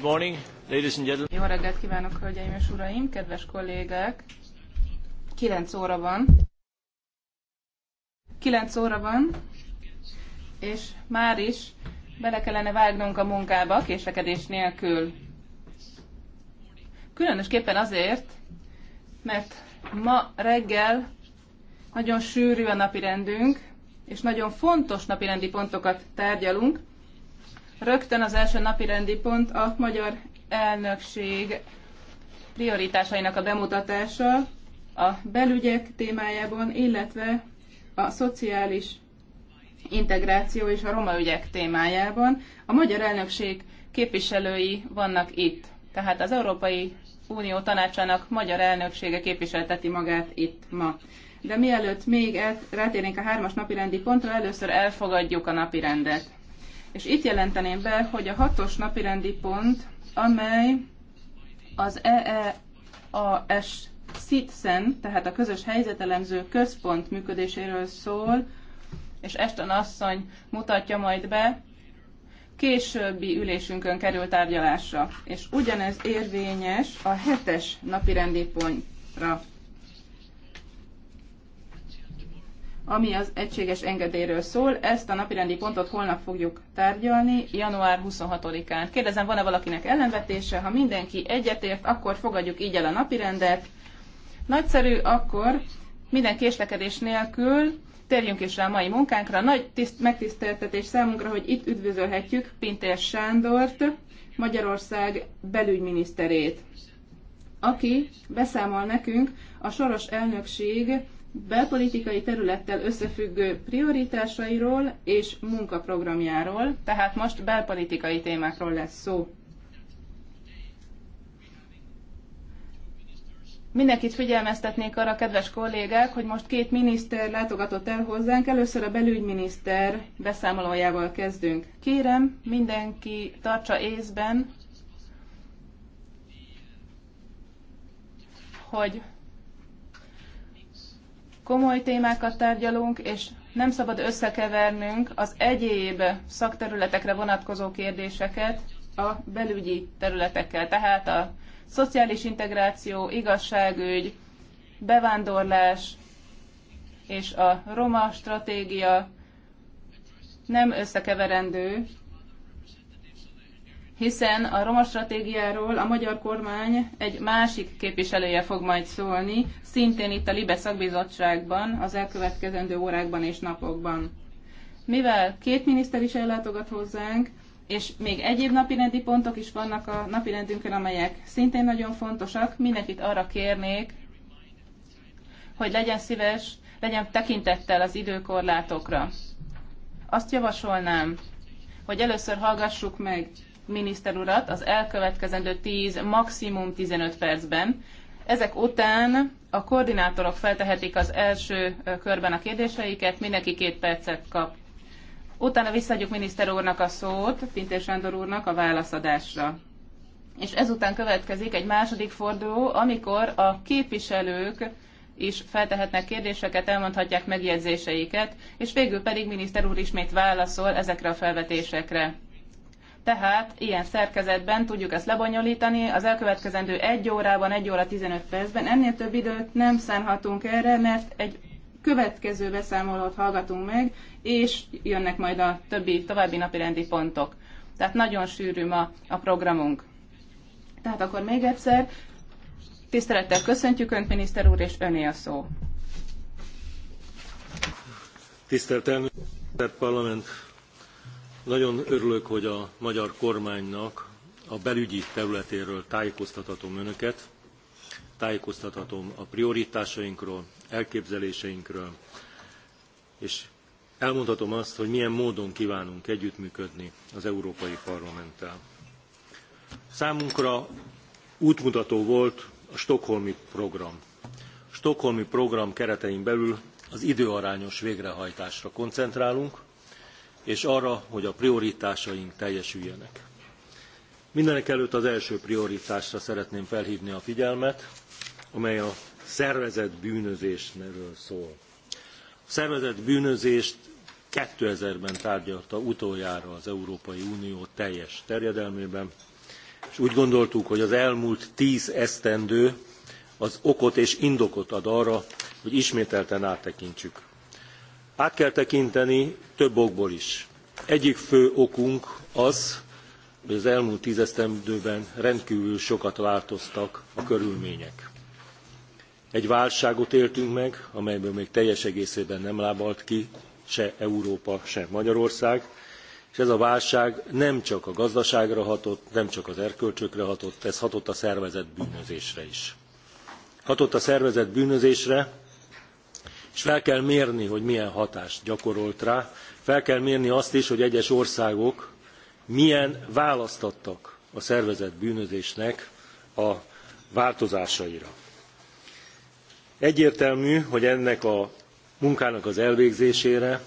Good morning, ladies and gentlemen. Jó reggelt kívánok, hölgyeim és uraim, kedves kollégák! 9 óra van. 9 óra van, és már is bele kellene vágnunk a munkába késlekedés nélkül. Különösképpen azért, mert ma reggel nagyon sűrű a napirendünk, és nagyon fontos napirendi pontokat tárgyalunk, Rögtön az első napi rendi pont a magyar elnökség prioritásainak a bemutatása a belügyek témájában, illetve a szociális integráció és a roma ügyek témájában. A magyar elnökség képviselői vannak itt, tehát az Európai Unió tanácsának magyar elnöksége képviselteti magát itt ma. De mielőtt még rátérnénk a hármas napirendi pontra, először elfogadjuk a napirendet. És itt jelenteném be, hogy a hatos napirendi pont, amely az EEAS SITSEN, tehát a Közös Helyzetelemző Központ működéséről szól, és Eston asszony mutatja majd be, későbbi ülésünkön kerül tárgyalásra, és ugyanez érvényes a hetes napirendi pontra. ami az egységes engedélyről szól. Ezt a napirendi pontot holnap fogjuk tárgyalni, január 26-án. Kérdezem, van-e valakinek ellenvetése? Ha mindenki egyetért, akkor fogadjuk így el a napirendet. Nagyszerű, akkor minden késlekedés nélkül térjünk is rá a mai munkánkra. Nagy tiszt, megtiszteltetés számunkra, hogy itt üdvözölhetjük Pintér Sándort, Magyarország belügyminiszterét, aki beszámol nekünk a soros elnökség belpolitikai területtel összefüggő prioritásairól és munkaprogramjáról, tehát most belpolitikai témákról lesz szó. Mindenkit figyelmeztetnék arra, kedves kollégák, hogy most két miniszter látogatott el hozzánk. Először a belügyminiszter beszámolójával kezdünk. Kérem, mindenki tartsa észben, hogy komoly témákat tárgyalunk, és nem szabad összekevernünk az egyéb szakterületekre vonatkozó kérdéseket a belügyi területekkel. Tehát a szociális integráció, igazságügy, bevándorlás és a roma stratégia nem összekeverendő hiszen a roma stratégiáról a magyar kormány egy másik képviselője fog majd szólni, szintén itt a Libe szakbizottságban, az elkövetkezendő órákban és napokban. Mivel két miniszter is ellátogat hozzánk, és még egyéb napirendi pontok is vannak a napirendünkön, amelyek szintén nagyon fontosak, mindenkit arra kérnék, hogy legyen szíves, legyen tekintettel az időkorlátokra. Azt javasolnám, hogy először hallgassuk meg miniszter urat az elkövetkezendő 10, maximum 15 percben. Ezek után a koordinátorok feltehetik az első körben a kérdéseiket, mindenki két percet kap. Utána visszaadjuk miniszter úrnak a szót, Pintér Sándor úrnak a válaszadásra. És ezután következik egy második forduló, amikor a képviselők is feltehetnek kérdéseket, elmondhatják megjegyzéseiket, és végül pedig miniszter úr ismét válaszol ezekre a felvetésekre. Tehát ilyen szerkezetben tudjuk ezt lebonyolítani, az elkövetkezendő 1 órában, 1 óra 15 percben. Ennél több időt nem szánhatunk erre, mert egy következő beszámolót hallgatunk meg, és jönnek majd a többi további napirendi pontok. Tehát nagyon sűrű ma a programunk. Tehát akkor még egyszer, tisztelettel köszöntjük Önt, miniszter úr, és Öné a szó. Tisztelt elnök, parlament nagyon örülök, hogy a magyar kormánynak a belügyi területéről tájékoztathatom önöket, tájékoztathatom a prioritásainkról, elképzeléseinkről, és elmondhatom azt, hogy milyen módon kívánunk együttműködni az Európai Parlamenttel. Számunkra útmutató volt a Stockholmi program. A Stockholmi program keretein belül az időarányos végrehajtásra koncentrálunk, és arra, hogy a prioritásaink teljesüljenek. Mindenekelőtt az első prioritásra szeretném felhívni a figyelmet, amely a szervezett bűnözésről szól. A szervezett bűnözést 2000-ben tárgyalta utoljára az Európai Unió teljes terjedelmében, és úgy gondoltuk, hogy az elmúlt tíz esztendő az okot és indokot ad arra, hogy ismételten áttekintsük át kell tekinteni több okból is. Egyik fő okunk az, hogy az elmúlt tízesztendőben rendkívül sokat változtak a körülmények. Egy válságot éltünk meg, amelyből még teljes egészében nem lábalt ki se Európa, se Magyarország, és ez a válság nem csak a gazdaságra hatott, nem csak az erkölcsökre hatott, ez hatott a szervezett bűnözésre is. Hatott a szervezett bűnözésre, és fel kell mérni, hogy milyen hatást gyakorolt rá, fel kell mérni azt is, hogy egyes országok milyen választ adtak a szervezett bűnözésnek a változásaira. Egyértelmű, hogy ennek a munkának az elvégzésére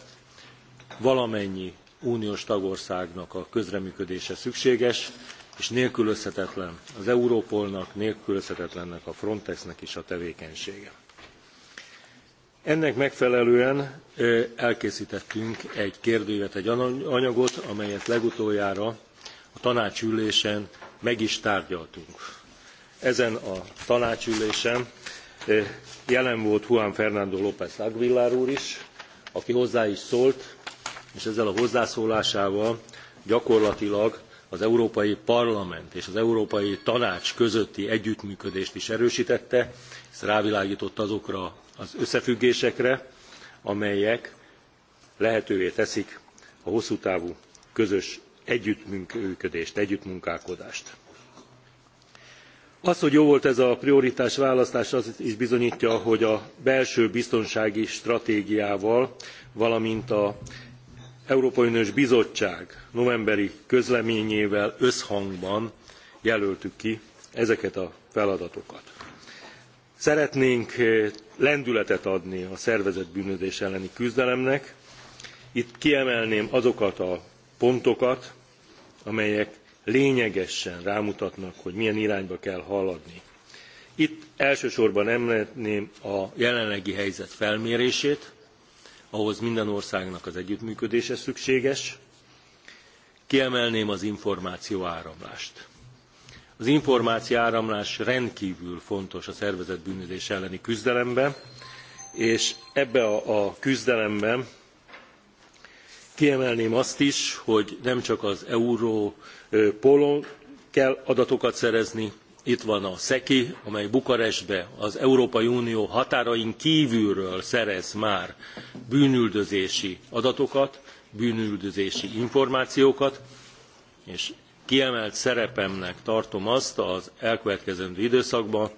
valamennyi uniós tagországnak a közreműködése szükséges, és nélkülözhetetlen az Európolnak, nélkülözhetetlennek a Frontexnek is a tevékenysége. Ennek megfelelően elkészítettünk egy kérdővet, egy anyagot, amelyet legutoljára a tanácsülésen meg is tárgyaltunk. Ezen a tanácsülésen jelen volt Juan Fernando López Aguilar úr is, aki hozzá is szólt, és ezzel a hozzászólásával gyakorlatilag az Európai Parlament és az Európai Tanács közötti együttműködést is erősítette, és rávilágított azokra az összefüggésekre amelyek lehetővé teszik a hosszú távú közös együttműködést együttmunkálkodást. az hogy jó volt ez a prioritás választás azt is bizonytja hogy a belső biztonsági stratégiával valamint az európai uniós bizottság novemberi közleményével összhangban jelöltük ki ezeket a feladatokat. Szeretnénk lendületet adni a szervezett bűnözés elleni küzdelemnek. Itt kiemelném azokat a pontokat, amelyek lényegesen rámutatnak, hogy milyen irányba kell haladni. Itt elsősorban emelném a jelenlegi helyzet felmérését, ahhoz minden országnak az együttműködése szükséges. Kiemelném az információ áramlást az információáramlás rendkívül fontos a szervezett bűnözés elleni küzdelemben, és ebbe a, küzdelemben kiemelném azt is, hogy nem csak az Európolon kell adatokat szerezni, itt van a szeki amely Bukarestbe az Európai Unió határain kvülről szerez már bűnüldözési adatokat, bűnüldözési információkat, és kiemelt szerepemnek tartom azt az elkövetkezendő időszakban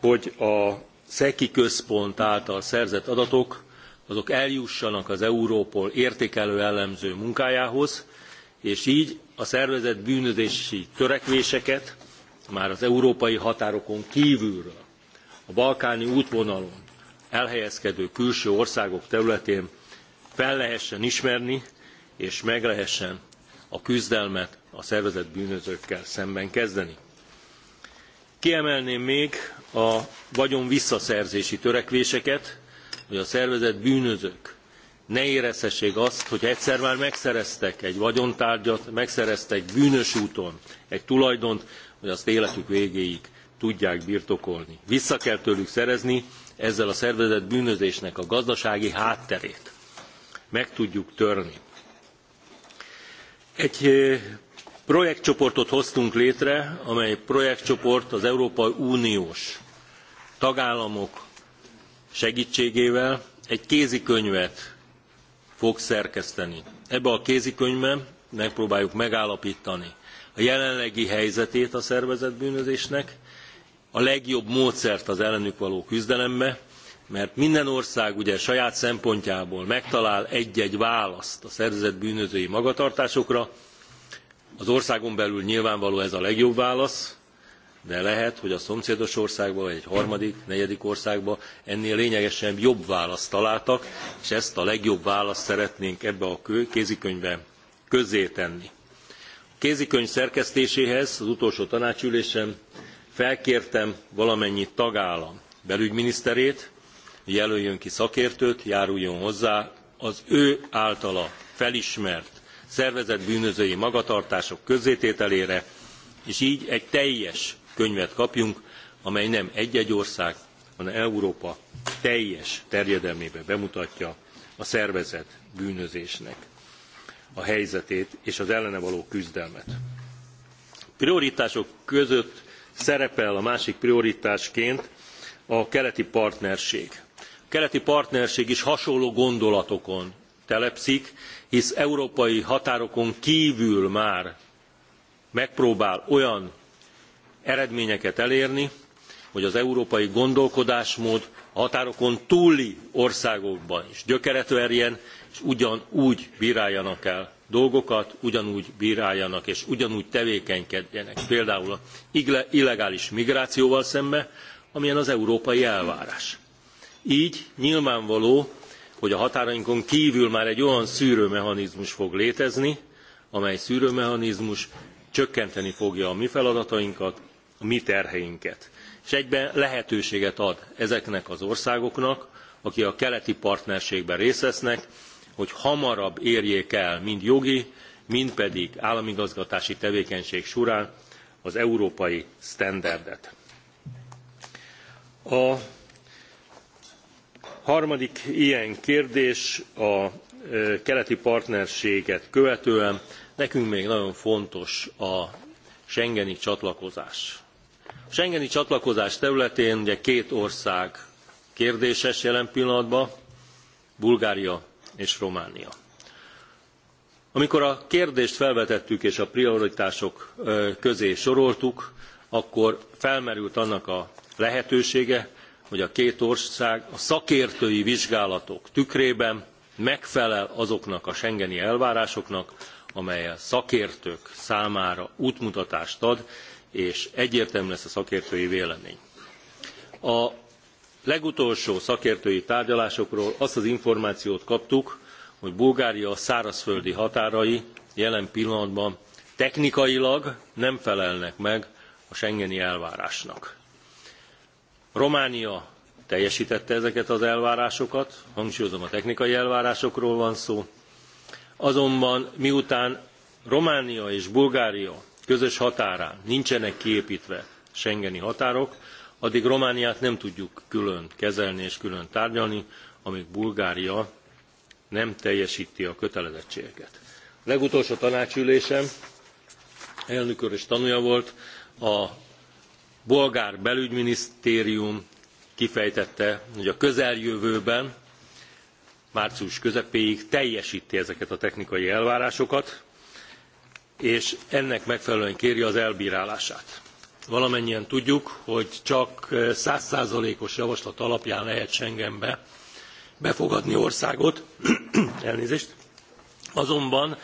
hogy a szeki központ által szerzett adatok azok eljussanak az europol értékelő elemző munkájához és gy a szervezett bűnözési törekvéseket már az európai határokon kvülről a balkáni útvonalon elhelyezkedő külső országok területén fel lehessen ismerni és meg lehessen a küzdelmet a szervezett bűnözőkkel szemben kezdeni. Kiemelném még a vagyon visszaszerzési törekvéseket, hogy a szervezett bűnözők ne érezhessék azt, hogy egyszer már megszereztek egy vagyontárgyat, megszereztek bűnös úton egy tulajdont, hogy azt életük végéig tudják birtokolni. Vissza kell tőlük szerezni ezzel a szervezett bűnözésnek a gazdasági hátterét. Meg tudjuk törni. Egy eh, projektcsoportot hoztunk létre amely projektcsoport az európai uniós tagállamok segtségével egy kézikönyvet fog szerkeszteni. ebben a kézikönyvben megpróbáljuk megállaptani a jelenlegi helyzetét a szervezett bűnözésnek a legjobb módszert az ellenük való küzdelembe mert minden ország ugye saját szempontjából megtalál egy egy választ a szervezett bűnözői magatartásokra az országon belül nyilvánvaló ez a legjobb válasz, de lehet, hogy a szomszédos országban, vagy egy harmadik, negyedik országban ennél lényegesen jobb választ találtak, és ezt a legjobb választ szeretnénk ebbe a kézikönyvbe közzétenni. A kézikönyv szerkesztéséhez az utolsó tanácsülésen felkértem valamennyi tagállam belügyminiszterét, hogy jelöljön ki szakértőt, járuljon hozzá az ő általa felismert szervezett bűnözői magatartások közzétételére és gy egy teljes könyvet kapjunk amely nem egy egy ország hanem európa teljes terjedelmében bemutatja a szervezett bűnözésnek a helyzetét és az ellene való küzdelmet. prioritások között szerepel a másik prioritásként a keleti partnerség. a keleti partnerség is hasonló gondolatokon telepszik, hisz európai határokon kívül már megpróbál olyan eredményeket elérni, hogy az európai gondolkodásmód a határokon túli országokban is gyökeret verjen, és ugyanúgy bíráljanak el dolgokat, ugyanúgy bíráljanak és ugyanúgy tevékenykedjenek például a illegális migrációval szemben, amilyen az európai elvárás. Így nyilvánvaló, hogy a határainkon kívül már egy olyan szűrőmechanizmus fog létezni, amely szűrőmechanizmus csökkenteni fogja a mi feladatainkat, a mi terheinket. És egyben lehetőséget ad ezeknek az országoknak, akik a keleti partnerségben részt vesznek, hogy hamarabb érjék el mind jogi, mind pedig államigazgatási tevékenység során az európai sztenderdet. A harmadik ilyen kérdés a e, keleti partnerséget követően nekünk még nagyon fontos a schengeni csatlakozás. a schengeni csatlakozás területén ugye két ország kérdéses jelen pillanatban bulgária és románia. amikor a kérdést felvetettük és a prioritások e, közé soroltuk akkor felmerült annak a lehetősége hogy a két ország a szakértői vizsgálatok tükrében megfelel azoknak a schengeni elvárásoknak, amely a szakértők számára útmutatást ad, és egyértelmű lesz a szakértői vélemény. A legutolsó szakértői tárgyalásokról azt az információt kaptuk, hogy Bulgária szárazföldi határai jelen pillanatban technikailag nem felelnek meg a schengeni elvárásnak. Románia teljesítette ezeket az elvárásokat, hangsúlyozom a technikai elvárásokról van szó, azonban miután Románia és Bulgária közös határán nincsenek kiéptve schengeni határok, addig Romániát nem tudjuk külön kezelni és külön tárgyalni, amíg Bulgária nem teljesíti a kötelezettségeket. A legutolsó tanácsülésem elnök úr is tanúja volt a bolgár belügyminisztérium kifejtette hogy a közeljövőben március közepéig teljesti ezeket a technikai elvárásokat és ennek megfelelően kéri az elbrálását. valamennyien tudjuk hogy csak százszázalékos javaslat alapján lehet schengenbe befogadni országot elnézést azonban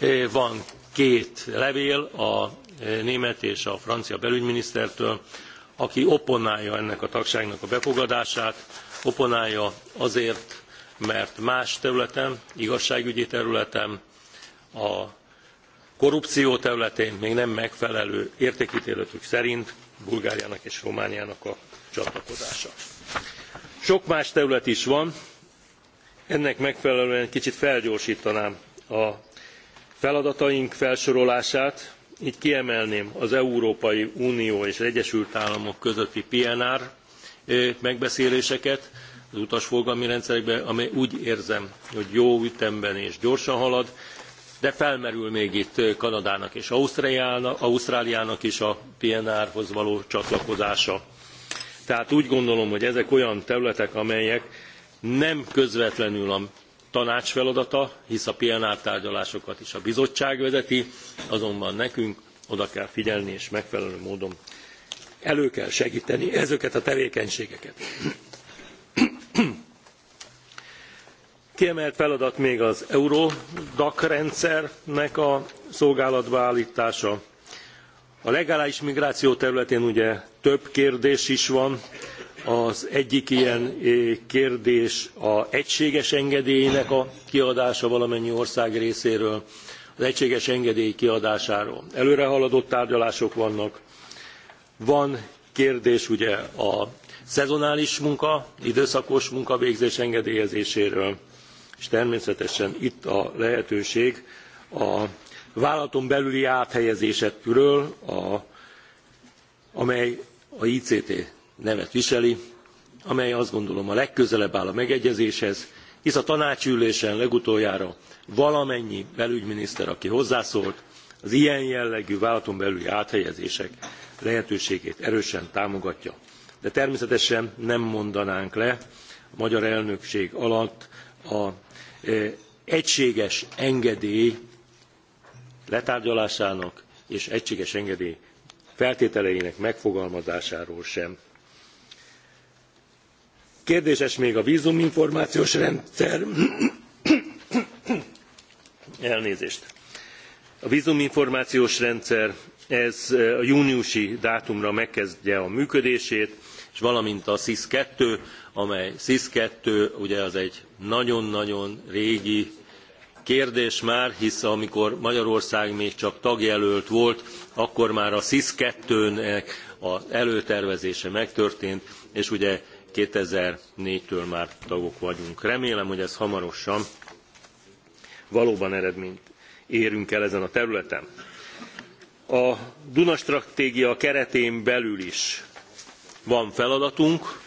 eh, van két levél a német és a francia belügyminisztertől aki opponálja ennek a tagságnak a befogadását opponálja azért mert más területen igazságügyi területen a korrupció területén még nem megfelelő értéktéletük szerint bulgáriának és romániának a csatlakozása. sok más terület is van ennek megfelelően kicsit felgyorstanám a feladataink felsorolását itt kiemelném az Európai Unió és az Egyesült Államok közötti PNR megbeszéléseket az utasforgalmi rendszerekben, amely úgy érzem, hogy jó ütemben és gyorsan halad, de felmerül még itt Kanadának és Ausztráliának is a PNR-hoz való csatlakozása. Tehát úgy gondolom, hogy ezek olyan területek, amelyek nem közvetlenül a tanács feladata, hisz a PNR tárgyalásokat is a bizottság vezeti, azonban nekünk oda kell figyelni és megfelelő módon elő kell segíteni ezeket a tevékenységeket. Kiemelt feladat még az Eurodac rendszernek a szolgálatba állítása. A legális migráció területén ugye több kérdés is van, az egyik ilyen kérdés a egységes engedélynek a kiadása valamennyi ország részéről, az egységes engedély kiadásáról. Előre haladott tárgyalások vannak. Van kérdés ugye a szezonális munka, időszakos munkavégzés engedélyezéséről, és természetesen itt a lehetőség a vállalaton belüli áthelyezésekről, amely a ICT nevet viseli amely azt gondolom a legközelebb áll a megegyezéshez hisz a tanácsi ülésen legutoljára valamennyi belügyminiszter aki hozzászólt az ilyen jellegű vállalaton belüli áthelyezések lehetőségét erősen támogatja de természetesen nem mondanánk le a magyar elnökség alatt az e, egységes engedély letárgyalásának és egységes engedély feltételeinek megfogalmazásáról sem kérdéses még a vízuminformációs rendszer elnézést a vízuminformációs rendszer ez eh, a júniusi dátumra megkezdje a működését és valamint a sis ii amely sis ii ugye az egy nagyon nagyon régi kérdés már hisz amikor magyarország még csak tagjelölt volt akkor már a sis ii nek az előtervezése megtörtént és ugye 2004-től már tagok vagyunk. Remélem, hogy ez hamarosan valóban eredményt érünk el ezen a területen. A Duna stratégia keretén belül is van feladatunk,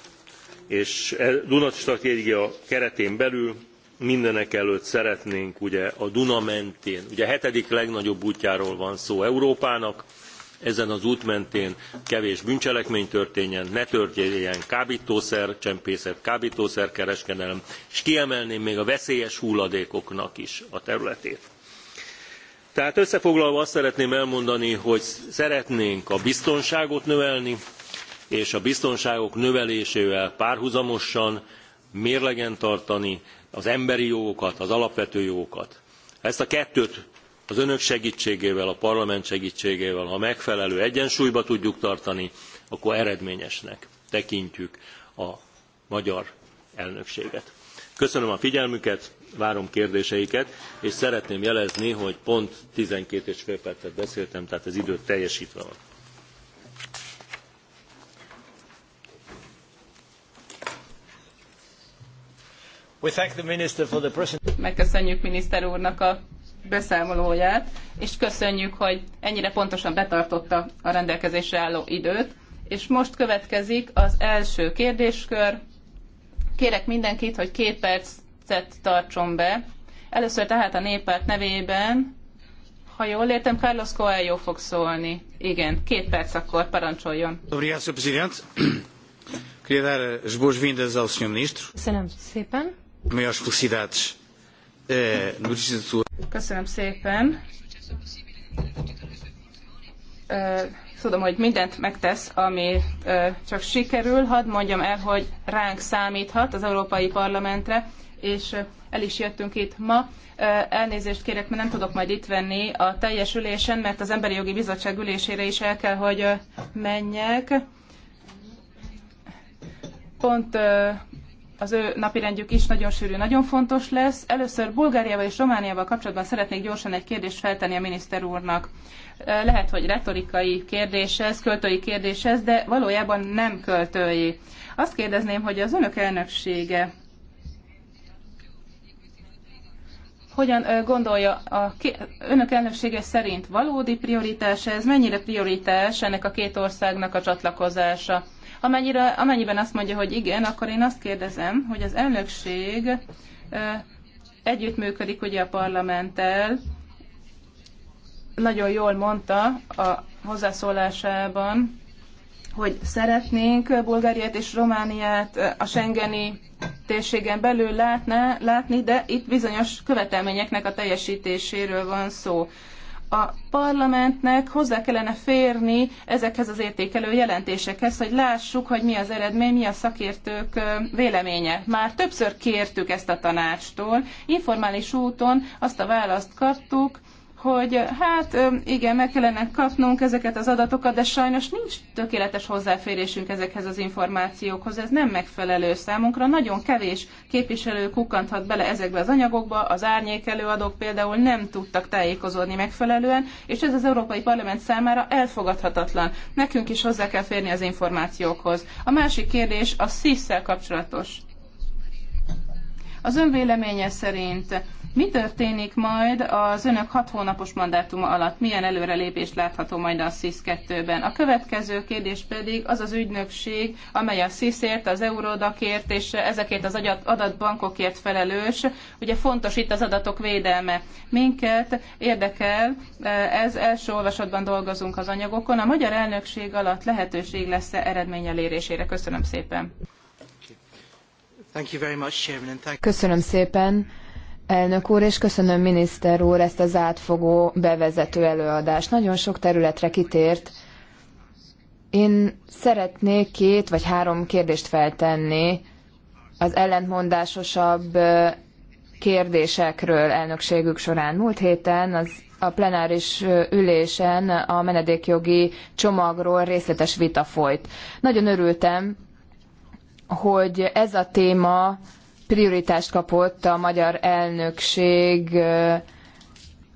és e Duna stratégia keretén belül mindenekelőtt szeretnénk ugye a Duna mentén, ugye a hetedik legnagyobb útjáról van szó Európának, ezen az út mentén kevés bűncselekmény történjen, ne történjen kábítószer, csempészet, kábítószerkereskedelem, és kiemelném még a veszélyes hulladékoknak is a területét. Tehát összefoglalva azt szeretném elmondani, hogy szeretnénk a biztonságot növelni, és a biztonságok növelésével párhuzamosan mérlegen tartani az emberi jogokat, az alapvető jogokat. Ha ezt a kettőt az önök segtségével a parlament segtségével ha megfelelő egyensúlyban tudjuk tartani akkor eredményesnek tekintjük a magyar elnökséget. köszönöm a figyelmüket várom kérdéseiket és szeretném jelezni hogy pont twelve és fél percet beszéltem tehát az időt teljestve van. Megköszönjük miniszter úrnak a beszámolóját, és köszönjük, hogy ennyire pontosan betartotta a rendelkezésre álló időt. És most következik az első kérdéskör. Kérek mindenkit, hogy két percet tartson be. Először tehát a néppárt nevében, ha jól értem, Carlos Coelho fog szólni. Igen, két perc akkor parancsoljon. Obrigado, Sr. Köszönöm szépen. Köszönöm szépen. Tudom, hogy mindent megtesz, ami csak sikerül. Hadd mondjam el, hogy ránk számíthat az Európai Parlamentre, és el is jöttünk itt ma. Elnézést kérek, mert nem tudok majd itt venni a teljes ülésen, mert az Emberi Jogi Bizottság ülésére is el kell, hogy menjek. Pont az ő napirendjük is nagyon sűrű, nagyon fontos lesz. Először Bulgáriával és Romániával kapcsolatban szeretnék gyorsan egy kérdést feltenni a miniszter úrnak. Lehet, hogy retorikai kérdés ez, költői kérdés ez, de valójában nem költői. Azt kérdezném, hogy az önök elnöksége hogyan gondolja a önök elnöksége szerint valódi prioritás ez, mennyire prioritás ennek a két országnak a csatlakozása? Amennyire, amennyiben azt mondja, hogy igen, akkor én azt kérdezem, hogy az elnökség együttműködik ugye a parlamenttel, nagyon jól mondta a hozzászólásában, hogy szeretnénk Bulgáriát és Romániát a Schengeni térségen belül látná, látni, de itt bizonyos követelményeknek a teljesítéséről van szó a parlamentnek hozzá kellene férni ezekhez az értékelő jelentésekhez, hogy lássuk, hogy mi az eredmény, mi a szakértők véleménye. Már többször kértük ezt a tanácstól. Informális úton azt a választ kaptuk, hogy hát igen, meg kellene kapnunk ezeket az adatokat, de sajnos nincs tökéletes hozzáférésünk ezekhez az információkhoz, ez nem megfelelő számunkra. Nagyon kevés képviselő kukkanthat bele ezekbe az anyagokba, az árnyék előadók például nem tudtak tájékozódni megfelelően, és ez az Európai Parlament számára elfogadhatatlan. Nekünk is hozzá kell férni az információkhoz. A másik kérdés a szisszel kapcsolatos. Az ön véleménye szerint mi történik majd az önök hat hónapos mandátuma alatt? Milyen előrelépést látható majd a SZISZ 2-ben? A következő kérdés pedig az az ügynökség, amely a SZISZ-ért, az Eurodakért és ezekért az adatbankokért felelős. Ugye fontos itt az adatok védelme. Minket érdekel, ez első olvasatban dolgozunk az anyagokon. A magyar elnökség alatt lehetőség lesz-e eredmény elérésére? Köszönöm szépen. Köszönöm szépen, elnök úr, és köszönöm miniszter úr ezt az átfogó bevezető előadást. Nagyon sok területre kitért. Én szeretnék két vagy három kérdést feltenni az ellentmondásosabb kérdésekről elnökségük során. Múlt héten az a plenáris ülésen a menedékjogi csomagról részletes vita folyt. Nagyon örültem, hogy ez a téma prioritást kapott a magyar elnökség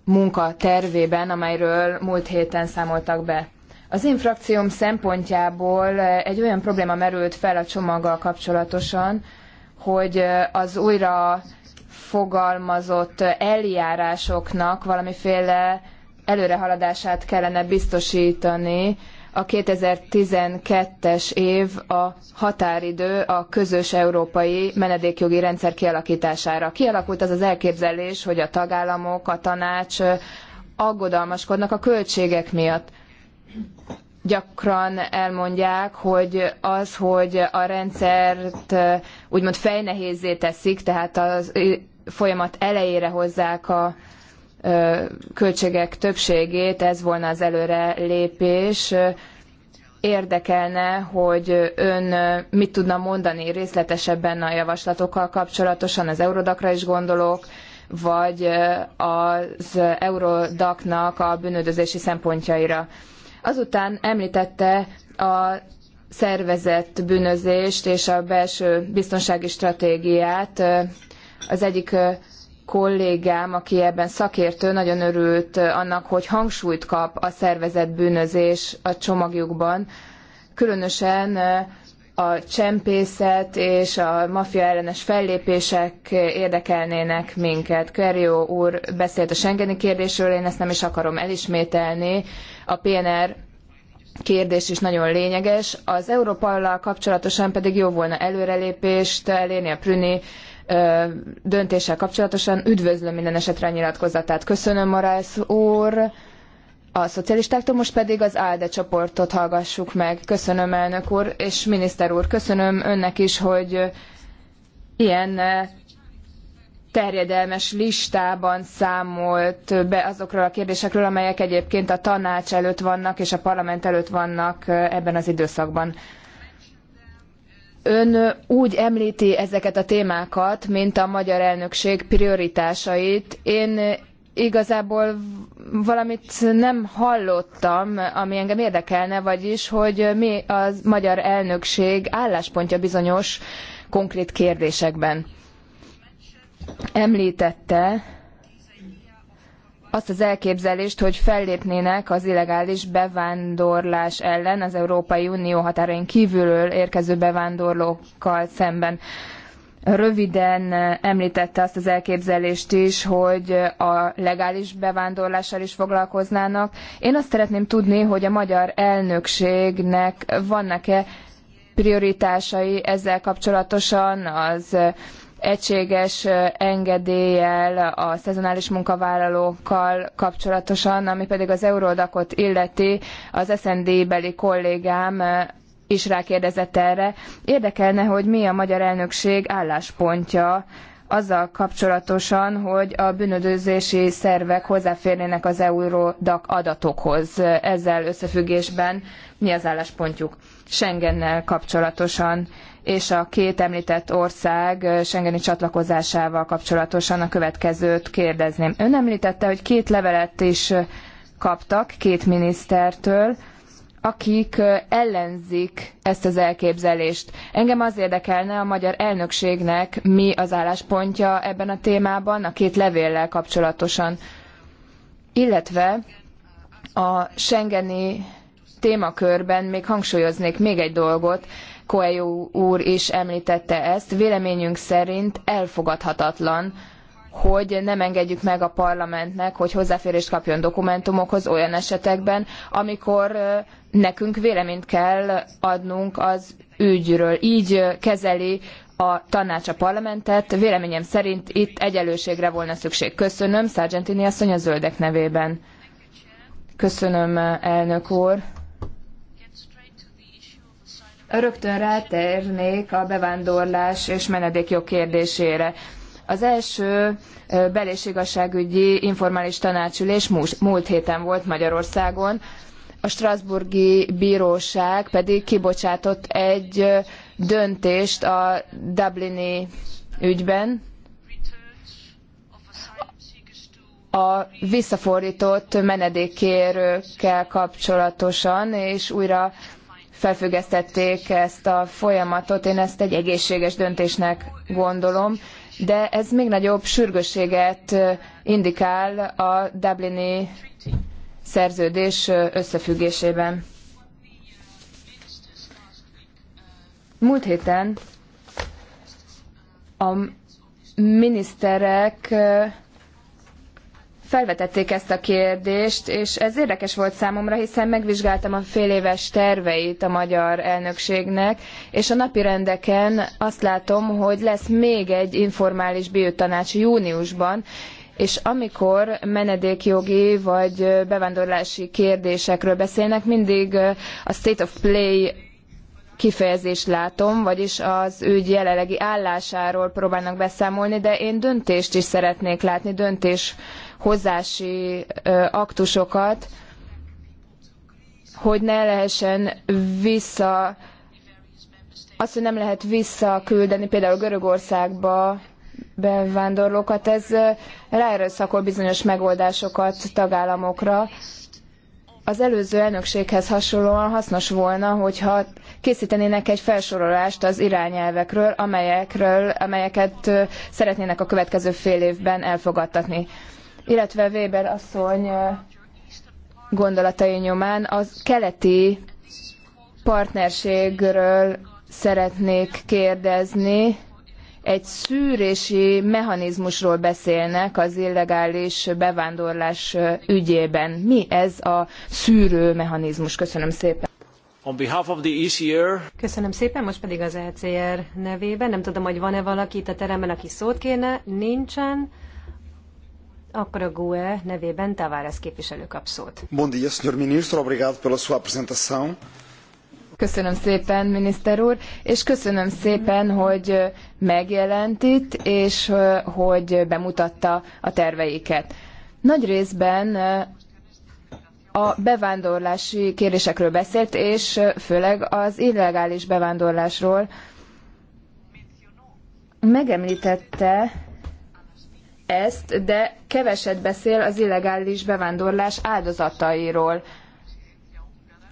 munkatervében, amelyről múlt héten számoltak be. Az én frakcióm szempontjából egy olyan probléma merült fel a csomaggal kapcsolatosan, hogy az újra fogalmazott eljárásoknak valamiféle előrehaladását kellene biztosítani, a 2012-es év a határidő a közös európai menedékjogi rendszer kialakítására. Kialakult az az elképzelés, hogy a tagállamok, a tanács aggodalmaskodnak a költségek miatt. Gyakran elmondják, hogy az, hogy a rendszert úgymond fejnehézzé teszik, tehát a folyamat elejére hozzák a költségek többségét, ez volna az előre lépés. Érdekelne, hogy ön mit tudna mondani részletesebben a javaslatokkal kapcsolatosan, az eurodakra is gondolok, vagy az eurodaknak a bűnöldözési szempontjaira. Azután említette a szervezett bűnözést és a belső biztonsági stratégiát. Az egyik kollégám, aki ebben szakértő, nagyon örült eh, annak, hogy hangsúlyt kap a szervezett bűnözés a csomagjukban, különösen eh, a csempészet és a maffiaellenes ellenes fellépések érdekelnének minket. Kerjó úr beszélt a Schengeni kérdésről, én ezt nem is akarom elismételni. A PNR kérdés is nagyon lényeges. Az Európallal kapcsolatosan pedig jó volna előrelépést elérni a Prüni döntéssel kapcsolatosan. Üdvözlöm minden esetre a nyilatkozatát. Köszönöm, Marász úr. A szocialistáktól most pedig az ALDE csoportot hallgassuk meg. Köszönöm, elnök úr, és miniszter úr, köszönöm önnek is, hogy ilyen terjedelmes listában számolt be azokról a kérdésekről, amelyek egyébként a tanács előtt vannak és a parlament előtt vannak ebben az időszakban. Ön úgy említi ezeket a témákat, mint a magyar elnökség prioritásait. Én igazából valamit nem hallottam, ami engem érdekelne, vagyis, hogy mi a magyar elnökség álláspontja bizonyos konkrét kérdésekben. Említette, azt az elképzelést, hogy fellépnének az illegális bevándorlás ellen az Európai Unió határain kívülről érkező bevándorlókkal szemben. Röviden említette azt az elképzelést is, hogy a legális bevándorlással is foglalkoznának. Én azt szeretném tudni, hogy a magyar elnökségnek vannak-e prioritásai ezzel kapcsolatosan, az egységes eh, engedéllyel a szezonális munkavállalókkal kapcsolatosan, ami pedig az Eurodakot illeti, az SND-beli kollégám eh, is rákérdezett erre. Érdekelne, hogy mi a magyar elnökség álláspontja azzal kapcsolatosan, hogy a bűnöldözési szervek hozzáférnének az Eurodac adatokhoz. Ezzel összefüggésben mi az álláspontjuk Schengennel kapcsolatosan? és a két említett ország Schengeni csatlakozásával kapcsolatosan a következőt kérdezném. Ön említette, hogy két levelet is kaptak két minisztertől, akik ellenzik ezt az elképzelést. Engem az érdekelne a magyar elnökségnek mi az álláspontja ebben a témában, a két levéllel kapcsolatosan. Illetve a Schengeni témakörben még hangsúlyoznék még egy dolgot. Coelho úr is említette ezt, véleményünk szerint elfogadhatatlan, hogy nem engedjük meg a parlamentnek, hogy hozzáférést kapjon dokumentumokhoz olyan esetekben, amikor nekünk véleményt kell adnunk az ügyről. Így kezeli a tanács a parlamentet. Véleményem szerint itt egyenlőségre volna szükség. Köszönöm, Sargentini asszony a zöldek nevében. Köszönöm, elnök úr. Rögtön rátérnék a bevándorlás és menedékjog kérdésére. Az első bel- és igazságügyi informális tanácsülés múlt héten volt Magyarországon, a Strasburgi Bíróság pedig kibocsátott egy döntést a Dublini ügyben, a visszafordított menedékkérőkkel kapcsolatosan, és újra felfüggesztették ezt a folyamatot. Én ezt egy egészséges döntésnek gondolom, de ez még nagyobb sürgősséget indikál a Dublini szerződés összefüggésében. Múlt héten a miniszterek felvetették ezt a kérdést, és ez érdekes volt számomra, hiszen megvizsgáltam a féléves terveit a magyar elnökségnek, és a napirendeken azt látom, hogy lesz még egy informális biotanács júniusban, és amikor menedékjogi vagy bevándorlási kérdésekről beszélnek, mindig a state of play kifejezést látom, vagyis az ügy jelenlegi állásáról próbálnak beszámolni, de én döntést is szeretnék látni, döntés hozási aktusokat, hogy ne lehessen vissza, azt, hogy nem lehet visszaküldeni például Görögországba bevándorlókat, ez ráerőszakol bizonyos megoldásokat tagállamokra. Az előző elnökséghez hasonlóan hasznos volna, hogyha készítenének egy felsorolást az irányelvekről, amelyekről, amelyeket szeretnének a következő fél évben elfogadtatni illetve Weber asszony gondolatai nyomán az keleti partnerségről szeretnék kérdezni. Egy szűrési mechanizmusról beszélnek az illegális bevándorlás ügyében. Mi ez a szűrő mechanizmus? Köszönöm szépen. On behalf of the ECR. Köszönöm szépen, most pedig az ECR nevében. Nem tudom, hogy van-e valaki itt a teremben, aki szót kérne. Nincsen. Akkor a GUE nevében Tavares képviselő kap szót. Bom dia, senhor ministro, obrigado pela sua apresentação. Köszönöm szépen, miniszter úr, és köszönöm szépen, hogy megjelent itt, és hogy bemutatta a terveiket. Nagy részben a bevándorlási kérésekről beszélt, és főleg az illegális bevándorlásról. Megemlítette ezt, de keveset beszél az illegális bevándorlás áldozatairól.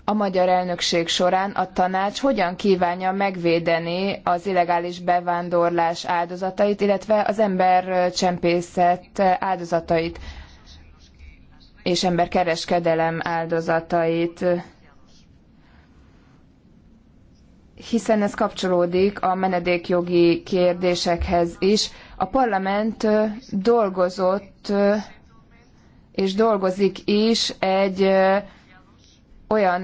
A magyar elnökség során a tanács hogyan kívánja megvédeni az illegális bevándorlás áldozatait, illetve az embercsempészet áldozatait és emberkereskedelem áldozatait hiszen ez kapcsolódik a menedékjogi kérdésekhez is. A parlament dolgozott és dolgozik is egy olyan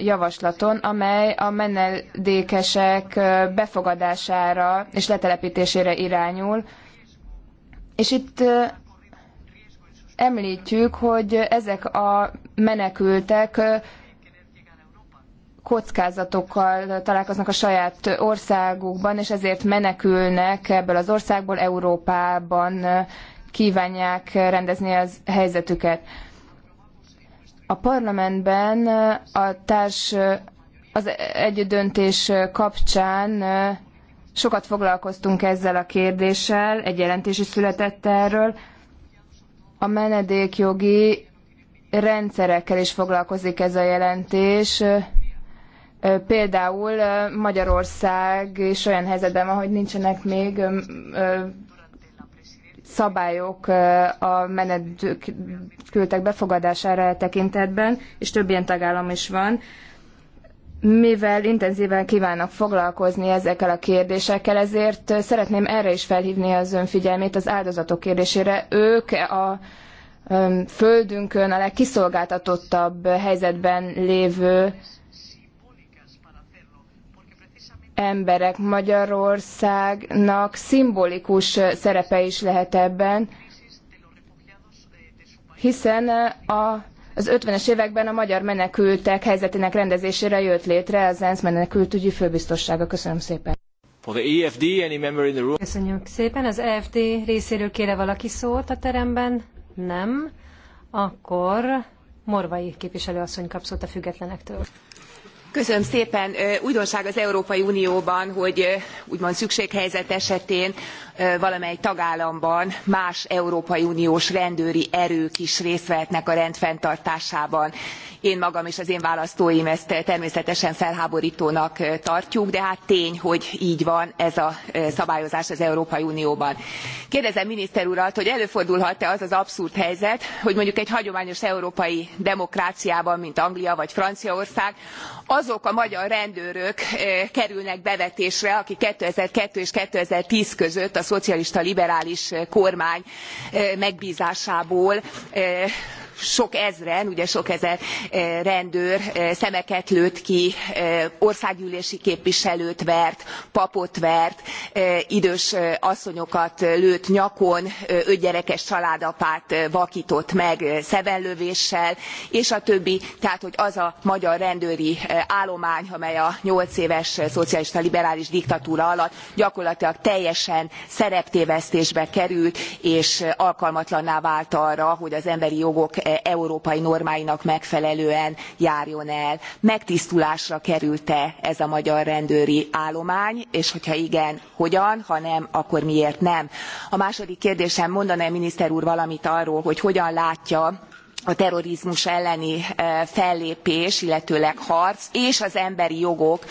javaslaton, amely a menedékesek befogadására és letelepítésére irányul. És itt említjük, hogy ezek a menekültek kockázatokkal találkoznak a saját országukban, és ezért menekülnek ebből az országból, Európában kívánják rendezni az helyzetüket. A parlamentben a társ az együttdöntés kapcsán sokat foglalkoztunk ezzel a kérdéssel, egy jelentés is született erről. A menedékjogi rendszerekkel is foglalkozik ez a jelentés Például Magyarország is olyan helyzetben van, hogy nincsenek még szabályok a menekültek befogadására e tekintetben, és több ilyen tagállam is van. Mivel intenzíven kívánnak foglalkozni ezekkel a kérdésekkel, ezért szeretném erre is felhívni az ön figyelmét az áldozatok kérdésére. Ők a földünkön a legkiszolgáltatottabb helyzetben lévő emberek. Magyarországnak szimbolikus szerepe is lehet ebben, hiszen a az 50-es években a magyar menekültek helyzetének rendezésére jött létre az ENSZ menekültügyi főbiztossága. Köszönöm szépen. For the EFD, any member in the room? Köszönjük szépen. Az EFD részéről kére valaki szót a teremben? Nem. Akkor Morvai képviselőasszony kap szót a függetlenektől újdonság az európai unióban hogy úgymond szükséghelyzet esetén valamely tagállamban más európai uniós rendőri erők is részt vehetnek a rend fenntartásában. én magam és az én választóim ezt természetesen felhábortónak tartjuk de hát tény hogy gy van ez a szabályozás az európai unióban. kérdezem miniszter urat hogy előfordulhat e az az abszurd helyzet hogy mondjuk egy hagyományos európai demokráciában mint anglia vagy franciaország azok a magyar rendőrök kerülnek bevetésre akik two thousand and two és two thousand and ten között szocialista liberális kormány eh, megbzásából eh, sok ezren ugye sok ezer eh, rendőr eh, szemeket lőtt ki eh, országgyűlési képviselőt vert papot vert idős asszonyokat lőtt nyakon ötgyerekes családapát vaktott meg szemellövéssel és a többi tehát hogy az a magyar rendőri állomány amely a nyolc éves szocialista liberális diktatúra alatt gyakorlatilag teljesen szereptévesztésbe került és alkalmatlanná vált arra hogy az emberi jogok európai normáinak megfelelően járjon el. megtisztulásra került e ez a magyar rendőri állomány és hogyha igen hogyan ha nem akkor miért nem? a második kérdésem mondaná e miniszter úr valamit arról hogy hogyan látja a terrorizmus elleni fellépés illetőleg harc és az emberi jogok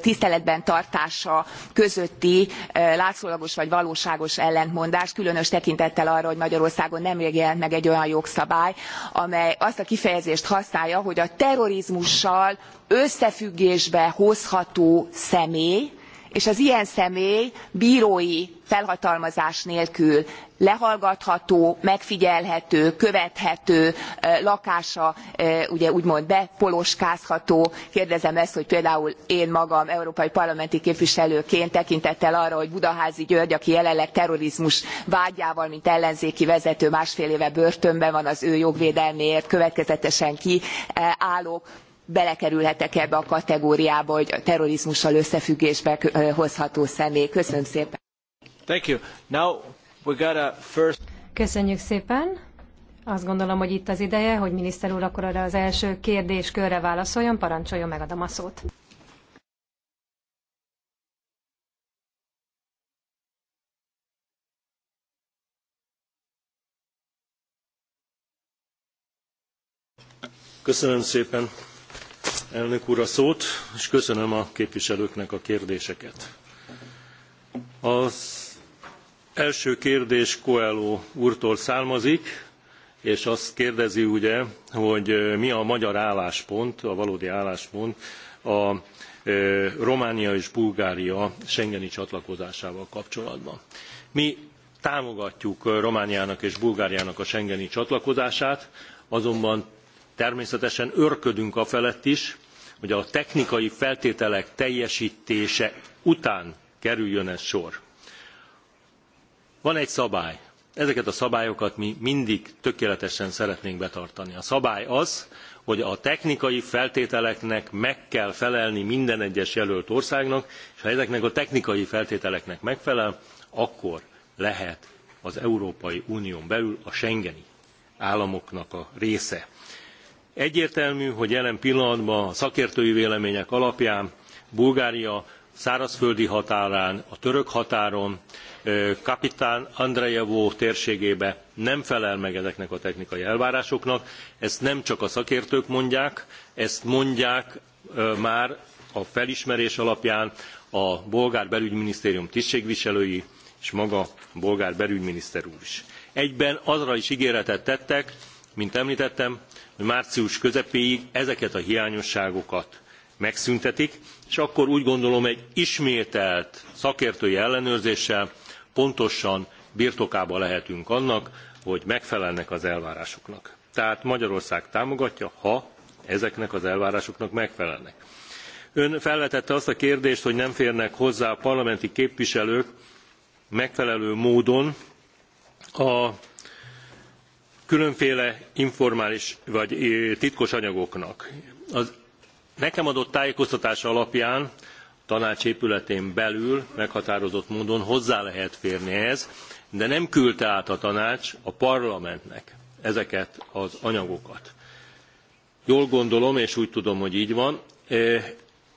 tiszteletben tartása közötti látszólagos vagy valóságos ellentmondás különös tekintettel arra hogy magyarországon nemrég jelent meg egy olyan jogszabály amely azt a kifejezést használja hogy a terrorizmussal összefüggésbe hozható személy és az ilyen személy brói felhatalmazás nélkül lehallgatható megfigyelhető követhető lakása ugye úgymond bepoloskázható kérdezem ezt hogy például én magam európai parlamenti képviselőként tekintettel arra hogy budaházy györgy aki jelenleg terrorizmus vádjával mint ellenzéki vezető másfél éve börtönben van az ő jogvédelméért következetesen kiállok belekerülhetek ebbe a kategóriába hogy a terrorizmussal összefüggésbe hozható személy. köszönöm szépen. First... köszönjük szépen. azt gondolom hogy itt az ideje hogy miniszter úr akkor arra az első kérdéskörre válaszoljon parancsoljon megadom a szót. Köszönöm szépen elnök úr a szót, és köszönöm a képviselőknek a kérdéseket. Az első kérdés Coelho úrtól származik, és azt kérdezi ugye, hogy mi a magyar álláspont, a valódi álláspont a Románia és Bulgária Schengeni csatlakozásával kapcsolatban. Mi támogatjuk Romániának és Bulgáriának a Schengeni csatlakozását, azonban természetesen örködünk afelett is, hogy a technikai feltételek teljesítése után kerüljön ez sor. Van egy szabály. Ezeket a szabályokat mi mindig tökéletesen szeretnénk betartani. A szabály az, hogy a technikai feltételeknek meg kell felelni minden egyes jelölt országnak, és ha ezeknek a technikai feltételeknek megfelel, akkor lehet az Európai Unión belül a Schengeni államoknak a része egyértelmű hogy jelen pillanatban a szakértői vélemények alapján bulgária szárazföldi határán a török határon kapitán andrejevo térségében nem felel meg ezeknek a technikai elvárásoknak ezt nem csak a szakértők mondják ezt mondják már a felismerés alapján a bolgár belügyminisztérium tisztségviselői és maga a bolgár belügyminiszter úr is. egyben arra is géretet tettek mint emltettem hogy március közepéig ezeket a hiányosságokat megszüntetik és akkor úgy gondolom egy ismételt szakértői ellenőrzéssel pontosan birtokába lehetünk annak hogy megfelelnek az elvárásoknak. tehát magyarország támogatja ha ezeknek az elvárásoknak megfelelnek. ön felvetette azt a kérdést hogy nem férnek hozzá a parlamenti képviselők megfelelő módon a különféle informális vagy titkos anyagoknak. Az nekem adott tájékoztatás alapján tanács épületén belül meghatározott módon hozzá lehet férni ehhez, de nem küldte át a tanács a parlamentnek ezeket az anyagokat. Jól gondolom, és úgy tudom, hogy így van.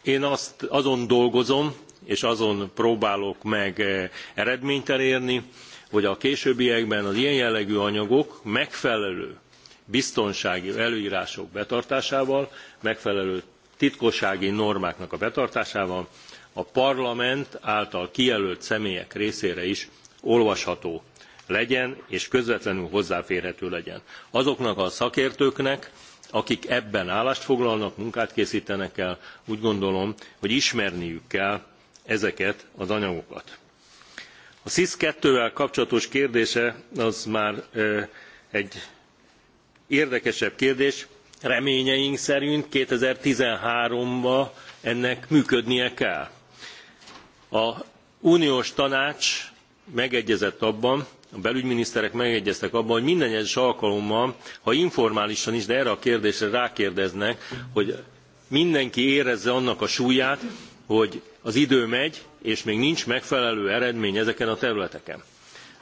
Én azt, azon dolgozom, és azon próbálok meg eredményt elérni, hogy a későbbiekben az ilyen jellegű anyagok megfelelő biztonsági előírások betartásával, megfelelő titkossági normáknak a betartásával a parlament által kijelölt személyek részére is olvasható legyen és közvetlenül hozzáférhető legyen. Azoknak a szakértőknek, akik ebben állást foglalnak, munkát készítenek el, úgy gondolom, hogy ismerniük kell ezeket az anyagokat a sis ii vel kapcsolatos kérdése az már egy érdekesebb kérdés reményeink szerint two thousand and thirteen ba ennek működnie kell. az uniós tanács megegyezett abban a belügyminiszterek megegyeztek abban hogy minden egyes alkalommal ha informálisan is de erre a kérdésre rákérdeznek hogy mindenki érezze annak a súlyát hogy az idő megy és még nincs megfelelő eredmény ezeken a területeken.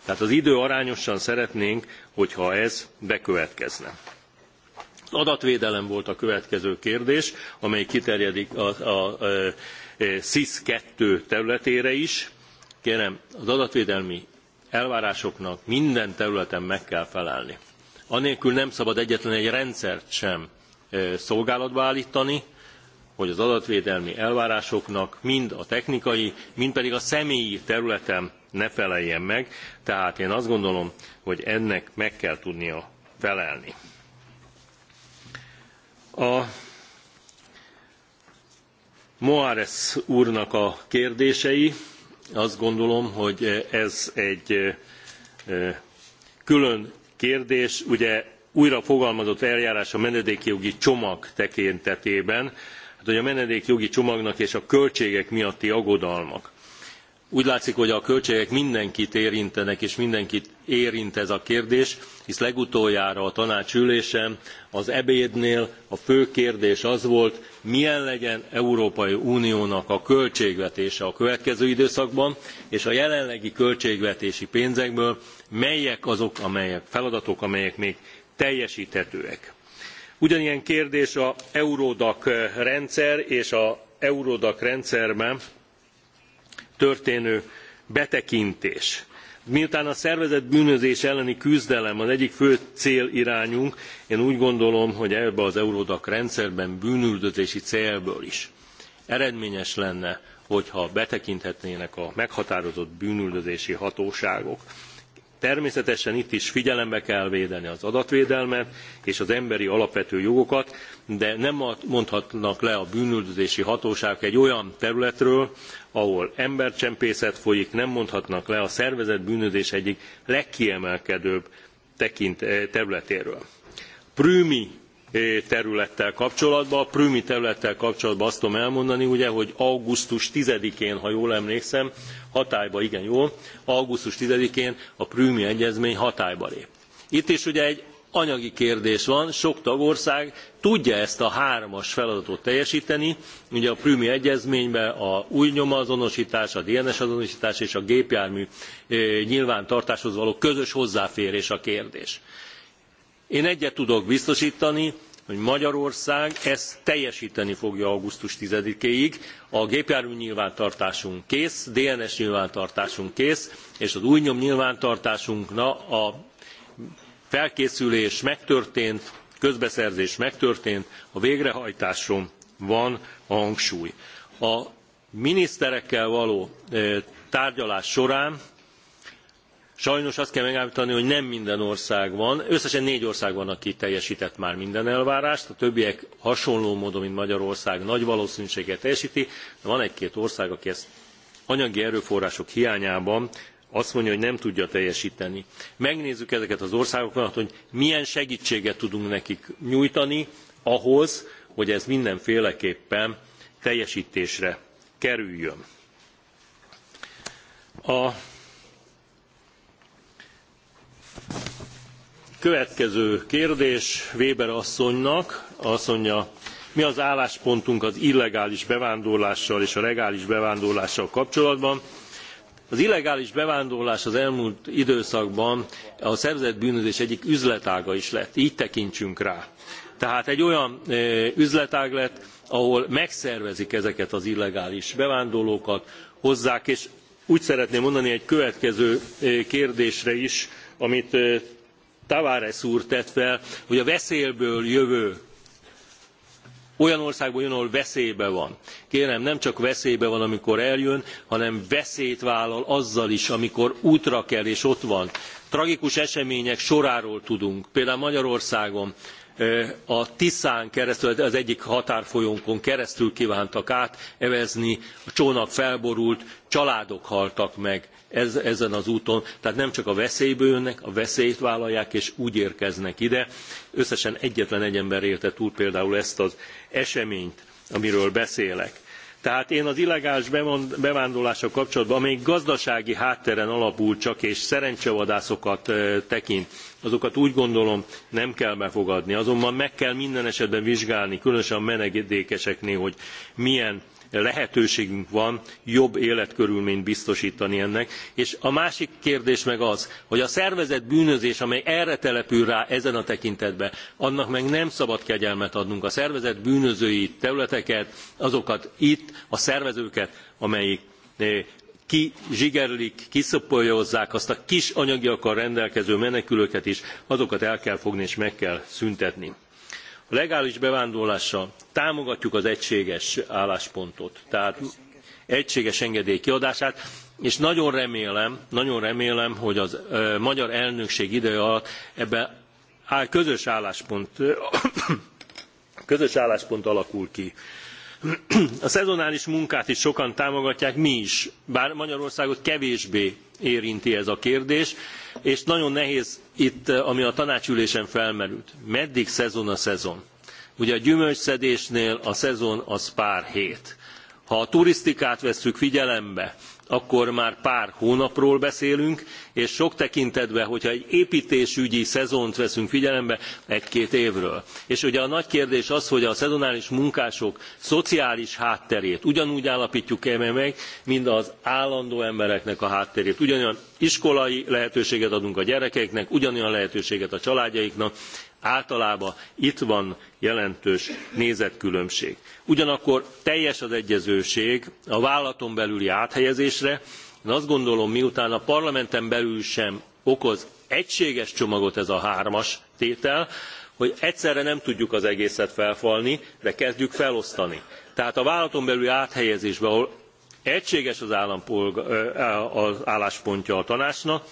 Tehát az idő arányosan szeretnénk, hogyha ez bekövetkezne. Az adatvédelem volt a következő kérdés, amely kiterjedik a, a, a e, e, SIS-2 területére is. Kérem, az adatvédelmi elvárásoknak minden területen meg kell felelni. Anélkül nem szabad egyetlen egy rendszert sem e, szolgálatba állítani, hogy az adatvédelmi elvárásoknak mind a technikai, mind pedig a személyi területen ne feleljen meg, tehát én azt gondolom, hogy ennek meg kell tudnia felelni. A Moares úrnak a kérdései, azt gondolom, hogy ez egy külön kérdés, ugye újra fogalmazott eljárás a menedékjogi csomag tekintetében, hát hogy a menedékjogi csomagnak és a költségek miatti aggodalmak. Úgy látszik, hogy a költségek mindenkit érintenek, és mindenkit érint ez a kérdés, hisz legutoljára a tanács ülésen az ebédnél a fő kérdés az volt, milyen legyen Európai Uniónak a költségvetése a következő időszakban, és a jelenlegi költségvetési pénzekből melyek azok amelyek feladatok, amelyek még teljesíthetőek ugyanilyen kérdés az eurodac eh, rendszer és az eurodac rendszerbe történő betekintés. miután a szervezett bűnözés elleni küzdelem az egyik fő célirányunk én úgy gondolom hogy ebben az eurodac rendszerben bűnüldözési célból is eredményes lenne hogyha betekinthetnének a meghatározott bűnüldözési hatóságok természetesen itt is figyelembe kell védeni az adatvédelmet és az emberi alapvető jogokat de nem mondhatnak le a bűnüldözési hatóságok egy olyan területről ahol embercsempészet folyik nem mondhatnak le a szervezett bűnözés egyik legkiemelkedőbb területéről. prümi területtel kapcsolatban. A prümi területtel kapcsolatban azt tudom elmondani, ugye, hogy augusztus ten én ha jól emlékszem, hatályba, igen jól, augusztus ten én a prümi egyezmény hatályba lép. Itt is ugye egy anyagi kérdés van, sok tagország tudja ezt a hármas feladatot teljesíteni, ugye a Prümi Egyezményben a új nyomazonosítás, a DNS azonostás és a gépjármű nyilvántartáshoz való közös hozzáférés a kérdés én egyet tudok biztostani hogy magyarország ezt teljesteni fogja augusztus ten ig a gépjármű nyilvántartásunk kész dns nyilvántartásunk kész és az új nyomnyilvántartásunkra a felkészülés megtörtént közbeszerzés megtörtént a végrehajtáson van a hangsúly. a miniszterekkel való eh, tárgyalás során sajnos azt kell megálltani hogy nem minden ország van összesen négy ország van aki teljestett már minden elvárást a többiek hasonló módon mint magyarország nagy valósznűséggel teljestik de van egy két ország aki ezt anyagi erőforrások hiányában azt mondja hogy nem tudja teljesteni. megnézzük ezeket az országokat hogy milyen segtséget tudunk nekik nyújtani ahhoz hogy ez mindenféleképpen teljestésre kerüljön. a Következő kérdés Weber asszonynak, mondja mi az álláspontunk az illegális bevándorlással és a legális bevándorlással kapcsolatban? Az illegális bevándorlás az elmúlt időszakban a szervezett bűnözés egyik üzletága is lett, gy tekintsünk rá. Tehát egy olyan e, üzletág lett, ahol megszervezik ezeket az illegális bevándorlókat, hozzák, és úgy szeretném mondani egy következő e, kérdésre is, amit e, tavares úr tett fel hogy a veszélyből jövő olyan országból jön ahol veszélyben van. kérem nem csak veszélyben van amikor eljön hanem veszélyt vállal azzal is amikor útra kel és ott van. tragikus események soráról tudunk például magyarországon a Tiszán keresztül, az egyik határfolyónkon keresztül kvántak átevezni, a csónak felborult, családok haltak meg ezen az úton, tehát nem csak a veszélyből jönnek, a veszélyt vállalják, és úgy érkeznek ide. Összesen egyetlen egy ember élte túl például ezt az eseményt, amiről beszélek. Tehát én az illegális bevándorlással kapcsolatban, amelyik gazdasági hátteren alapul csak és szerencsevadászokat eh, tekint, azokat úgy gondolom nem kell befogadni. Azonban meg kell minden esetben vizsgálni, különösen a menedékeseknél, hogy milyen lehetőségünk van jobb életkörülményt biztostani ennek és a másik kérdés meg az hogy a szervezett bűnözés amely erre települ rá ezen a tekintetben annak meg nem szabad kegyelmet adnunk a szervezett bűnözői területeket azokat itt a szervezőket amelyik eh, kizsigerlik, kiszapolyozzák azt a kis anyagiakkal rendelkező menekülőket is, azokat el kell fogni és meg kell szüntetni. A legális bevándorlással támogatjuk az egységes álláspontot, tehát egységes engedély kiadását, és nagyon remélem, nagyon remélem, hogy az magyar elnökség ideje alatt ebben közös álláspont, közös álláspont alakul ki. A szezonális munkát is sokan támogatják, mi is, bár Magyarországot kevésbé érinti ez a kérdés, és nagyon nehéz itt, ami a tanácsülésen felmerült. Meddig szezon a szezon? Ugye a gyümölcsszedésnél a szezon az pár hét ha a turisztikát vesszük figyelembe, akkor már pár hónapról beszélünk, és sok tekintetben, hogyha egy építésügyi szezont veszünk figyelembe, egy-két évről. És ugye a nagy kérdés az, hogy a szezonális munkások szociális hátterét ugyanúgy állapítjuk -e meg, mint az állandó embereknek a hátterét. Ugyanolyan iskolai lehetőséget adunk a gyerekeknek, ugyanolyan lehetőséget a családjaiknak, általában itt van jelentős nézetkülönbség. ugyanakkor teljes az egyezőség a vállalaton belüli áthelyezésre én azt gondolom miután a parlamenten belül sem okoz egységes csomagot ez a hármas tétel hogy egyszerre nem tudjuk az egészet felfalni de kezdjük felosztani. tehát a vállalaton belüli áthelyezésben ahol egységes az, az álláspontja a tanácsnak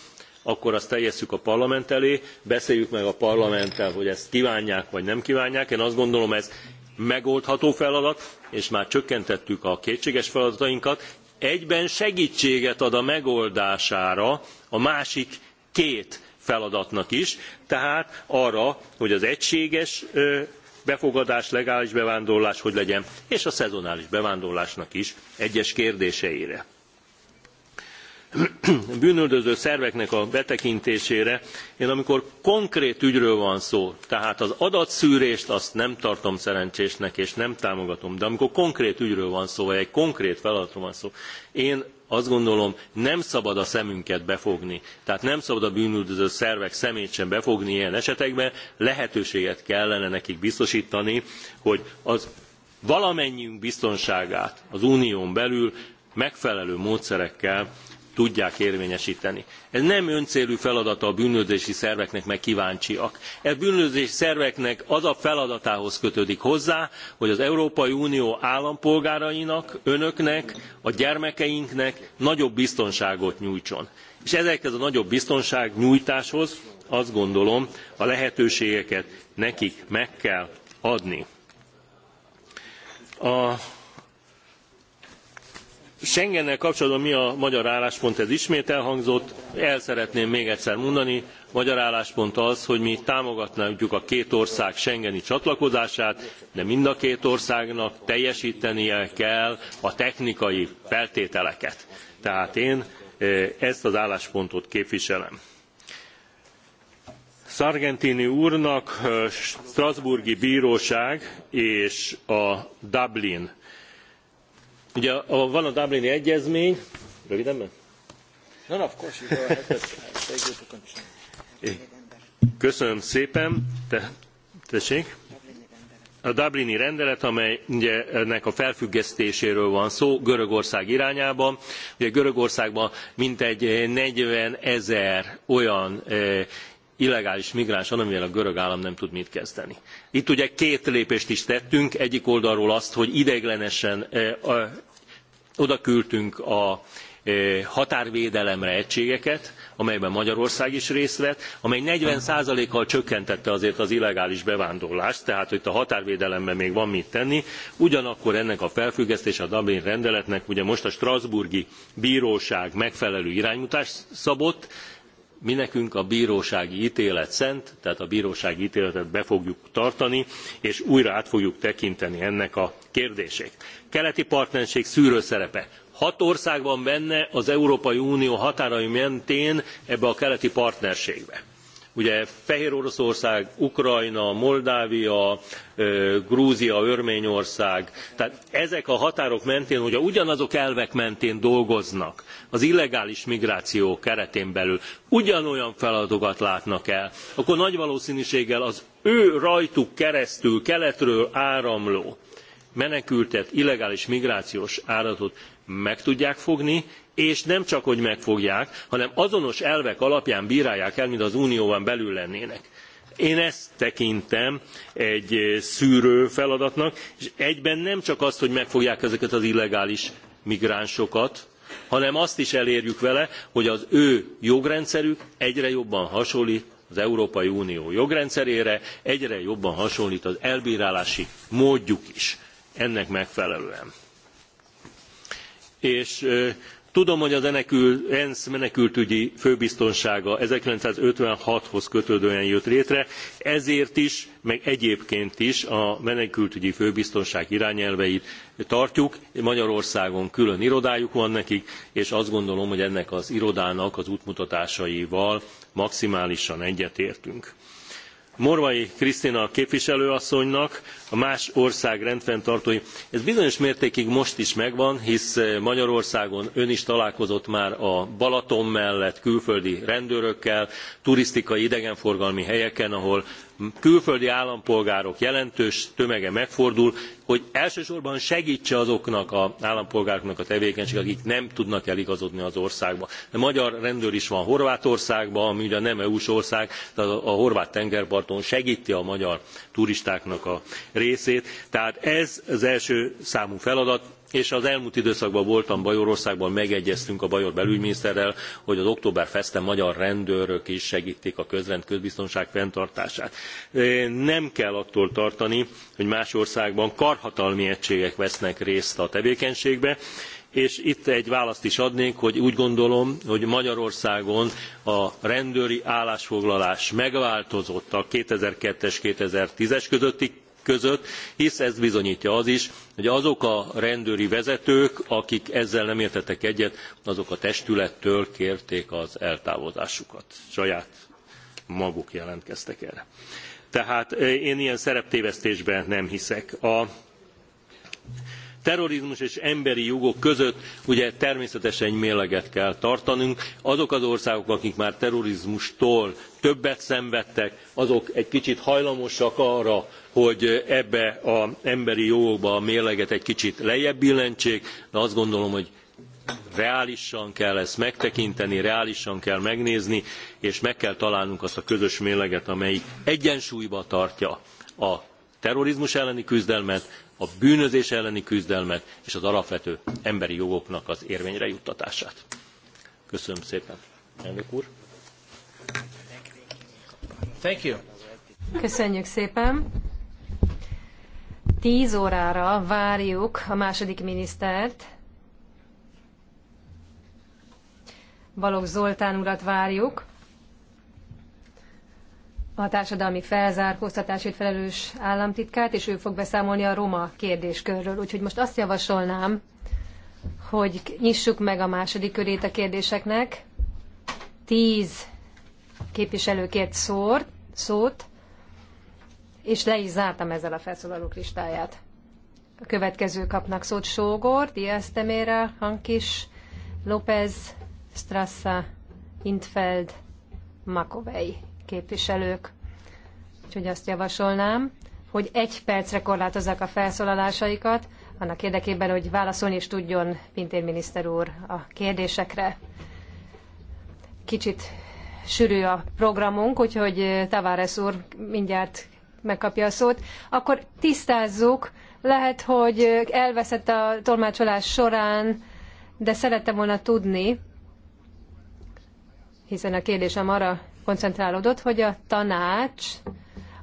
akkor azt terjesszük a parlament elé beszéljük meg a parlamenttel hogy ezt kvánják vagy nem kvánják. én azt gondolom ez megoldható feladat és már csökkentettük a kétséges feladatainkat egyben segtséget ad a megoldására a másik két feladatnak is tehát arra hogy az egységes befogadás legális bevándorlás hogy legyen és a szezonális bevándorlásnak is egyes kérdéseire bűnüldöző szerveknek a betekintésére én amikor konkrét ügyről van szó tehát az adatszűrést azt nem tartom szerencsésnek és nem támogatom de amikor konkrét ügyről van szó vagy egy konkrét feladatról van szó én azt gondolom nem szabad a szemünket befogni tehát nem szabad a bűnüldöző szervek szemét sem befogni ilyen esetekben lehetőséget kellene nekik biztostani hogy az valamennyiünk biztonságát az unión belül megfelelő módszerekkel tudják érvényesteni. ez nem öncélú feladata a bűnüldözési szerveknek meg kváncsiak. e bűnüldözési szerveknek az a feladatához kötődik hozzá hogy az európai unió állampolgárainak önöknek a gyermekeinknek nagyobb biztonságot nyújtson és ezekhez a nagyobb biztonságnyújtáshoz azt gondolom a lehetőségeket nekik meg kell adni. a Schengennel kapcsolatban mi a magyar álláspont, ez ismét elhangzott. El szeretném még egyszer mondani, magyar álláspont az, hogy mi támogatjuk a két ország Schengeni csatlakozását, de mind a két országnak teljesítenie kell a technikai feltételeket. Tehát én e, ezt az álláspontot képviselem. Sargentini úrnak e, Strasbourgi Bíróság és a Dublin Ugye van a Dublini Egyezmény, röviden meg? No, of course, you go ahead, uh, Köszönöm szépen, te, tessék. A Dublini rendelet, amely ugye ennek a felfüggesztéséről van szó Görögország irányában. Ugye Görögországban mintegy 40 eh, ezer olyan eh, illegális migráns van, amivel a görög állam nem tud mit kezdeni itt ugye két lépést is tettünk egyik oldalról azt hogy ideiglenesen odaküldtünk eh, a eh, határvédelemre egységeket amelyben magyarország is részt vett amely forty kal csökkentette azért az illegális bevándorlást tehát itt a határvédelemben még van mit tenni ugyanakkor ennek a felfüggesztése a dublin rendeletnek ugye most a strasbourgi bróság megfelelő iránymutatást szabott minekünk a brósági télet szent tehát a brósági téletet be fogjuk tartani és újra át fogjuk tekinteni ennek a kérdését. keleti partnerség szűrő szerepe hat ország van benne az európai unió határai mentén ebbe a keleti partnerségbe ugye fehér ukrajna moldávia grúzia örményország tehát ezek a határok mentén hogyha ugyanazok elvek mentén dolgoznak az illegális migráció keretén belül ugyanolyan feladatokat látnak el akkor nagy valósznűséggel az ő rajtuk keresztül keletről áramló menekültet illegális migrációs áradatot meg tudják fogni és nem csak hogy megfogják, hanem azonos elvek alapján bírálják el, mint az unióban belül lennének. Én ezt tekintem egy eh, szűrő feladatnak, és egyben nem csak azt, hogy megfogják ezeket az illegális migránsokat, hanem azt is elérjük vele, hogy az ő jogrendszerük egyre jobban hasonlít az Európai Unió jogrendszerére, egyre jobban hasonlít az elbírálási módjuk is ennek megfelelően. És eh, tudom hogy az ensz menekültügyi főbiztonsága one thousand nine hundred and fifty six hoz kötődően jött létre ezért is meg egyébként is a menekültügyi főbiztonság irányelveit tartjuk magyarországon külön irodájuk van nekik és azt gondolom hogy ennek az irodának az útmutatásaival maximálisan egyetértünk. Morvai Krisztina képviselőasszonynak a más ország rendfenntartói. Ez bizonyos mértékig most is megvan, hisz eh, Magyarországon ön is találkozott már a Balaton mellett külföldi rendőrökkel, turisztikai idegenforgalmi helyeken, ahol külföldi állampolgárok jelentős tömege megfordul hogy elsősorban segtse azoknak az állampolgároknak a tevékenységét akik nem tudnak eligazodni az országba. magyar rendőr is van horvátországban ami ugyan nem eu s ország de a horvát tengerparton segti a magyar turistáknak a részét tehát ez az első számú feladat és az elmúlt időszakban voltam Bajorországban, megegyeztünk a bajor belügyminiszterrel, hogy az Oktoberfesten magyar rendőrök is segítik a közrend közbiztonság fenntartását. Nem kell attól tartani, hogy más országban karhatalmi egységek vesznek részt a tevékenységbe, és itt egy választ is adnék hogy úgy gondolom hogy magyarországon a rendőri állásfoglalás megváltozott a two thousand and two two thousand and ten es közötti között hisz ezt bizonytja az is hogy azok a rendőri vezetők akik ezzel nem értettek egyet azok a testülettől kérték az eltávozásukat saját maguk jelentkeztek erre. tehát eh, én ilyen szereptévesztésben nem hiszek. a terrorizmus és emberi jogok között ugye természetesen mérleget kell tartanunk. Azok az országok, akik már terrorizmustól többet szenvedtek, azok egy kicsit hajlamosak arra, hogy ebbe az emberi jogokba a mérleget egy kicsit lejjebb billentsék, de azt gondolom, hogy reálisan kell ezt megtekinteni, reálisan kell megnézni, és meg kell találnunk azt a közös mérleget, amelyik egyensúlyba tartja a terrorizmus elleni küzdelmet a bűnözés elleni küzdelmet és az alapvető emberi jogoknak az érvényre juttatását. Köszönöm szépen, elnök úr! Thank you. Köszönjük szépen! Tíz órára várjuk a második minisztert. Balogh Zoltán urat várjuk a társadalmi felzárkóztatásért felelős államtitkát, és ő fog beszámolni a roma kérdéskörről. Úgyhogy most azt javasolnám, hogy nyissuk meg a második körét a kérdéseknek. Tíz képviselőkért szór, szót, és le is zártam ezzel a felszólalók listáját. A következő kapnak szót Sógor, Diaz Temére, Hankis, López, Strassa, Intfeld, Makovei képviselők. Úgyhogy azt javasolnám, hogy egy percre korlátozzák a felszólalásaikat, annak érdekében, hogy válaszolni is tudjon Pintér miniszter úr a kérdésekre. Kicsit sűrű a programunk, úgyhogy Tavares úr mindjárt megkapja a szót. Akkor tisztázzuk, lehet, hogy elveszett a tolmácsolás során, de szerettem volna tudni, hiszen a kérdésem arra koncentrálódott, hogy a tanács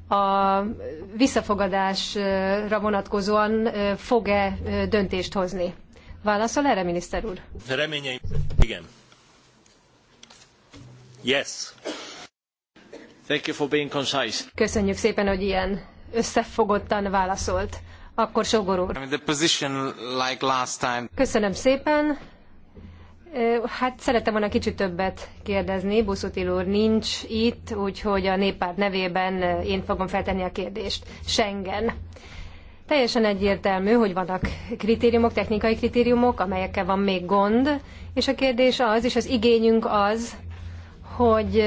a visszafogadásra vonatkozóan fog-e döntést hozni. Válaszol erre, miniszter úr? Reményeim, igen. Yes. Thank you for being concise. Köszönjük szépen, hogy ilyen összefogottan válaszolt. Akkor Sogor úr. Köszönöm szépen. Hát szerettem volna kicsit többet kérdezni. Buszutil úr nincs itt, úgyhogy a néppárt nevében én fogom feltenni a kérdést. Schengen. Teljesen egyértelmű, hogy vannak kritériumok, technikai kritériumok, amelyekkel van még gond, és a kérdés az, és az igényünk az, hogy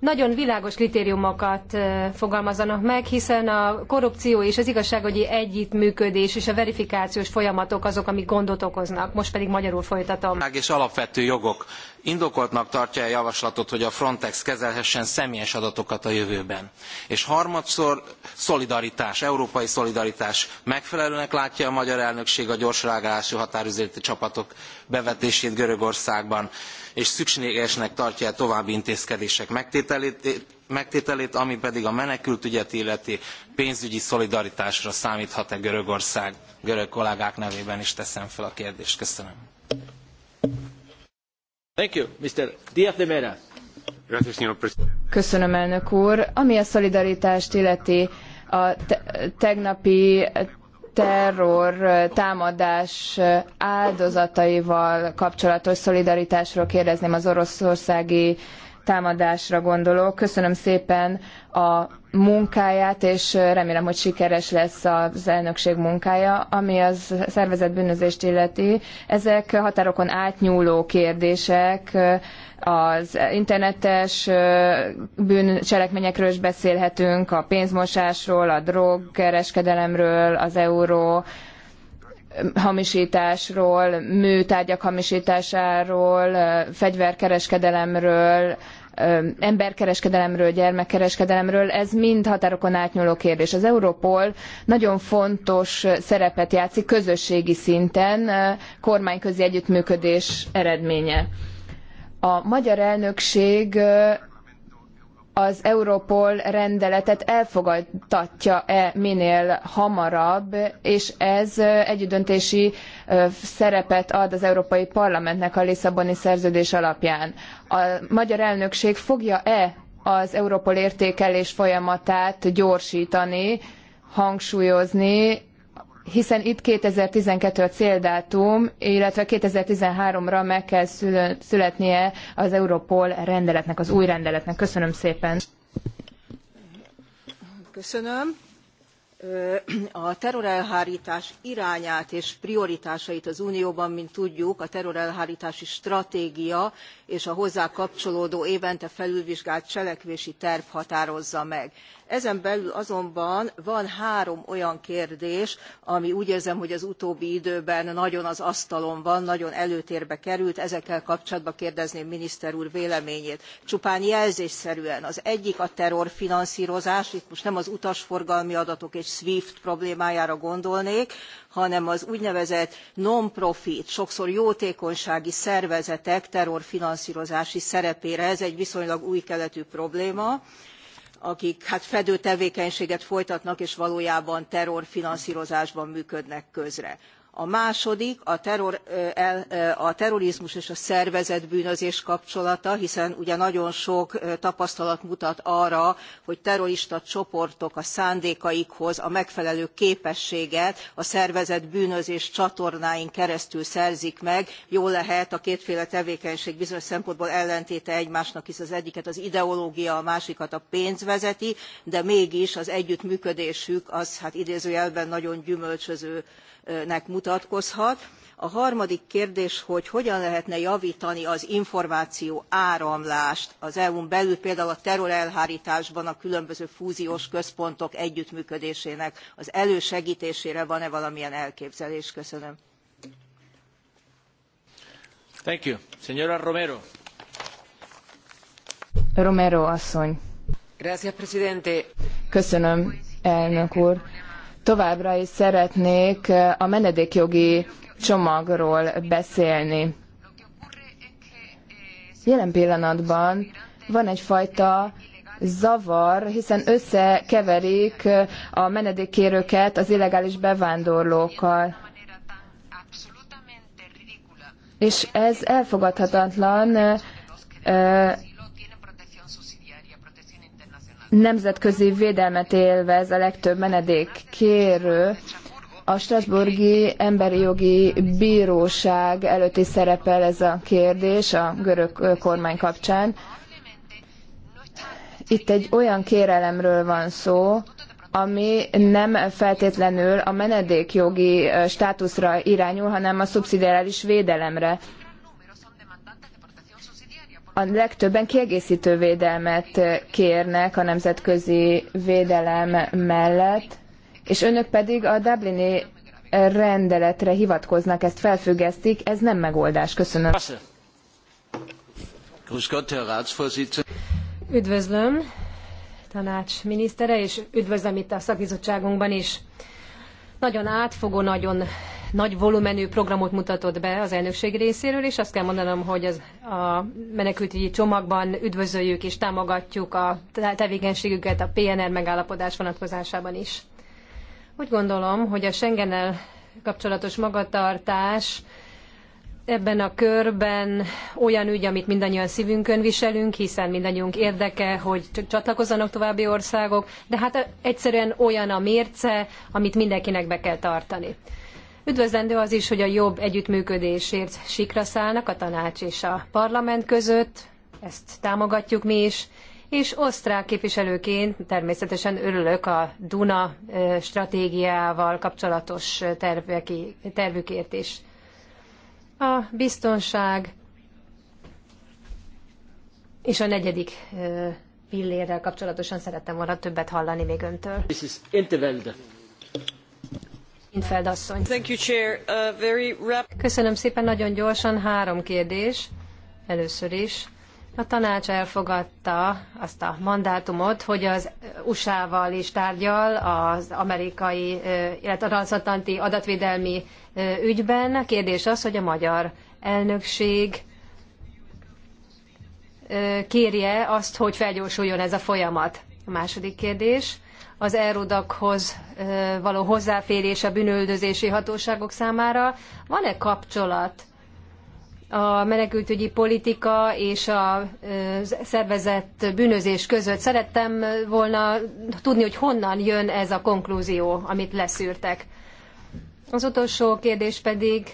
nagyon világos kritériumokat fogalmazanak meg, hiszen a korrupció és az igazságügyi együttműködés és a verifikációs folyamatok azok, amik gondot okoznak. Most pedig magyarul folytatom. És alapvető jogok. Indokoltnak tartja a javaslatot, hogy a Frontex kezelhessen személyes adatokat a jövőben. És harmadszor szolidaritás, európai szolidaritás. Megfelelőnek látja a magyar elnökség a gyors reagálású határüzéleti csapatok bevetését Görögországban és szükségesnek tartja további intézkedések megtételét, ami pedig a menekültügyet illeti pénzügyi szolidaritásra számthat e görögország? görög kollégák nevében is teszem fel a kérdést. köszönöm. Köszönöm, elnök úr. Ami a szolidaritást illeti, a tegnapi terror támadás áldozataival kapcsolatos szolidaritásról kérdezném az oroszországi támadásra gondolok. Köszönöm szépen a munkáját, és remélem, hogy sikeres lesz az elnökség munkája, ami az szervezet bűnözést illeti. Ezek határokon átnyúló kérdések, az internetes bűncselekményekről is beszélhetünk, a pénzmosásról, a drogkereskedelemről, az euró, hamisításról, műtárgyak hamisításáról, fegyverkereskedelemről, emberkereskedelemről, gyermekkereskedelemről, ez mind határokon átnyúló kérdés. Az Europol nagyon fontos szerepet játszik közösségi szinten, kormányközi együttműködés eredménye. A magyar elnökség az Europol rendeletet elfogadtatja-e minél hamarabb, és ez együttdöntési szerepet ad az Európai Parlamentnek a Lisszaboni szerződés alapján. A magyar elnökség fogja-e az Europol értékelés folyamatát gyorsítani, hangsúlyozni, hiszen itt 2012 a céldátum, illetve 2013-ra meg kell születnie az Europol rendeletnek, az új rendeletnek. Köszönöm szépen. Köszönöm. A terrorelhárítás irányát és prioritásait az Unióban, mint tudjuk, a terrorelhárítási stratégia és a hozzá kapcsolódó évente felülvizsgált cselekvési terv határozza meg ezen belül azonban van három olyan kérdés ami úgy érzem hogy az utóbbi időben nagyon az asztalon van nagyon előtérbe került ezekkel kapcsolatban kérdezném miniszter úr véleményét csupán jelzésszerűen az egyik a terrorfinanszrozás itt most nem az utasforgalmi adatok és swift problémájára gondolnék hanem az úgynevezett non profit sokszor jótékonysági szervezetek terrorfinanszrozási szerepére ez egy viszonylag új keletű probléma akik hát fedő tevékenységet folytatnak és valójában terrorfinanszrozásban működnek közre a második a, terror, a terrorizmus és a szervezett bűnözés kapcsolata hiszen ugye nagyon sok tapasztalat mutat arra hogy terrorista csoportok a szándékaikhoz a megfelelő képességet a szervezett bűnözés csatornáin keresztül szerzik meg jól lehet a kétféle tevékenység bizonyos szempontból ellentéte egymásnak hisz az egyiket az ideológia a másikat a pénz vezeti de mégis az együttműködésük az hát idézőjelben nagyon gyümölcsöző nek mutatkozhat. a harmadik kérdés hogy hogyan lehetne javtani az információ az eu n belül például a terrorelhártásban a különböző fúziós központok együttműködésének az elősegtésére van e valamilyen elképzelés? köszönöm. Romero. Romero asszony. Köszönöm, elnök úr. Továbbra is szeretnék a menedékjogi csomagról beszélni. Jelen pillanatban van egyfajta zavar, hiszen összekeverik a menedékkérőket az illegális bevándorlókkal. És ez elfogadhatatlan nemzetközi védelmet élvez a legtöbb menedék kérő. a Strasburgi Emberi Jogi Bíróság előtt is szerepel ez a kérdés a görög kormány kapcsán. Itt egy olyan kérelemről van szó, ami nem feltétlenül a menedékjogi státuszra irányul, hanem a szubszidiális védelemre a legtöbben kiegészítő védelmet kérnek a nemzetközi védelem mellett, és önök pedig a Dublini rendeletre hivatkoznak, ezt felfüggesztik, ez nem megoldás. Köszönöm. Üdvözlöm, tanács minisztere, és üdvözlöm itt a szakbizottságunkban is. Nagyon átfogó, nagyon nagy volumenű programot mutatott be az elnökség részéről, és azt kell mondanom, hogy az, a menekültügyi csomagban üdvözöljük és támogatjuk a tevékenységüket a PNR megállapodás vonatkozásában is. Úgy gondolom, hogy a szenge-nel kapcsolatos magatartás ebben a körben olyan ügy, amit mindannyian szívünkön viselünk, hiszen mindannyiunk érdeke, hogy csatlakozzanak további országok, de hát egyszerűen olyan a mérce, amit mindenkinek be kell tartani. Üdvözlendő az is, hogy a jobb együttműködésért sikra szállnak a tanács és a parlament között, ezt támogatjuk mi is, és osztrák képviselőként természetesen örülök a Duna stratégiával kapcsolatos terveki, tervükért is. A biztonság és a negyedik pillérrel kapcsolatosan szerettem volna többet hallani még öntől. Mrs. Intervelde asszony. Uh, Köszönöm szépen, nagyon gyorsan három kérdés. Először is. A tanács elfogadta azt a mandátumot, hogy az USA-val is tárgyal az amerikai, illetve a transatlanti adatvédelmi ügyben. A kérdés az, hogy a magyar elnökség kérje azt, hogy felgyorsuljon ez a folyamat. A második kérdés az erodakhoz való hozzáférés a bűnöldözési hatóságok számára. Van-e kapcsolat a menekültügyi politika és a szervezett bűnözés között. Szerettem volna tudni, hogy honnan jön ez a konklúzió, amit leszűrtek. Az utolsó kérdés pedig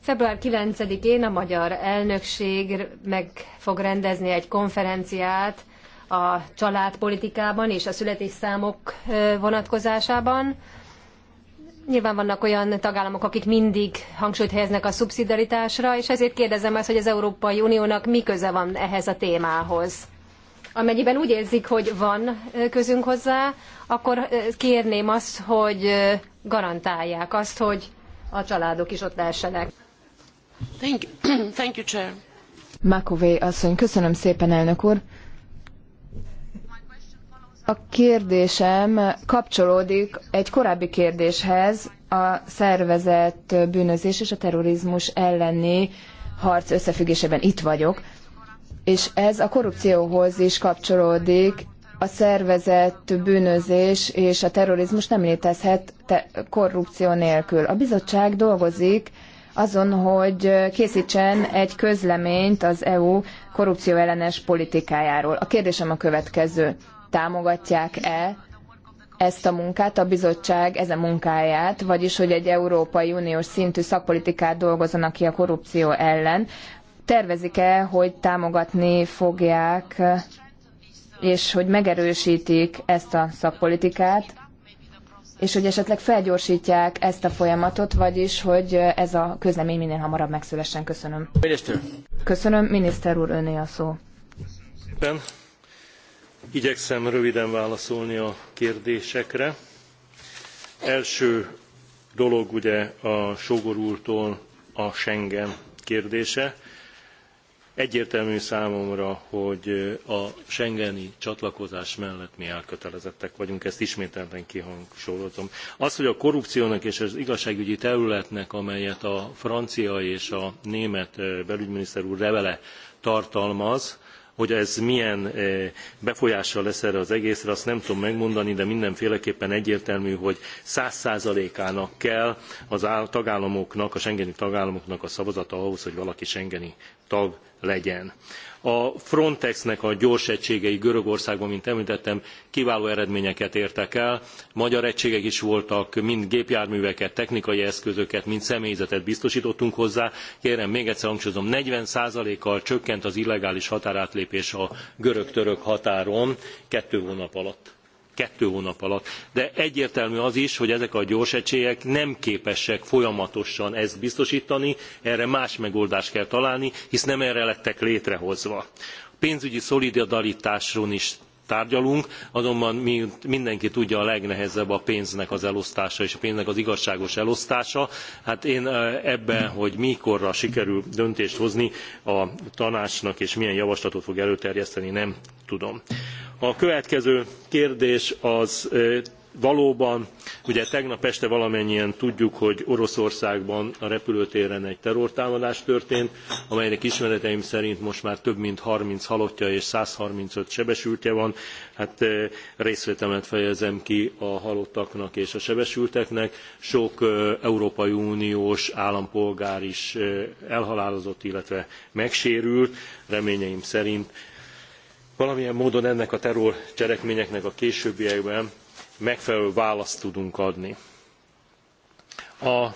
február 9-én a magyar elnökség meg fog rendezni egy konferenciát a családpolitikában és a születésszámok vonatkozásában. Nyilván vannak olyan tagállamok, akik mindig hangsúlyt helyeznek a szubszidaritásra, és ezért kérdezem azt, hogy az Európai Uniónak mi köze van ehhez a témához. Amennyiben úgy érzik, hogy van közünk hozzá, akkor kérném azt, hogy garantálják azt, hogy a családok is ott lehessenek. Thank you. Thank you, Chair. Makové asszony, köszönöm szépen, elnök úr. A kérdésem kapcsolódik egy korábbi kérdéshez, a szervezett bűnözés és a terrorizmus elleni harc összefüggésében itt vagyok, és ez a korrupcióhoz is kapcsolódik, a szervezett bűnözés és a terrorizmus nem létezhet korrupció nélkül. A bizottság dolgozik azon, hogy készítsen egy közleményt az EU korrupcióellenes politikájáról. A kérdésem a következő támogatják-e ezt a munkát, a bizottság ezen munkáját, vagyis hogy egy Európai Uniós szintű szakpolitikát dolgozzanak ki a korrupció ellen. Tervezik-e, hogy támogatni fogják, és hogy megerősítik ezt a szakpolitikát, és hogy esetleg felgyorsítják ezt a folyamatot, vagyis hogy ez a közlemény minél hamarabb megszülessen. Köszönöm. Miniszter. Köszönöm, miniszter úr, öné a szó. Köszönöm Igyekszem röviden válaszolni a kérdésekre. Első dolog ugye a sógor úrtól a Schengen kérdése. Egyértelmű számomra, hogy a Schengeni csatlakozás mellett mi elkötelezettek vagyunk, ezt ismételten kihangsúlyozom. Az, hogy a korrupciónak és az igazságügyi területnek, amelyet a francia és a német eh, belügyminiszter úr levele tartalmaz, hogy ez milyen eh, befolyással lesz erre az egészre azt nem tudom megmondani de mindenféleképpen egyértelmű hogy one hundred ának kell a tagállamoknak a schengeni tagállamoknak a szavazata ahhoz hogy valaki schengeni tag legyen a frontexnek a gyors egységei görögországban mint emltettem kiváló eredményeket értek el magyar egységek is voltak mind gépjárműveket technikai eszközöket mind személyzetet biztostottunk hozzá. kérem még egyszer hangsúlyozom forty kal csökkent az illegális határátlépés a görög török határon kettő hónap alatt kettő hónap alatt. De egyértelmű az is, hogy ezek a gyorsegységek nem képesek folyamatosan ezt biztosítani, erre más megoldást kell találni, hisz nem erre lettek létrehozva A pénzügyi szolidaritásról is tárgyalunk azonban mint mindenki tudja a legnehezebb a pénznek az elosztása és a pénznek az igazságos elosztása. hát én ebben hogy mikorra sikerül döntést hozni a tanácsnak és milyen javaslatot fog előterjeszteni nem tudom. a következő kérdés az valóban ugye tegnap este valamennyien tudjuk hogy oroszországban a repülőtéren egy terrortámadás történt amelynek ismereteim szerint most már több mint thirty halottja és one hundred and thirty five sebesültje van hát eh, részvétemet fejezem ki a halottaknak és a sebesülteknek sok eh, európai uniós állampolgár is eh, elhalálozott illetve megsérült reményeim szerint valamilyen módon ennek a terrorcselekményeknek a későbbiekben megfelelő választ tudunk adni. A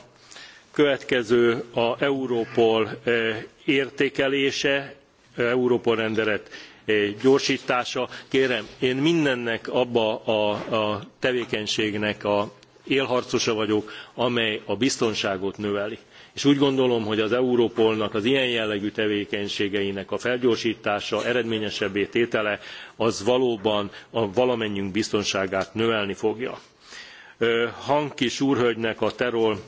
következő a Európol eh, értékelése, eh, Európol rendelet eh, gyorsítása. Kérem, én mindennek abba a, a tevékenységnek a élharcosa vagyok, amely a biztonságot növeli és úgy gondolom, hogy az Európolnak az ilyen jellegű tevékenységeinek a felgyorsítása, eredményesebbé tétele, az valóban a valamennyünk biztonságát növelni fogja. Hankis úrhölgynek a terror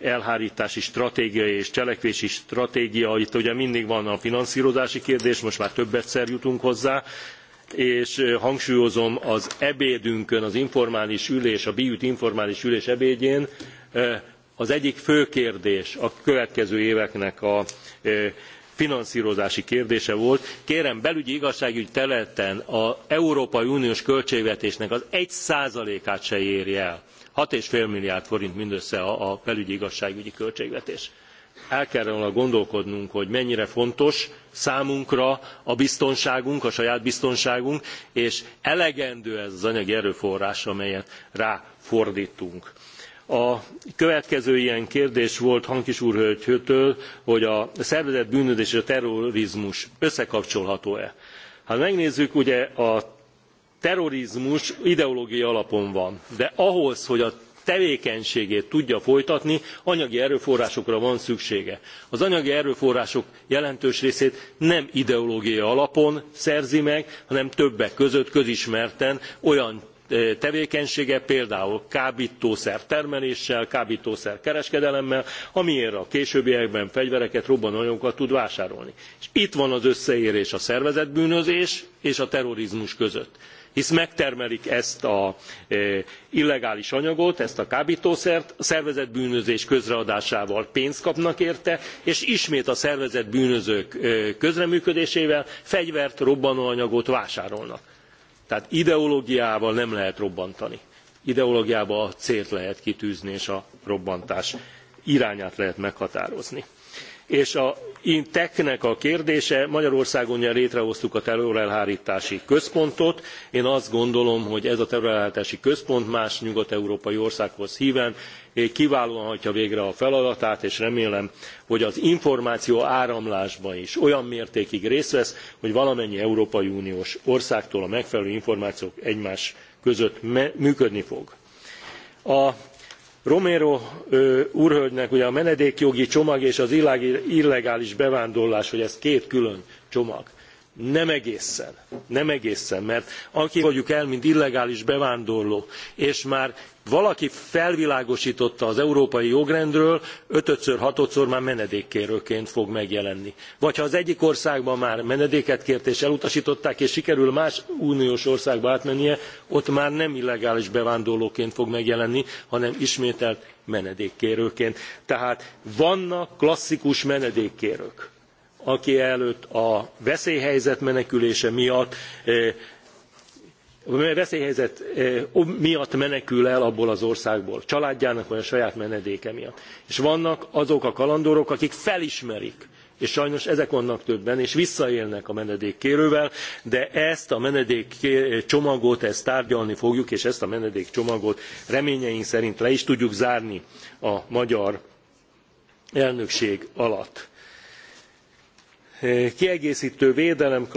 elhártási stratégia és cselekvési stratégia itt ugye mindig van a finanszrozási kérdés most már többedszer jutunk hozzá és hangsúlyozom az ebédünkön az informális ülés a biüt informális ülés ebédjén az egyik fő kérdés a következő éveknek a finanszrozási kérdése volt kérem belügyi igazságügyi területen az európai uniós költségvetésnek az one át se éri el six fél milliárd forint mindössze a belügyi igazságügyi költségvetés el kellene volna gondolkodnunk hogy mennyire fontos számunkra a biztonságunk a saját biztonságunk és elegendő e az az anyagi erőforrás amelyet rá a következő ilyen kérdés volt Hankis úrhölgyhőtől, hogy a szervezett bűnözés és a terrorizmus összekapcsolható-e. Ha hát megnézzük, ugye a terrorizmus ideológiai alapon van, de ahhoz, hogy a tevékenységét tudja folytatni, anyagi erőforrásokra van szüksége. Az anyagi erőforrások jelentős részét nem ideológiai alapon szerzi meg, hanem többek között közismerten olyan tevékenysége például kábtószer termeléssel kábtószer kereskedelemmel amiért a későbbiekben fegyvereket robbanóanyagokat tud vásárolni. és itt van az összeérés a szervezett bűnözés és a terrorizmus között hisz megtermelik ezt az illegális anyagot ezt a kábtószert a szervezett bűnözés közreadásával pénzt kapnak érte és ismét a szervezett bűnözők közreműködésével fegyvert robbanóanyagot vásárolnak tehát ideológiával nem lehet robbantani. Ideológiával a célt lehet kitűzni, és a robbantás irányát lehet meghatározni. És a nek a kérdése, Magyarországon létrehoztuk a terrorelhártási központot. Én azt gondolom, hogy ez a terrorelhártási központ más nyugat-európai országhoz hven kiválóan hajtja végre a feladatát, és remélem, hogy az információ áramlásban is olyan mértékig részt vesz, hogy valamennyi Európai Uniós országtól a megfelelő információk egymás között működni fog. A romero úrhölgynek ugye a menedékjogi csomag és az illegális bevándorlás hogy ez két külön csomag nem egészen nem egészen mert akit fogadjuk el mint illegális bevándorló és már valaki felvilágostotta az európai jogrendről ötödször hatodszor már menedékkérőként fog megjelenni vagy ha az egyik országban már menedéket kért és elutastották és sikerül más uniós országba átmennie ott már nem illegális bevándorlóként fog megjelenni hanem ismételt menedékkérőként. tehát vannak klasszikus menedékkérők aki előtt a veszélyhelyzet menekülése miatt eh, a veszélyhelyzet eh, miatt menekül el abból az országból családjának vagy a saját menedéke miatt. és vannak azok a kalandorok akik felismerik és sajnos ezek vannak többen és visszaélnek a menedékkérővel de ezt a menedékcsomagot ezt tárgyalni fogjuk és ezt a menedékcsomagot reményeink szerint le is tudjuk zárni a magyar elnökség alatt kiegésztő védelem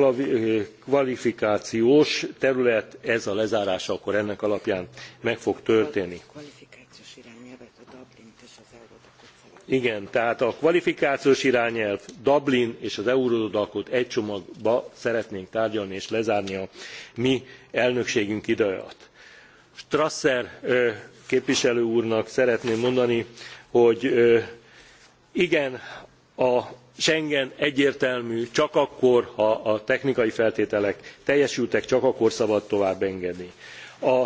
kvalifikációs terület ez a lezárása akkor ennek alapján meg fog történni. igen tehát a kvalifikációs irányelv dublin és az eurodacot egy csomagba szeretnénk tárgyalni és lezárni a mi elnökségünk ideje alatt. strasser képviselő úrnak szeretném mondani hogy igen a schengen egyértelmű csak akkor ha a technikai feltételek teljesültek csak akkor szabad tovább engedni. a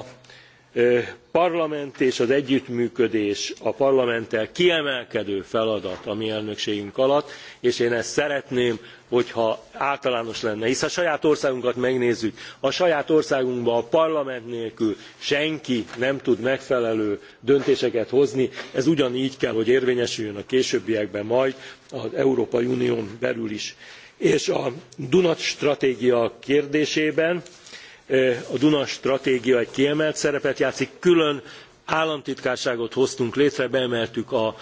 parlament és az együttműködés a parlamenttel kiemelkedő feladat a mi elnökségünk alatt és én ezt szeretném hogyha általános lenne hisz ha saját országunkat megnézzük a saját országunkban a parlament nélkül senki nem tud megfelelő döntéseket hozni ez ugyangy kell hogy érvényesüljön a későbbiekben majd az európai unión belül is. és a duna stratégia kérdésében a Duna stratégia egy kiemelt szerepet játszik, külön államtitkárságot hoztunk létre, beemeltük a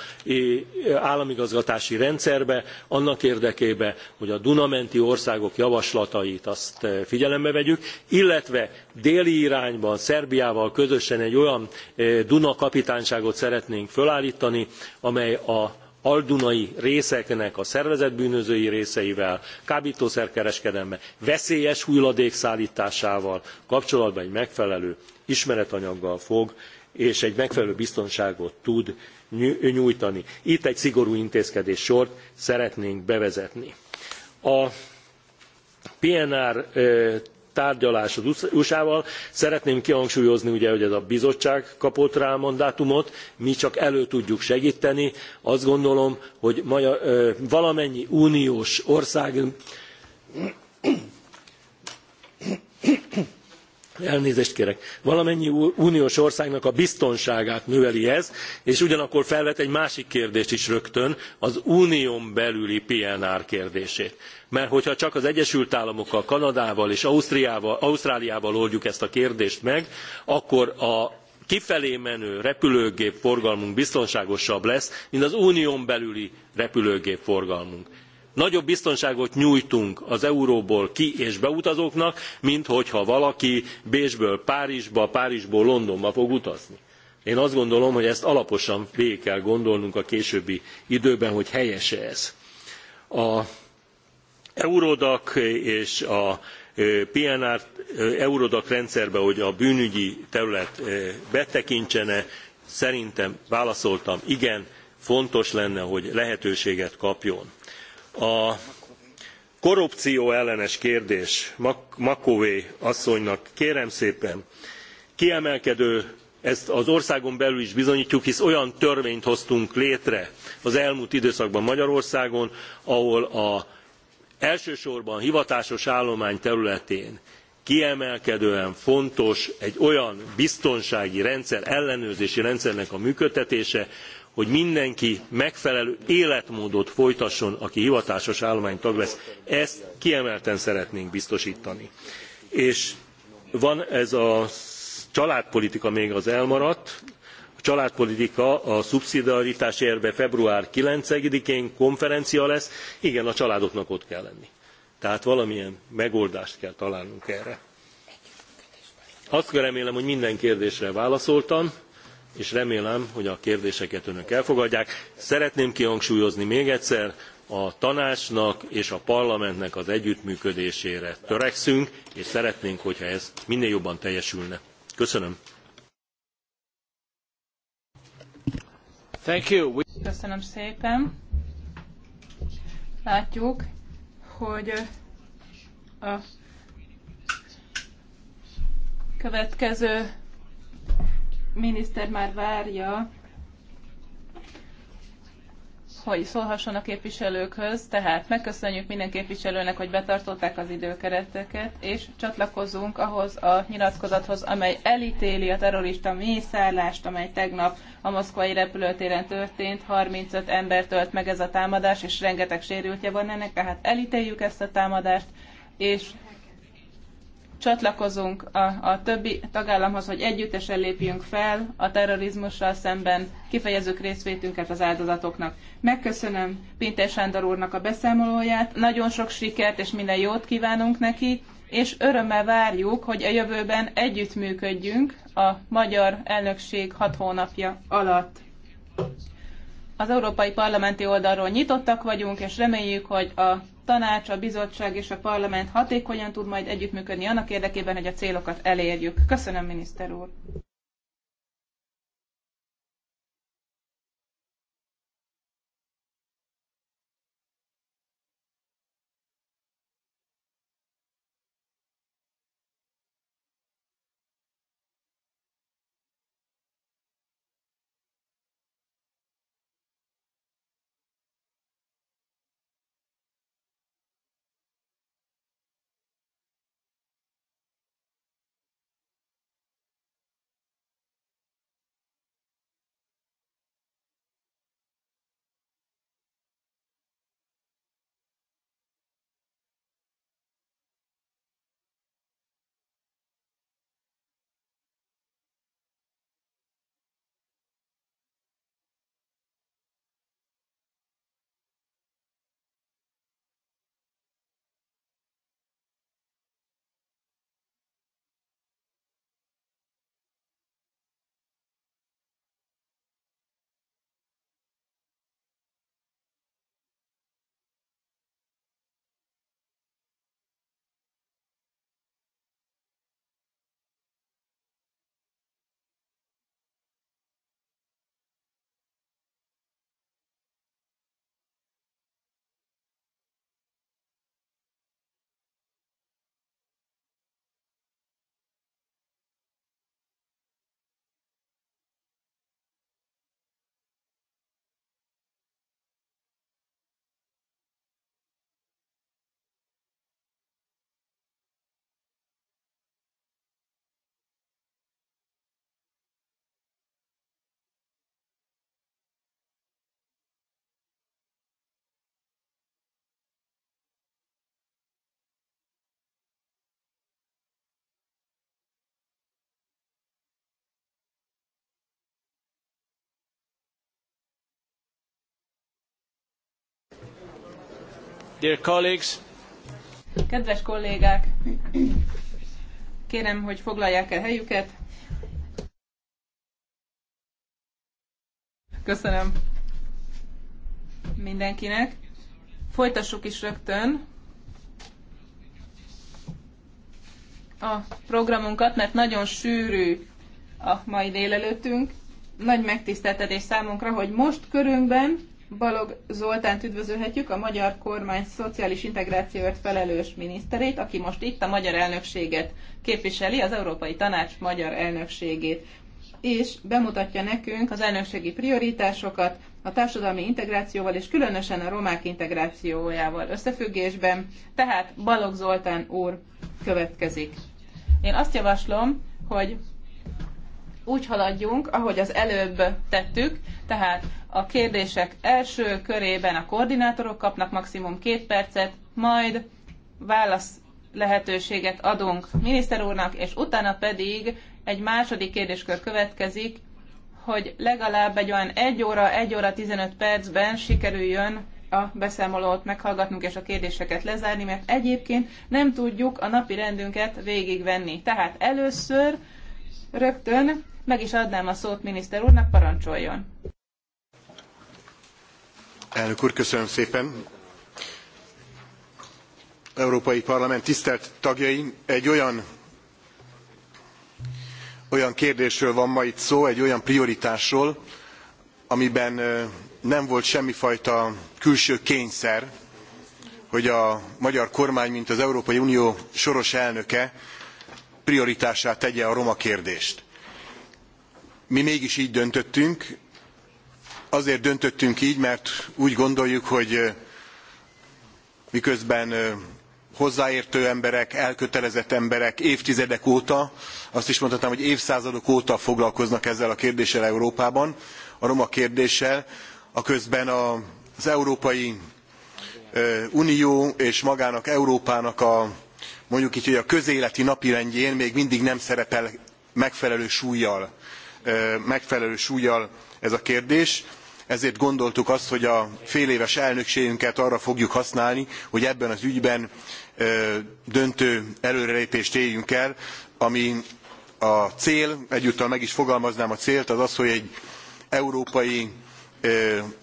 államigazgatási rendszerbe, annak érdekében, hogy a Dunamenti országok javaslatait azt figyelembe vegyük, illetve déli irányban Szerbiával közösen egy olyan Duna kapitányságot szeretnénk fölálltani amely a aldunai részeknek a szervezett bűnözői részeivel kereskedelemmel veszélyes hulladék szálltásával kapcsolatban egy megfelelő ismeretanyaggal fog és egy megfelelő biztonságot tud nyújtani. itt egy szigorú intézkedéssort szeretnénk bevezetni. a pnr tárgyalás az usa val szeretném kihangsúlyozni ugye hogy ez a bizottság kapott rá mandátumot mi csak elő tudjuk segteni azt gondolom hogy valamennyi uniós ország elnézést kérek valamennyi uniós országnak a biztonságát növeli ez és ugyanakkor felvet egy másik kérdést is rögtön az unión belüli pnr kérdését mert hogyha csak az egyesült államokkal kanadával és ausztráliával oldjuk ezt a kérdést meg akkor a kifelé menő repülőgép forgalmunk biztonságosabb lesz mint az unión belüli repülőgép forgalmunk. nagyobb biztonságot nyújtunk az euróból ki és beutazóknak mint hogyha valaki bécsből párizsba párizsból londonba fog utazni. én azt gondolom hogy ezt alaposan végig kell gondolnunk a későbbi időben hogy helyes e ez. a eurodac és a pnr eurodac rendszerbe hogy a bűnügyi terület betekintsene szerintem válaszoltam igen fontos lenne hogy lehetőséget kapjon. a korrupcióellenes kérdés macovei asszonynak kérem szépen kiemelkedő ezt az országon belül is bizonytjuk hisz olyan törvényt hoztunk létre az elmúlt időszakban magyarországon ahol a elsősorban hivatásos állomány területén kiemelkedően fontos egy olyan biztonsági rendszer ellenőrzési rendszernek a működtetése hogy mindenki megfelelő életmódot folytasson aki hivatásos tag lesz. ezt kiemelten szeretnénk biztostani. és van ez a családpolitika még az elmaradt családpolitika a szubszidiaritás érve február nine én konferencia lesz. Igen, a családoknak ott kell lenni. Tehát valamilyen megoldást kell találnunk erre. Azt remélem, hogy minden kérdésre válaszoltam, és remélem, hogy a kérdéseket önök elfogadják. Szeretném kihangsúlyozni még egyszer, a tanácsnak és a parlamentnek az együttműködésére törekszünk és szeretnénk hogyha ez minél jobban teljesülne. köszönöm. Thank you. Köszönöm szépen. Látjuk, hogy a következő miniszter már várja hogy szólhasson a képviselőkhöz, tehát megköszönjük minden képviselőnek, hogy betartották az időkereteket, és csatlakozunk ahhoz a nyilatkozathoz, amely elítéli a terrorista mészállást, amely tegnap a moszkvai repülőtéren történt, 35 ember tölt meg ez a támadás, és rengeteg sérültje van ennek, tehát elítéljük ezt a támadást, és csatlakozunk a, a többi tagállamhoz, hogy együttesen lépjünk fel a terrorizmussal szemben, kifejezzük részvétünket az áldozatoknak. Megköszönöm Pintér Sándor úrnak a beszámolóját, nagyon sok sikert és minden jót kívánunk neki, és örömmel várjuk, hogy a jövőben együttműködjünk a magyar elnökség hat hónapja alatt. Az európai parlamenti oldalról nyitottak vagyunk, és reméljük, hogy a tanács, a bizottság és a parlament hatékonyan tud majd együttműködni annak érdekében, hogy a célokat elérjük. Köszönöm, miniszter úr! Dear colleagues. Kedves kollégák, kérem, hogy foglalják el helyüket. Köszönöm mindenkinek. Folytassuk is rögtön a programunkat, mert nagyon sűrű a mai délelőttünk. Nagy megtiszteltetés számunkra, hogy most körünkben Balog Zoltánt üdvözölhetjük, a magyar kormány szociális integrációért felelős miniszterét, aki most itt a magyar elnökséget képviseli, az Európai Tanács magyar elnökségét és bemutatja nekünk az elnökségi prioritásokat a társadalmi integrációval és különösen a romák integrációjával összefüggésben. Tehát Balog Zoltán úr következik. Én azt javaslom, hogy úgy haladjunk, ahogy az előbb tettük, tehát a kérdések első körében a koordinátorok kapnak maximum két percet, majd válasz lehetőséget adunk miniszter úrnak, és utána pedig egy második kérdéskör következik, hogy legalább egy olyan 1 óra, 1 óra 15 percben sikerüljön a beszámolót meghallgatnunk és a kérdéseket lezárni, mert egyébként nem tudjuk a napi rendünket végigvenni. Tehát először rögtön meg is adnám a szót miniszter úrnak, parancsoljon. Elnök úr, köszönöm szépen. Európai Parlament tisztelt tagjai, egy olyan, olyan kérdésről van ma itt szó, egy olyan prioritásról, amiben nem volt semmifajta külső kényszer, hogy a magyar kormány, mint az Európai Unió soros elnöke prioritássá tegye a roma kérdést mi mégis gy döntöttünk azért döntöttünk gy mert úgy gondoljuk hogy miközben hozzáértő emberek elkötelezett emberek évtizedek óta azt is mondhatnám hogy évszázadok óta foglalkoznak ezzel a kérdéssel európában a roma kérdéssel aközben az európai unió és magának európának a mondjuk gy hogy a közéleti napirendjén még mindig nem szerepel megfelelő súllyal megfelelő súllyal ez a kérdés ezért gondoltuk azt hogy a féléves elnökségünket arra fogjuk használni hogy ebben az ügyben döntő előrelépést érjünk el ami a cél egyúttal meg is fogalmaznám a célt az az hogy egy európai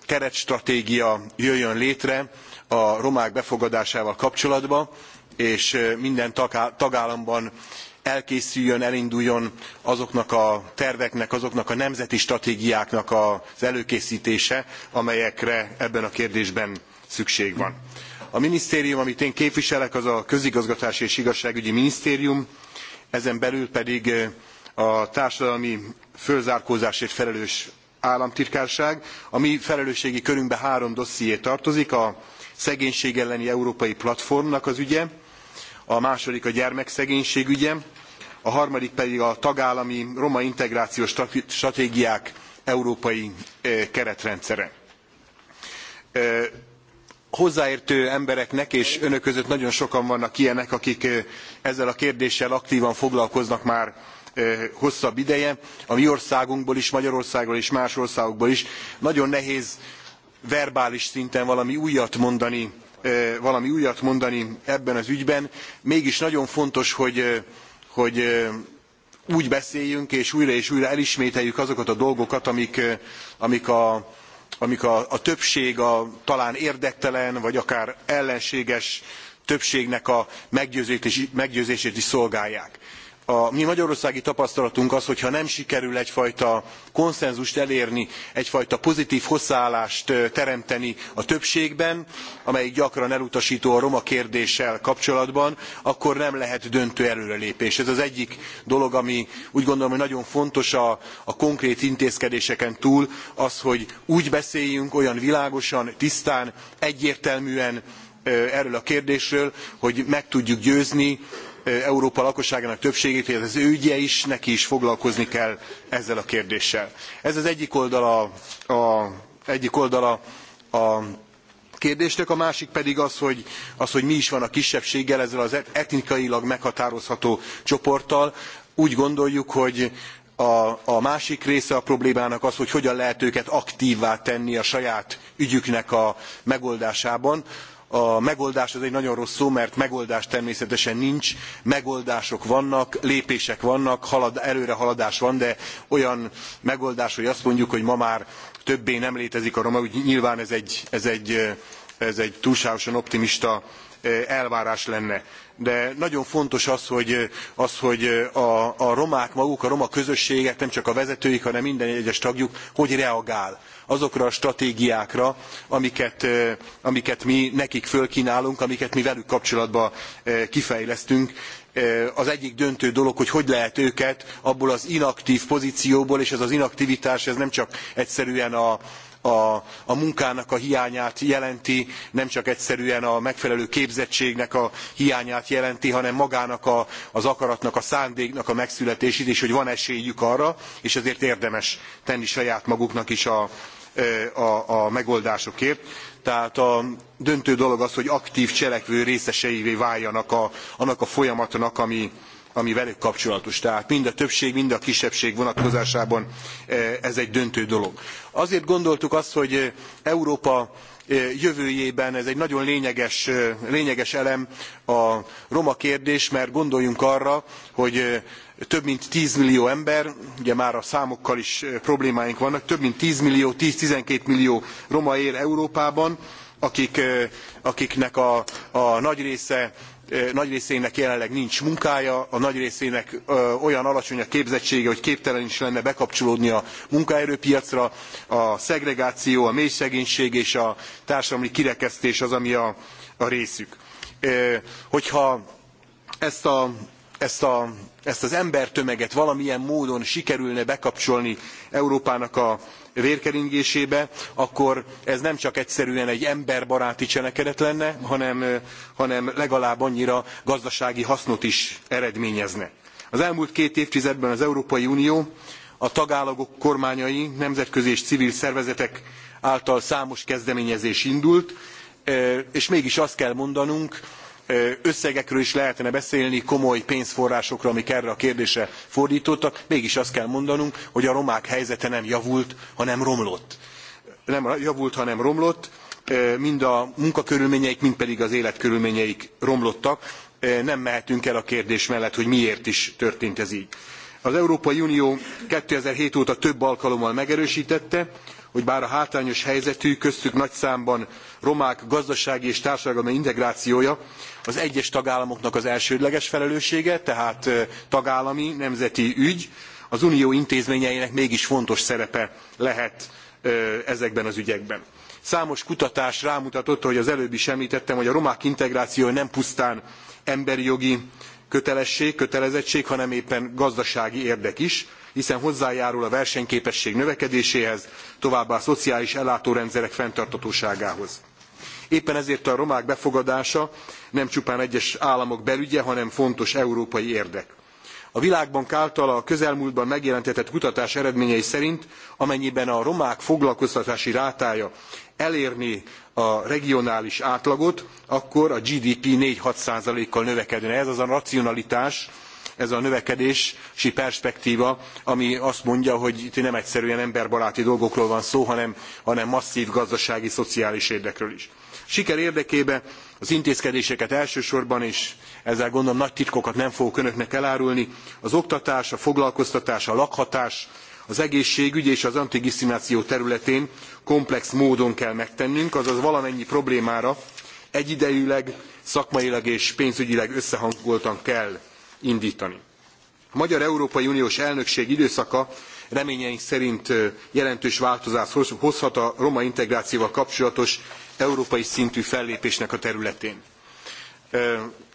keretstratégia jöjjön létre a romák befogadásával kapcsolatban és minden tagállamban elkészüljön, elinduljon azoknak a terveknek, azoknak a nemzeti stratégiáknak az előkészítése, amelyekre ebben a kérdésben szükség van. A minisztérium, amit én képviselek, az a közigazgatási és igazságügyi minisztérium, ezen belül pedig a társadalmi fölzárkózásért felelős államtitkárság. A mi felelősségi körünkbe három dosszié tartozik, a szegénység elleni európai platformnak az ügye, a második a gyermekszegénység ügye, a harmadik pedig a tagállami roma integrációs stratégiák európai keretrendszere. Hozzáértő embereknek és önök között nagyon sokan vannak ilyenek, akik ezzel a kérdéssel aktívan foglalkoznak már hosszabb ideje. A mi országunkból is, Magyarországról és más országokból is nagyon nehéz verbális szinten valami újat mondani valami újat mondani ebben az ügyben mégis nagyon fontos hogy, úgy beszéljünk és újra és újra elismételjük azokat a dolgokat amik, amik a a többség a talán érdektelen vagy akár ellenséges többségnek a meggyőzését is szolgálják a mi magyarországi tapasztalatunk az hogy ha nem sikerül egyfajta konszenzust elérni egyfajta pozitv hozzáállást teremteni a többségben amelyik gyakran elutastó a roma kérdéssel kapcsolatban akkor nem lehet döntő előrelépés. ez az egyik dolog ami úgy gondolom hogy nagyon fontos a, a konkrét intézkedéseken túl az hogy úgy beszéljünk olyan világosan tisztán egyértelműen erről a kérdésről hogy meg tudjuk győzni Európa lakosságának többségét, hogy ez az ő ügye is, neki is foglalkozni kell ezzel a kérdéssel. Ez az egyik oldala, a, egyik oldala a kérdésnek, a másik pedig az hogy, az, hogy mi is van a kisebbséggel, ezzel az etnikailag meghatározható csoporttal. Úgy gondoljuk, hogy a, a, másik része a problémának az, hogy hogyan lehet őket aktívvá tenni a saját ügyüknek a megoldásában a megoldás az egy nagyon rossz szó, mert megoldás természetesen nincs, megoldások vannak, lépések vannak, halad, előrehaladás van, de olyan megoldás, hogy azt mondjuk, hogy ma már többé nem létezik a roma, úgy nyilván ez egy, ez egy, ez egy túlságosan optimista e, elvárás lenne de nagyon fontos az hogy, az, hogy a, a romák maguk a roma közösségek nem csak a vezetőik hanem minden egyes tagjuk hogy reagál azokra a stratégiákra, amiket, amiket mi nekik fölkínálunk, amiket mi velük kapcsolatban kifejlesztünk az egyik döntő dolog hogy hogy lehet őket abból az inaktv pozcióból és ez az inaktivitás ez nem csak egyszerűen a, a, a munkának a hiányát jelenti nem csak egyszerűen a megfelelő képzettségnek a hiányát jelenti hanem magának a, az akaratnak a szándéknak a megszületését és hogy van esélyük arra és ezért érdemes tenni saját maguknak is a a, megoldásokért tehát a döntő dolog az hogy aktv cselekvő részeseivé váljanak a, annak a folyamatnak ami, ami velük kapcsolatos. tehát mind a többség mind a kisebbség vonatkozásában ez egy döntő dolog. azért gondoltuk azt hogy európa jövőjében ez egy nagyon lényeges, lényeges elem a roma kérdés mert gondoljunk arra hogy több mint 10 millió ember, ugye már a számokkal is problémáink vannak, több mint 10 millió, 10-12 millió roma él Európában, akik, akiknek a, a nagy része nagy részének jelenleg nincs munkája, a nagy részének olyan alacsony a képzettsége, hogy képtelen is lenne bekapcsolódni a munkaerőpiacra. A szegregáció, a mélyszegénység és a társadalmi kirekesztés az, ami a, a részük. Hogyha ezt a ezt, a, ezt az embertömeget valamilyen módon sikerülne bekapcsolni európának a vérkeringésébe akkor ez nem csak egyszerűen egy emberbaráti cselekedet lenne hanem, hanem legalább annyira gazdasági hasznot is eredményezne. az elmúlt két évtizedben az európai unió a tagállamok kormányai nemzetközi és civil szervezetek által számos kezdeményezés indult és mégis azt kell mondanunk összegekről is lehetne beszélni, komoly pénzforrásokra, amik erre a kérdésre fordítottak. Mégis azt kell mondanunk, hogy a romák helyzete nem javult, hanem romlott. Nem javult, hanem romlott. Mind a munkakörülményeik, mind pedig az életkörülményeik romlottak. Nem mehetünk el a kérdés mellett, hogy miért is történt ez így. Az Európai Unió 2007 óta több alkalommal megerősítette, hogy bár a hátrányos helyzetű, köztük nagy számban romák gazdasági és társadalmi integrációja az egyes tagállamoknak az elsődleges felelőssége, tehát tagállami, nemzeti ügy, az unió intézményeinek mégis fontos szerepe lehet ezekben az ügyekben. Számos kutatás rámutatott, hogy az előbb is említettem, hogy a romák integrációja nem pusztán emberi jogi kötelesség, kötelezettség, hanem éppen gazdasági érdek is, hiszen hozzájárul a versenyképesség növekedéséhez, továbbá a szociális ellátórendszerek fenntartatóságához éppen ezért a romák befogadása nem csupán egyes államok belügye hanem fontos európai érdek. a világbank által a közelmúltban megjelentetett kutatás eredményei szerint amennyiben a romák foglalkoztatási rátája elérné a regionális átlagot akkor a gdp four six kal növekedne. ez az a racionalitás ez a növekedési perspektva ami azt mondja hogy itt nem egyszerűen emberbaráti dolgokról van szó hanem hanem masszv gazdasági szociális érdekről is siker érdekében az intézkedéseket elsősorban és ezzel gondolom nagy titkokat nem fogok önöknek elárulni az oktatás a foglalkoztatás a lakhatás az egészségügy és az antidiszkrimináció területén komplex módon kell megtennünk azaz valamennyi problémára egyidejűleg szakmailag és pénzügyileg összehangoltan kell indtani. a magyar európai uniós elnökség időszaka reményeink szerint jelentős változást hozhat a roma integrációval kapcsolatos európai szintű fellépésnek a területén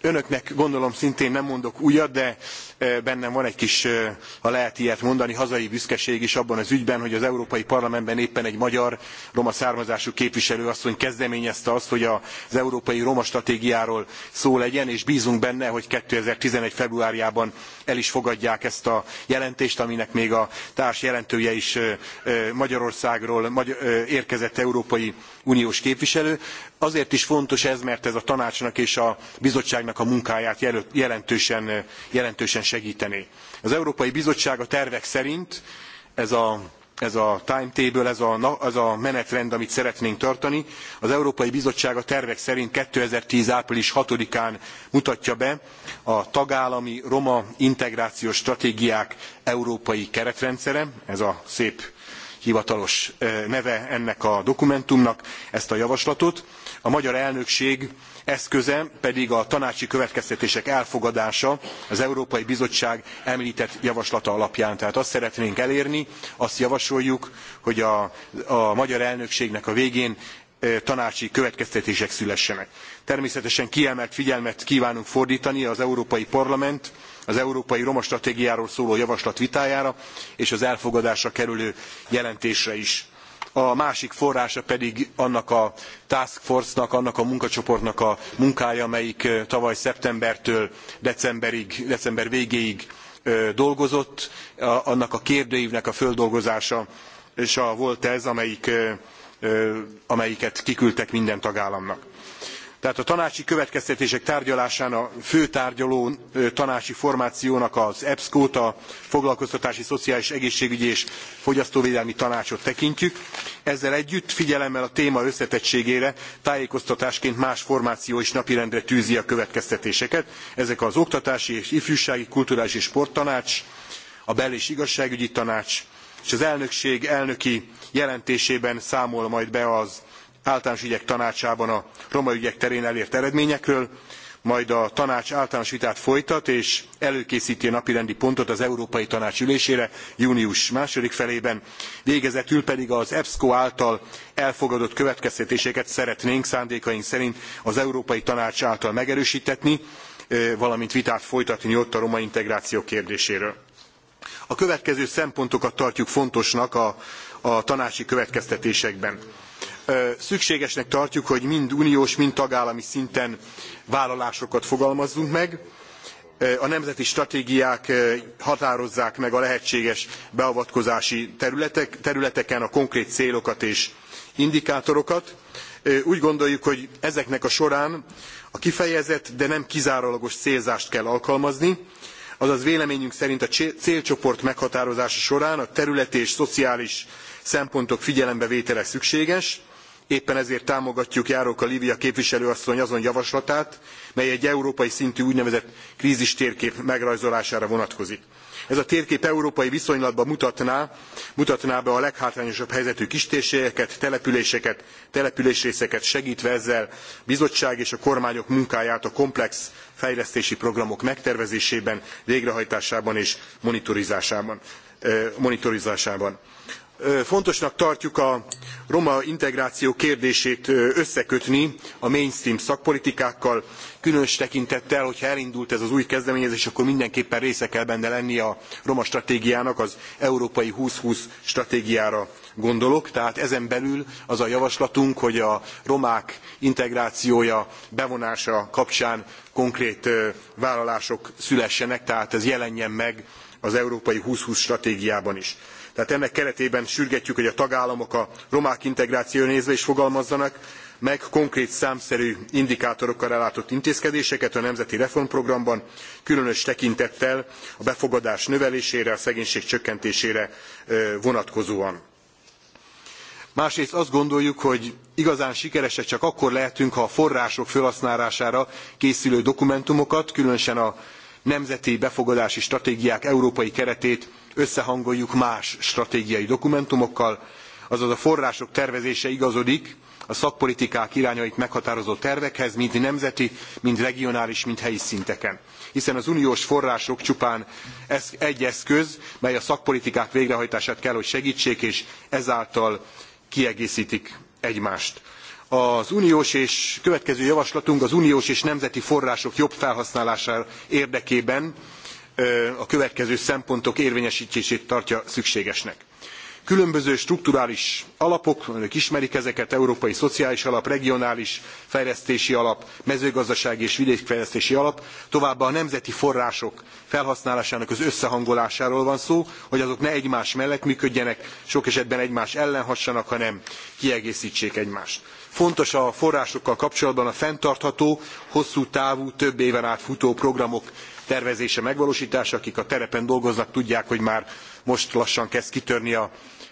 önöknek gondolom szintén nem mondok újat, de e, bennem van egy kis, e, ha lehet ilyet mondani, hazai büszkeség is abban az ügyben, hogy az Európai Parlamentben éppen egy magyar roma származású képviselő asszony kezdeményezte azt, hogy az Európai Roma Stratégiáról szó legyen, és bízunk benne, hogy 2011. februárjában el is fogadják ezt a jelentést, aminek még a társ jelentője is e, Magyarországról érkezett Európai Uniós képviselő. Azért is fontos ez, mert ez a tanácsnak és a bizottságnak ennek a munkáját jelentősen, jelentősen segítené. Az Európai Bizottság a tervek szerint ez a ez a timetable, ez a, a menetrend, amit szeretnénk tartani. Az Európai Bizottság a tervek szerint 2010. április 6-án mutatja be a tagállami roma integrációs stratégiák európai keretrendszere, ez a szép hivatalos neve ennek a dokumentumnak, ezt a javaslatot. A magyar elnökség eszköze pedig a tanácsi következtetések elfogadása az Európai Bizottság említett javaslata alapján. Tehát azt szeretnénk elérni, azt javasoljuk, hogy a, a magyar elnökségnek a végén tanácsi következtetések szülessenek. Természetesen kiemelt figyelmet kívánunk fordítani az Európai Parlament, az Európai Roma Stratégiáról szóló javaslat vitájára és az elfogadásra kerülő jelentésre is a másik forrása pedig annak a task force-nak, annak a munkacsoportnak a munkája, amelyik tavaly szeptembertől decemberig, december végéig dolgozott, annak a kérdőívnek a földolgozása és a volt ez, amelyik, amelyiket kiküldtek minden tagállamnak tehát a tanácsi következtetések tárgyalásán a fő tárgyaló tanácsi formációnak az epsco t a foglalkoztatási szociális egészségügyi és fogyasztóvédelmi tanácsot tekintjük ezzel együtt figyelemmel a téma összetettségére tájékoztatásként más formáció is napirendre tűzi a következtetéseket ezek az oktatási és ifjúsági kulturális és sporttanács a bel és igazságügyi tanács és az elnökség elnöki jelentésében számol majd be az általános ügyek tanácsában a roma ügyek terén elért eredményekről majd a tanács általános vitát folytat és előkészti a napirendi pontot az európai tanács ülésére június második felében végezetül pedig az epsco által elfogadott következtetéseket szeretnénk szándékaink szerint az európai tanács által megerőstetni valamint vitát folytatni ott a roma integráció kérdéséről. a következő szempontokat tartjuk fontosnak a tanácsi következtetésekben Szükségesnek tartjuk, hogy mind uniós, mind tagállami szinten vállalásokat fogalmazzunk meg. A nemzeti stratégiák határozzák meg a lehetséges beavatkozási területek, területeken a konkrét célokat és indikátorokat. Úgy gondoljuk, hogy ezeknek a során a kifejezett, de nem kizárólagos célzást kell alkalmazni, azaz véleményünk szerint a célcsoport meghatározása során a területi és szociális szempontok figyelembevétele szükséges Éppen ezért támogatjuk Járóka Lívia képviselőasszony azon javaslatát, mely egy európai szintű úgynevezett krzistérkép térkép megrajzolására vonatkozik. Ez a térkép európai viszonylatban mutatná, mutatná be a leghátrányosabb helyzetű kistérségeket, településeket, településrészeket, segtve ezzel bizottság és a kormányok munkáját a komplex fejlesztési programok megtervezésében, végrehajtásában és monitorizásában eh, monitorizásában fontosnak tartjuk a roma integráció kérdését összekötni a mainstream szakpolitikákkal különös tekintettel hogyha elindult ez az új kezdeményezés akkor mindenképpen része kell benne lennie a roma stratégiának az európai two thousand and twenty stratégiára gondolok tehát ezen belül az a javaslatunk hogy a romák integrációja bevonása kapcsán konkrét vállalások szülessenek tehát ez jelenjen meg az európai two thousand and twenty stratégiában is tehát ennek keretében sürgetjük hogy a tagállamok a romák integrációjára nézve is fogalmazzanak meg konkrét számszerű indikátorokkal ellátott intézkedéseket a nemzeti reformprogramban különös tekintettel a befogadás növelésére a szegénység csökkentésére vonatkozóan. másrészt azt gondoljuk hogy igazán sikeresek csak akkor lehetünk ha a források felhasználására készülő dokumentumokat különösen a nemzeti befogadási stratégiák európai keretét összehangoljuk más stratégiai dokumentumokkal, azaz a források tervezése igazodik a szakpolitikák irányait meghatározó tervekhez, mind nemzeti, mind regionális, mind helyi szinteken. Hiszen az uniós források csupán egy eszköz, mely a szakpolitikák végrehajtását kell, hogy segítsék, és ezáltal kiegészítik egymást. Az uniós és következő javaslatunk az uniós és nemzeti források jobb felhasználása érdekében a következő szempontok érvényesítését tartja szükségesnek. Különböző strukturális alapok, önök ismerik ezeket, Európai Szociális Alap, Regionális Fejlesztési Alap, Mezőgazdasági és Vidékfejlesztési Alap, továbbá a nemzeti források felhasználásának az összehangolásáról van szó, hogy azok ne egymás mellett működjenek, sok esetben egymás ellen hassanak, hanem kiegészítsék egymást Fontos a forrásokkal kapcsolatban a fenntartható, hosszú távú, több éven át futó programok tervezése, megvalósítása. Akik a terepen dolgoznak, tudják, hogy már most lassan kezd kitörni a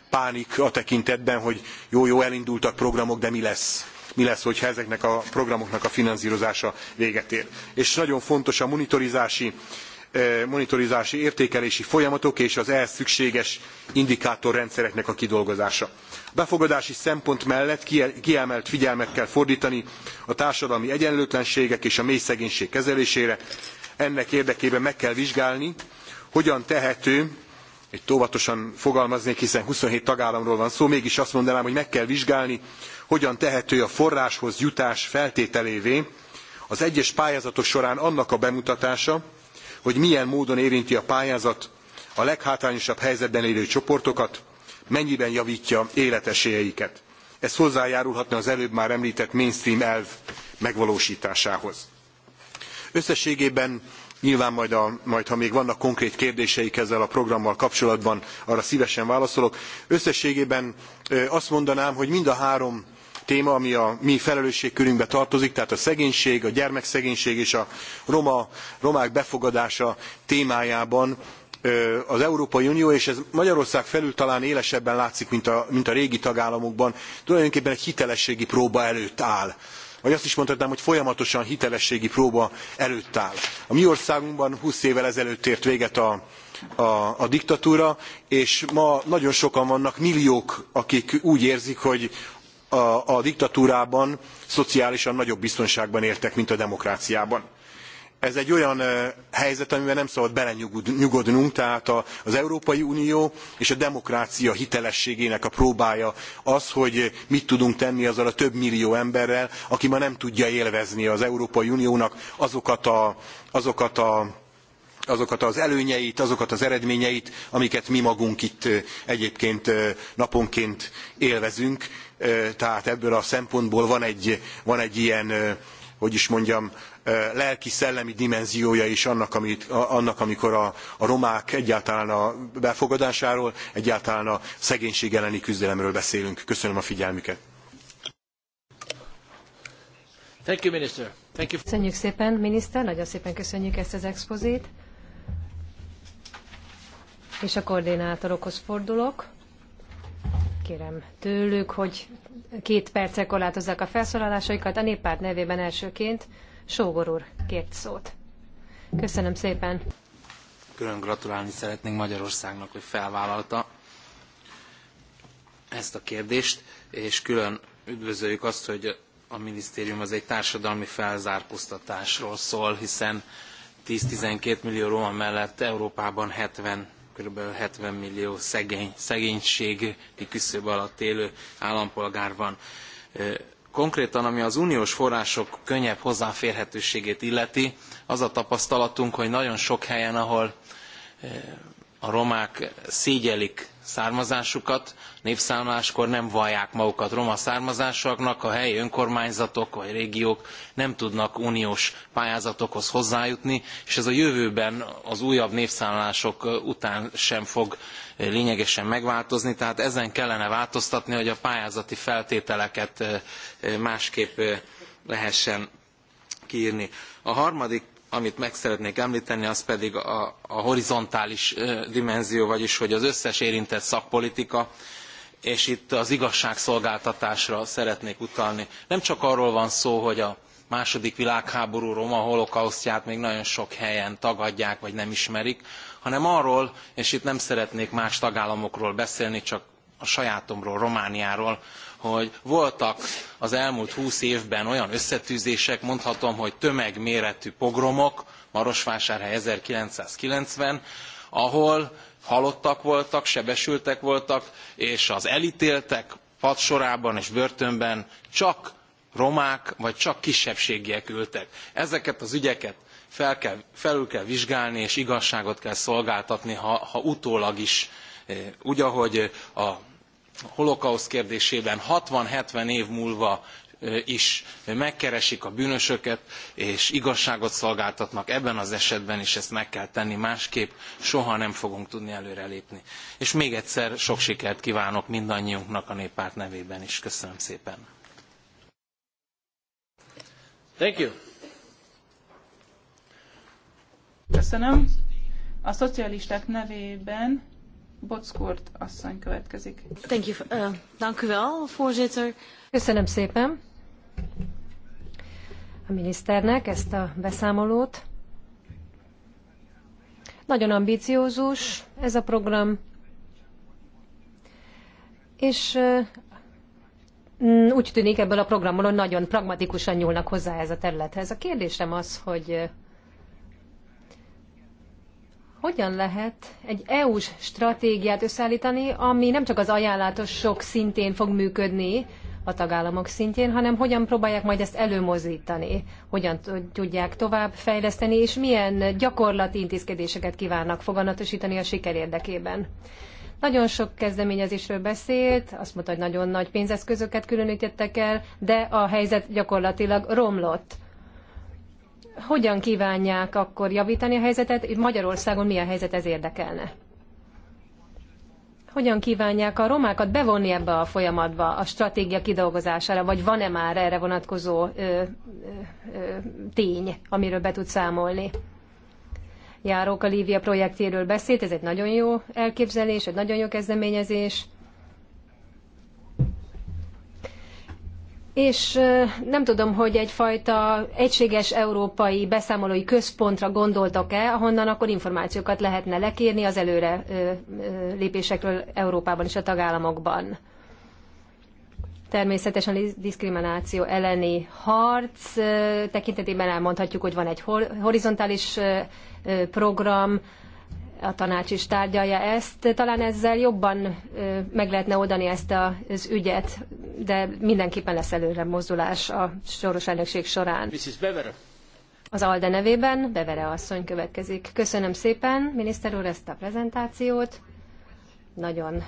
pánik a tekintetben, hogy jó-jó elindultak programok, de mi lesz? mi lesz, hogyha ezeknek a programoknak a finanszírozása véget ér. És nagyon fontos a monitorizási monitorizási, értékelési folyamatok és az ehhez szükséges indikátorrendszereknek a kidolgozása. A befogadási szempont mellett kiemelt figyelmet kell fordítani a társadalmi egyenlőtlenségek és a mélyszegénység kezelésére. Ennek érdekében meg kell vizsgálni, hogyan tehető itt óvatosan fogalmaznék, hiszen 27 tagállamról van szó, mégis azt mondanám, hogy meg kell vizsgálni, hogyan tehető a forráshoz jutás feltételévé az egyes pályázatok során annak a bemutatása, hogy milyen módon érinti a pályázat a leghátrányosabb helyzetben lévő csoportokat, mennyiben javítja életesélyeiket. Ez hozzájárulhatna az előbb már említett mainstream elv megvalósításához. Összességében nyilván majd, a, majd ha még vannak konkrét kérdéseik ezzel a programmal kapcsolatban, arra szívesen válaszolok. Összességében azt mondanám, hogy mind a három téma, ami a mi felelősségkörünkbe tartozik, tehát a szegénység, a gyermekszegénység és a roma, romák befogadása témájában az Európai Unió, és ez Magyarország felül talán élesebben látszik, mint a, mint a régi tagállamokban, tulajdonképpen egy hitelességi próba előtt áll vagy azt is mondhatnám, hogy folyamatosan hitelességi próba előtt áll. A mi országunkban 20 évvel ezelőtt ért véget a, a, a diktatúra, és ma nagyon sokan vannak, milliók, akik úgy érzik, hogy a, a diktatúrában szociálisan nagyobb biztonságban értek, mint a demokráciában. Ez egy olyan helyzet, amiben nem szabad belenyugodnunk, tehát az Európai Unió és a demokrácia hitelességének a próbája az, hogy mit tudunk tenni azzal a több millió emberrel, aki ma nem tudja élvezni az Európai Uniónak azokat a, azokat a azokat az előnyeit, azokat az eredményeit, amiket mi magunk itt egyébként naponként élvezünk tehát ebből a szempontból van egy, van egy ilyen, hogy is mondjam, lelki-szellemi dimenziója is annak, amit, annak amikor a, a, romák egyáltalán a befogadásáról, egyáltalán a szegénység elleni küzdelemről beszélünk. Köszönöm a figyelmüket. Thank you, Minister. Thank you. Köszönjük szépen, miniszter, nagyon szépen köszönjük ezt az expozét. És a koordinátorokhoz fordulok kérem tőlük, hogy két perccel korlátozzák a felszólalásaikat. A néppárt nevében elsőként Sógor úr kért szót. Köszönöm szépen. Külön gratulálni szeretnénk Magyarországnak, hogy felvállalta ezt a kérdést, és külön üdvözöljük azt, hogy a minisztérium az egy társadalmi felzárkóztatásról szól, hiszen 10-12 millió roma mellett Európában 70 kb. 70 millió szegény, szegénységi küszöb alatt élő állampolgár van. Konkrétan, ami az uniós források könnyebb hozzáférhetőségét illeti, az a tapasztalatunk, hogy nagyon sok helyen, ahol a romák szégyelik származásukat, népszámláskor nem vallják magukat roma származásúaknak, a helyi önkormányzatok vagy régiók nem tudnak uniós pályázatokhoz hozzájutni, és ez a jövőben az újabb népszámlások után sem fog lényegesen megváltozni, tehát ezen kellene változtatni, hogy a pályázati feltételeket eh, eh, másképp eh, lehessen kiírni. A harmadik amit meg szeretnék említeni, az pedig a, horizontális dimenzió, vagyis hogy az összes érintett szakpolitika, és itt az igazságszolgáltatásra szeretnék utalni. Nem csak arról van szó, hogy a második világháború roma holokausztját még nagyon sok helyen tagadják, vagy nem ismerik, hanem arról, és itt nem szeretnék más tagállamokról beszélni, csak a sajátomról, Romániáról, hogy voltak az elmúlt húsz évben olyan összetűzések mondhatom hogy tömegméretű pogromok marosvásárhely one thousand nine hundred and ninety ahol halottak voltak sebesültek voltak és az eltéltek padsorában és börtönben csak romák vagy csak kisebbségiek ültek. ezeket az ügyeket fel kell, felül kell vizsgálni és igazságot kell szolgáltatni ha, ha utólag is eh, úgy ahogy eh, a holokauszt kérdésében sixty seventy év múlva is megkeresik a bűnösöket és igazságot szolgáltatnak ebben az esetben is ezt meg kell tenni másképp soha nem fogunk tudni előrelépni. és még egyszer sok sikert kvánok mindannyiunknak a néppárt nevében is. köszönöm szépen. Thank you. Köszönöm. A szocialisták nevében Bockurt asszony következik. Thank you, uh, dank u wel, voorzitter. Köszönöm szépen a miniszternek ezt a beszámolót. Nagyon ambiciózus ez a program, és eh, úgy tűnik ebből a programból, hogy nagyon pragmatikusan nyúlnak hozzá ez a területhez. A kérdésem az, hogy eh, hogyan lehet egy EU-s stratégiát összeállítani, ami nem csak az sok szintén fog működni, a tagállamok szintjén, hanem hogyan próbálják majd ezt előmozdítani, hogyan tudják tovább fejleszteni, és milyen gyakorlati intézkedéseket kívánnak foganatosítani a siker érdekében. Nagyon sok kezdeményezésről beszélt, azt mondta, hogy nagyon nagy pénzeszközöket különítettek el, de a helyzet gyakorlatilag romlott hogyan kívánják akkor javítani a helyzetet? Magyarországon milyen helyzet ez érdekelne? Hogyan kívánják a romákat bevonni ebbe a folyamatba, a stratégia kidolgozására, vagy van-e már erre vonatkozó ö, ö, ö, tény, amiről be tud számolni? Járók a Lívia projektjéről beszélt, ez egy nagyon jó elképzelés, egy nagyon jó kezdeményezés és nem tudom, hogy egyfajta egységes európai beszámolói központra gondoltak-e, ahonnan akkor információkat lehetne lekérni az előre lépésekről Európában és a tagállamokban. Természetesen a diszkrimináció elleni harc tekintetében elmondhatjuk, hogy van egy horizontális program, a tanács is tárgyalja ezt. Talán ezzel jobban meg lehetne oldani ezt az ügyet, de mindenképpen lesz előre mozdulás a soros elnökség során. Mrs. Bevere. Az ALDE nevében Bevere asszony következik. Köszönöm szépen, miniszter úr, ezt a prezentációt. Nagyon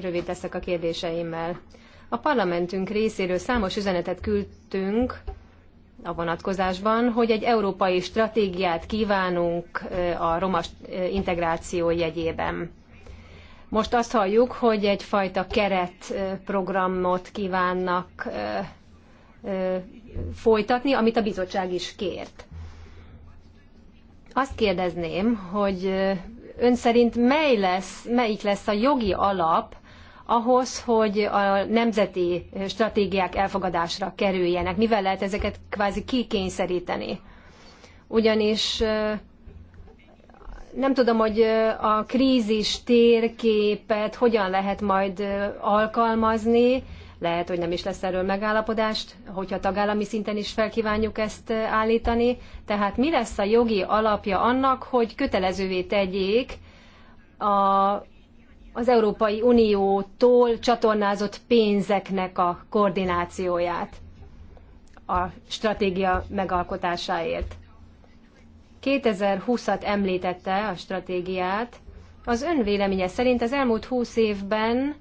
rövid leszek a kérdéseimmel. A parlamentünk részéről számos üzenetet küldtünk a vonatkozásban, hogy egy európai stratégiát kívánunk eh, a roma eh, integráció jegyében. Most azt halljuk, hogy egyfajta keretprogramot eh, kívánnak folytatni, amit a bizottság is kért. Azt kérdezném, hogy ön szerint mely lesz, melyik lesz a jogi alap ahhoz, hogy a nemzeti stratégiák elfogadásra kerüljenek? Mivel lehet ezeket kvázi kikényszeríteni? Ugyanis nem tudom, hogy a krízis térképet hogyan lehet majd alkalmazni, lehet, hogy nem is lesz erről megállapodást, hogyha tagállami szinten is felkívánjuk ezt állítani. Tehát mi lesz a jogi alapja annak, hogy kötelezővé tegyék a az Európai Uniótól csatornázott pénzeknek a koordinációját a stratégia megalkotásáért. 2020-at említette a stratégiát. Az ön véleménye szerint az elmúlt 20 évben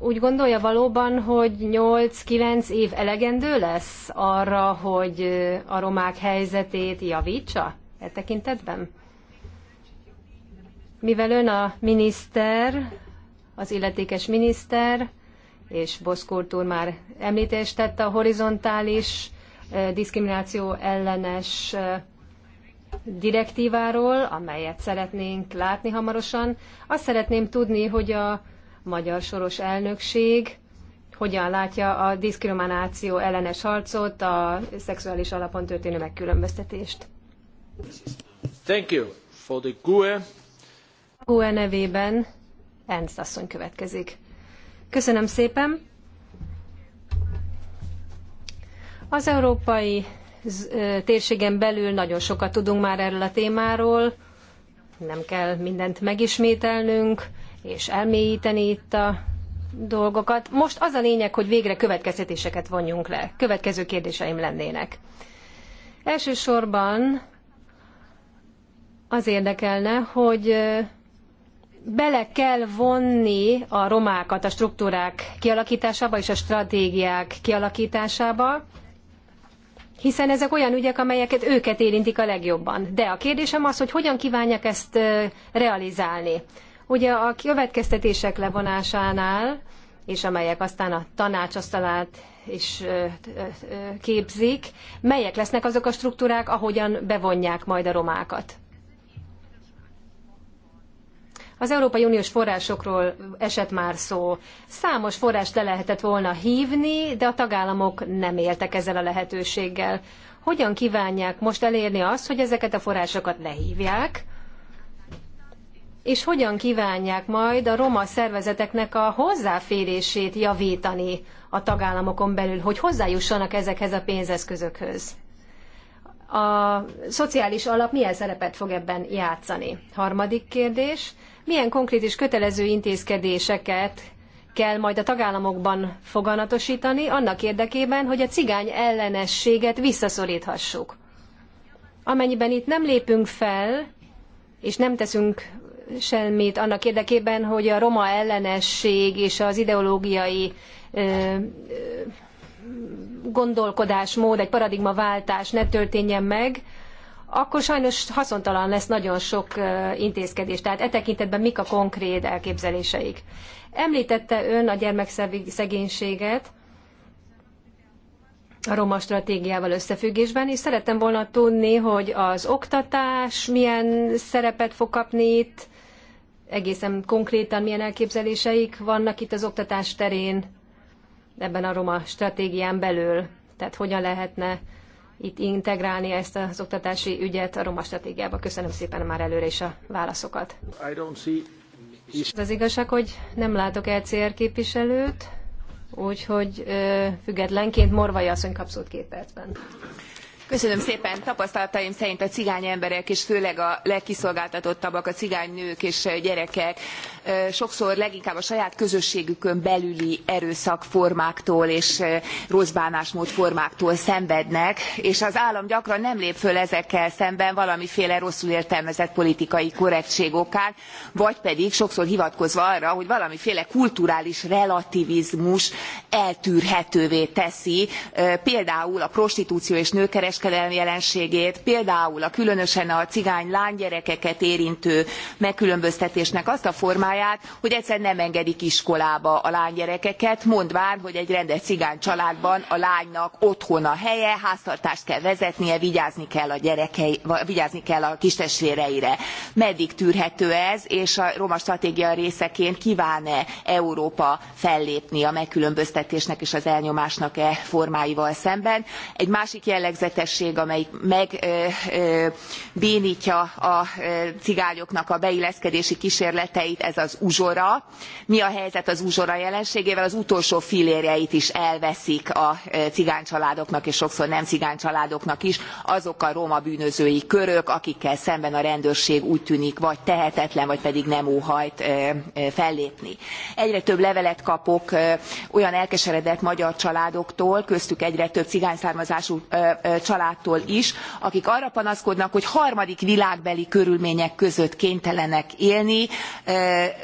úgy gondolja valóban, hogy 8-9 év elegendő lesz arra, hogy a romák helyzetét javítsa e tekintetben? Mivel ön a miniszter, az illetékes miniszter, és Boszkort úr már említést tette a horizontális diszkrimináció ellenes direktíváról, amelyet szeretnénk látni hamarosan. Azt szeretném tudni, hogy a magyar soros elnökség hogyan látja a diszkrimináció ellenes harcot, a szexuális alapon történő megkülönböztetést. Thank you for the GUE. GUE nevében Ernst asszony következik. Köszönöm szépen! Az európai térségen belül nagyon sokat tudunk már erről a témáról, nem kell mindent megismételnünk és elmélyíteni itt a dolgokat. Most az a lényeg, hogy végre következtetéseket vonjunk le. Következő kérdéseim lennének. Elsősorban az érdekelne, hogy bele kell vonni a romákat a struktúrák kialakításába és a stratégiák kialakításába, hiszen ezek olyan ügyek, amelyeket őket érintik a legjobban. De a kérdésem az, hogy hogyan kívánják ezt realizálni. Ugye a következtetések levonásánál, és amelyek aztán a tanácsasztalát is képzik, melyek lesznek azok a struktúrák, ahogyan bevonják majd a romákat? Az Európai Uniós forrásokról esett már szó. Számos forrást le lehetett volna hívni, de a tagállamok nem éltek ezzel a lehetőséggel. Hogyan kívánják most elérni azt, hogy ezeket a forrásokat lehívják, és hogyan kívánják majd a roma szervezeteknek a hozzáférését javítani a tagállamokon belül, hogy hozzájussanak ezekhez a pénzeszközökhöz? a szociális alap milyen szerepet fog ebben játszani? Harmadik kérdés, milyen konkrét és kötelező intézkedéseket kell majd a tagállamokban foganatosítani annak érdekében, hogy a cigány ellenességet visszaszoríthassuk. Amennyiben itt nem lépünk fel, és nem teszünk semmit annak érdekében, hogy a roma ellenesség és az ideológiai ö, ö, gondolkodásmód, egy paradigmaváltás ne történjen meg, akkor sajnos haszontalan lesz nagyon sok intézkedés. Tehát e tekintetben mik a konkrét elképzeléseik. Említette ön a gyermekszegénységet a roma stratégiával összefüggésben, és szerettem volna tudni, hogy az oktatás milyen szerepet fog kapni itt, egészen konkrétan milyen elképzeléseik vannak itt az oktatás terén, ebben a roma stratégián belül? Tehát hogyan lehetne itt integrálni ezt az oktatási ügyet a roma stratégiába? Köszönöm szépen már előre is a válaszokat. És az igazság, hogy nem látok LCR e képviselőt, úgyhogy ö, függetlenként Morvai asszony kapszót két percben. Köszönöm szépen. tapasztalataim szerint a cigány emberek és főleg a legkiszolgáltatottabbak a cigány nők és gyerekek sokszor leginkább a saját közösségükön belüli erőszakformáktól és rossz bánásmódformáktól szenvednek és az állam gyakran nem lép föl ezekkel szemben valamiféle rosszul értelmezett politikai korrektség okán vagy pedig sokszor hivatkozva arra hogy valamiféle kulturális relativizmus eltűrhetővé teszi például a prostitúció és nőkereskedelem jelenségét például a különösen a cigány lánygyerekeket érintő megkülönböztetésnek azt a formáját munkáját hogy egyszerűen nem engedik iskolába a lánygyerekeket mondván hogy egy rendes cigány családban a lánynak otthon a helye háztartást kell vezetnie vigyázni kell a, gyerekei, kell a kistestvéreire. meddig tűrhető ez és a roma stratégia részeként kván e európa fellépni a megkülönböztetésnek és az elnyomásnak e formáival szemben? egy másik jellegzetesség amelyik megbéntja a cigányoknak a beilleszkedési ksérleteit ez az uzsora mi a helyzet az uzsora jelenségével az utolsó fillérjeit is elveszik a e, cigánycsaládoknak és sokszor nem cigáncsaládoknak is azok a roma bűnözői körök akikkel szemben a rendőrség úgy tűnik vagy tehetetlen vagy pedig nem óhajt e, e, fellépni. egyre több levelet kapok olyan elkeseredett magyar családoktól köztük egyre több cigány származású családtól is akik arra panaszkodnak hogy harmadik világbeli körülmények között kénytelenek élni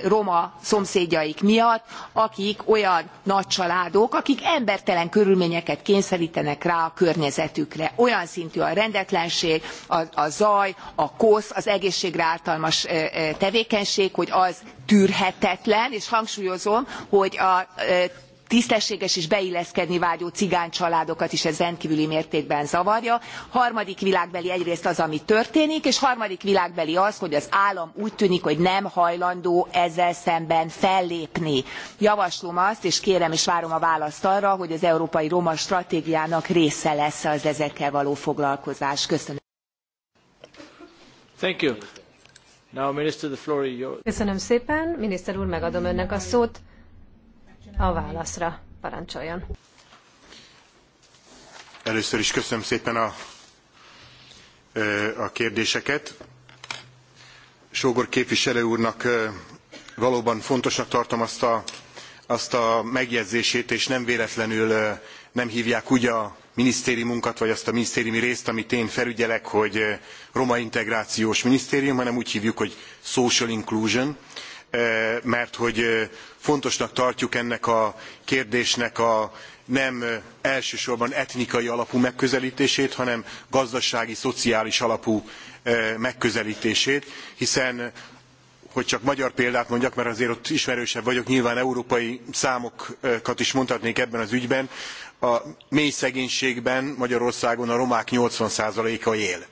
roma szomszédjaik miatt akik olyan nagycsaládok akik embertelen körülményeket kényszertenek rá a környezetükre olyan szintű a rendetlenség a, a zaj a kosz az egészségre ártalmas tevékenység hogy az tűrhetetlen és hangsúlyozom hogy a tisztességes és beilleszkedni vágyó cigánycsaládokat is ez rendkvüli mértékben zavarja harmadik világbeli egyrészt az ami történik és harmadik világbeli az hogy az állam úgy tűnik hogy nem hajlandó ezzel szemben fellépni. javaslom azt és kérem és várom a választ arra hogy az európai roma stratégiának része lesz e az ezekkel való foglalkozás. köszönöm. Köszönöm szépen. Miniszter úr, megadom önnek a szót a válaszra. Parancsoljon! Először is köszönöm szépen a, a kérdéseket. Sógor képviselő úrnak valóban fontosnak tartom azt a, azt a megjegyzését, és nem véletlenül nem hívják úgy a minisztériumunkat, vagy azt a minisztériumi részt, amit én felügyelek, hogy roma integrációs minisztérium, hanem úgy hívjuk, hogy social inclusion mert hogy fontosnak tartjuk ennek a kérdésnek a nem elsősorban etnikai alapú megközeltését hanem gazdasági szociális alapú megközeltését hiszen hogy csak magyar példát mondjak mert azért ott ismerősebb vagyok nyilván európai számokat is mondhatnék ebben az ügyben a mély szegénységben magyarországon a romák eighty a él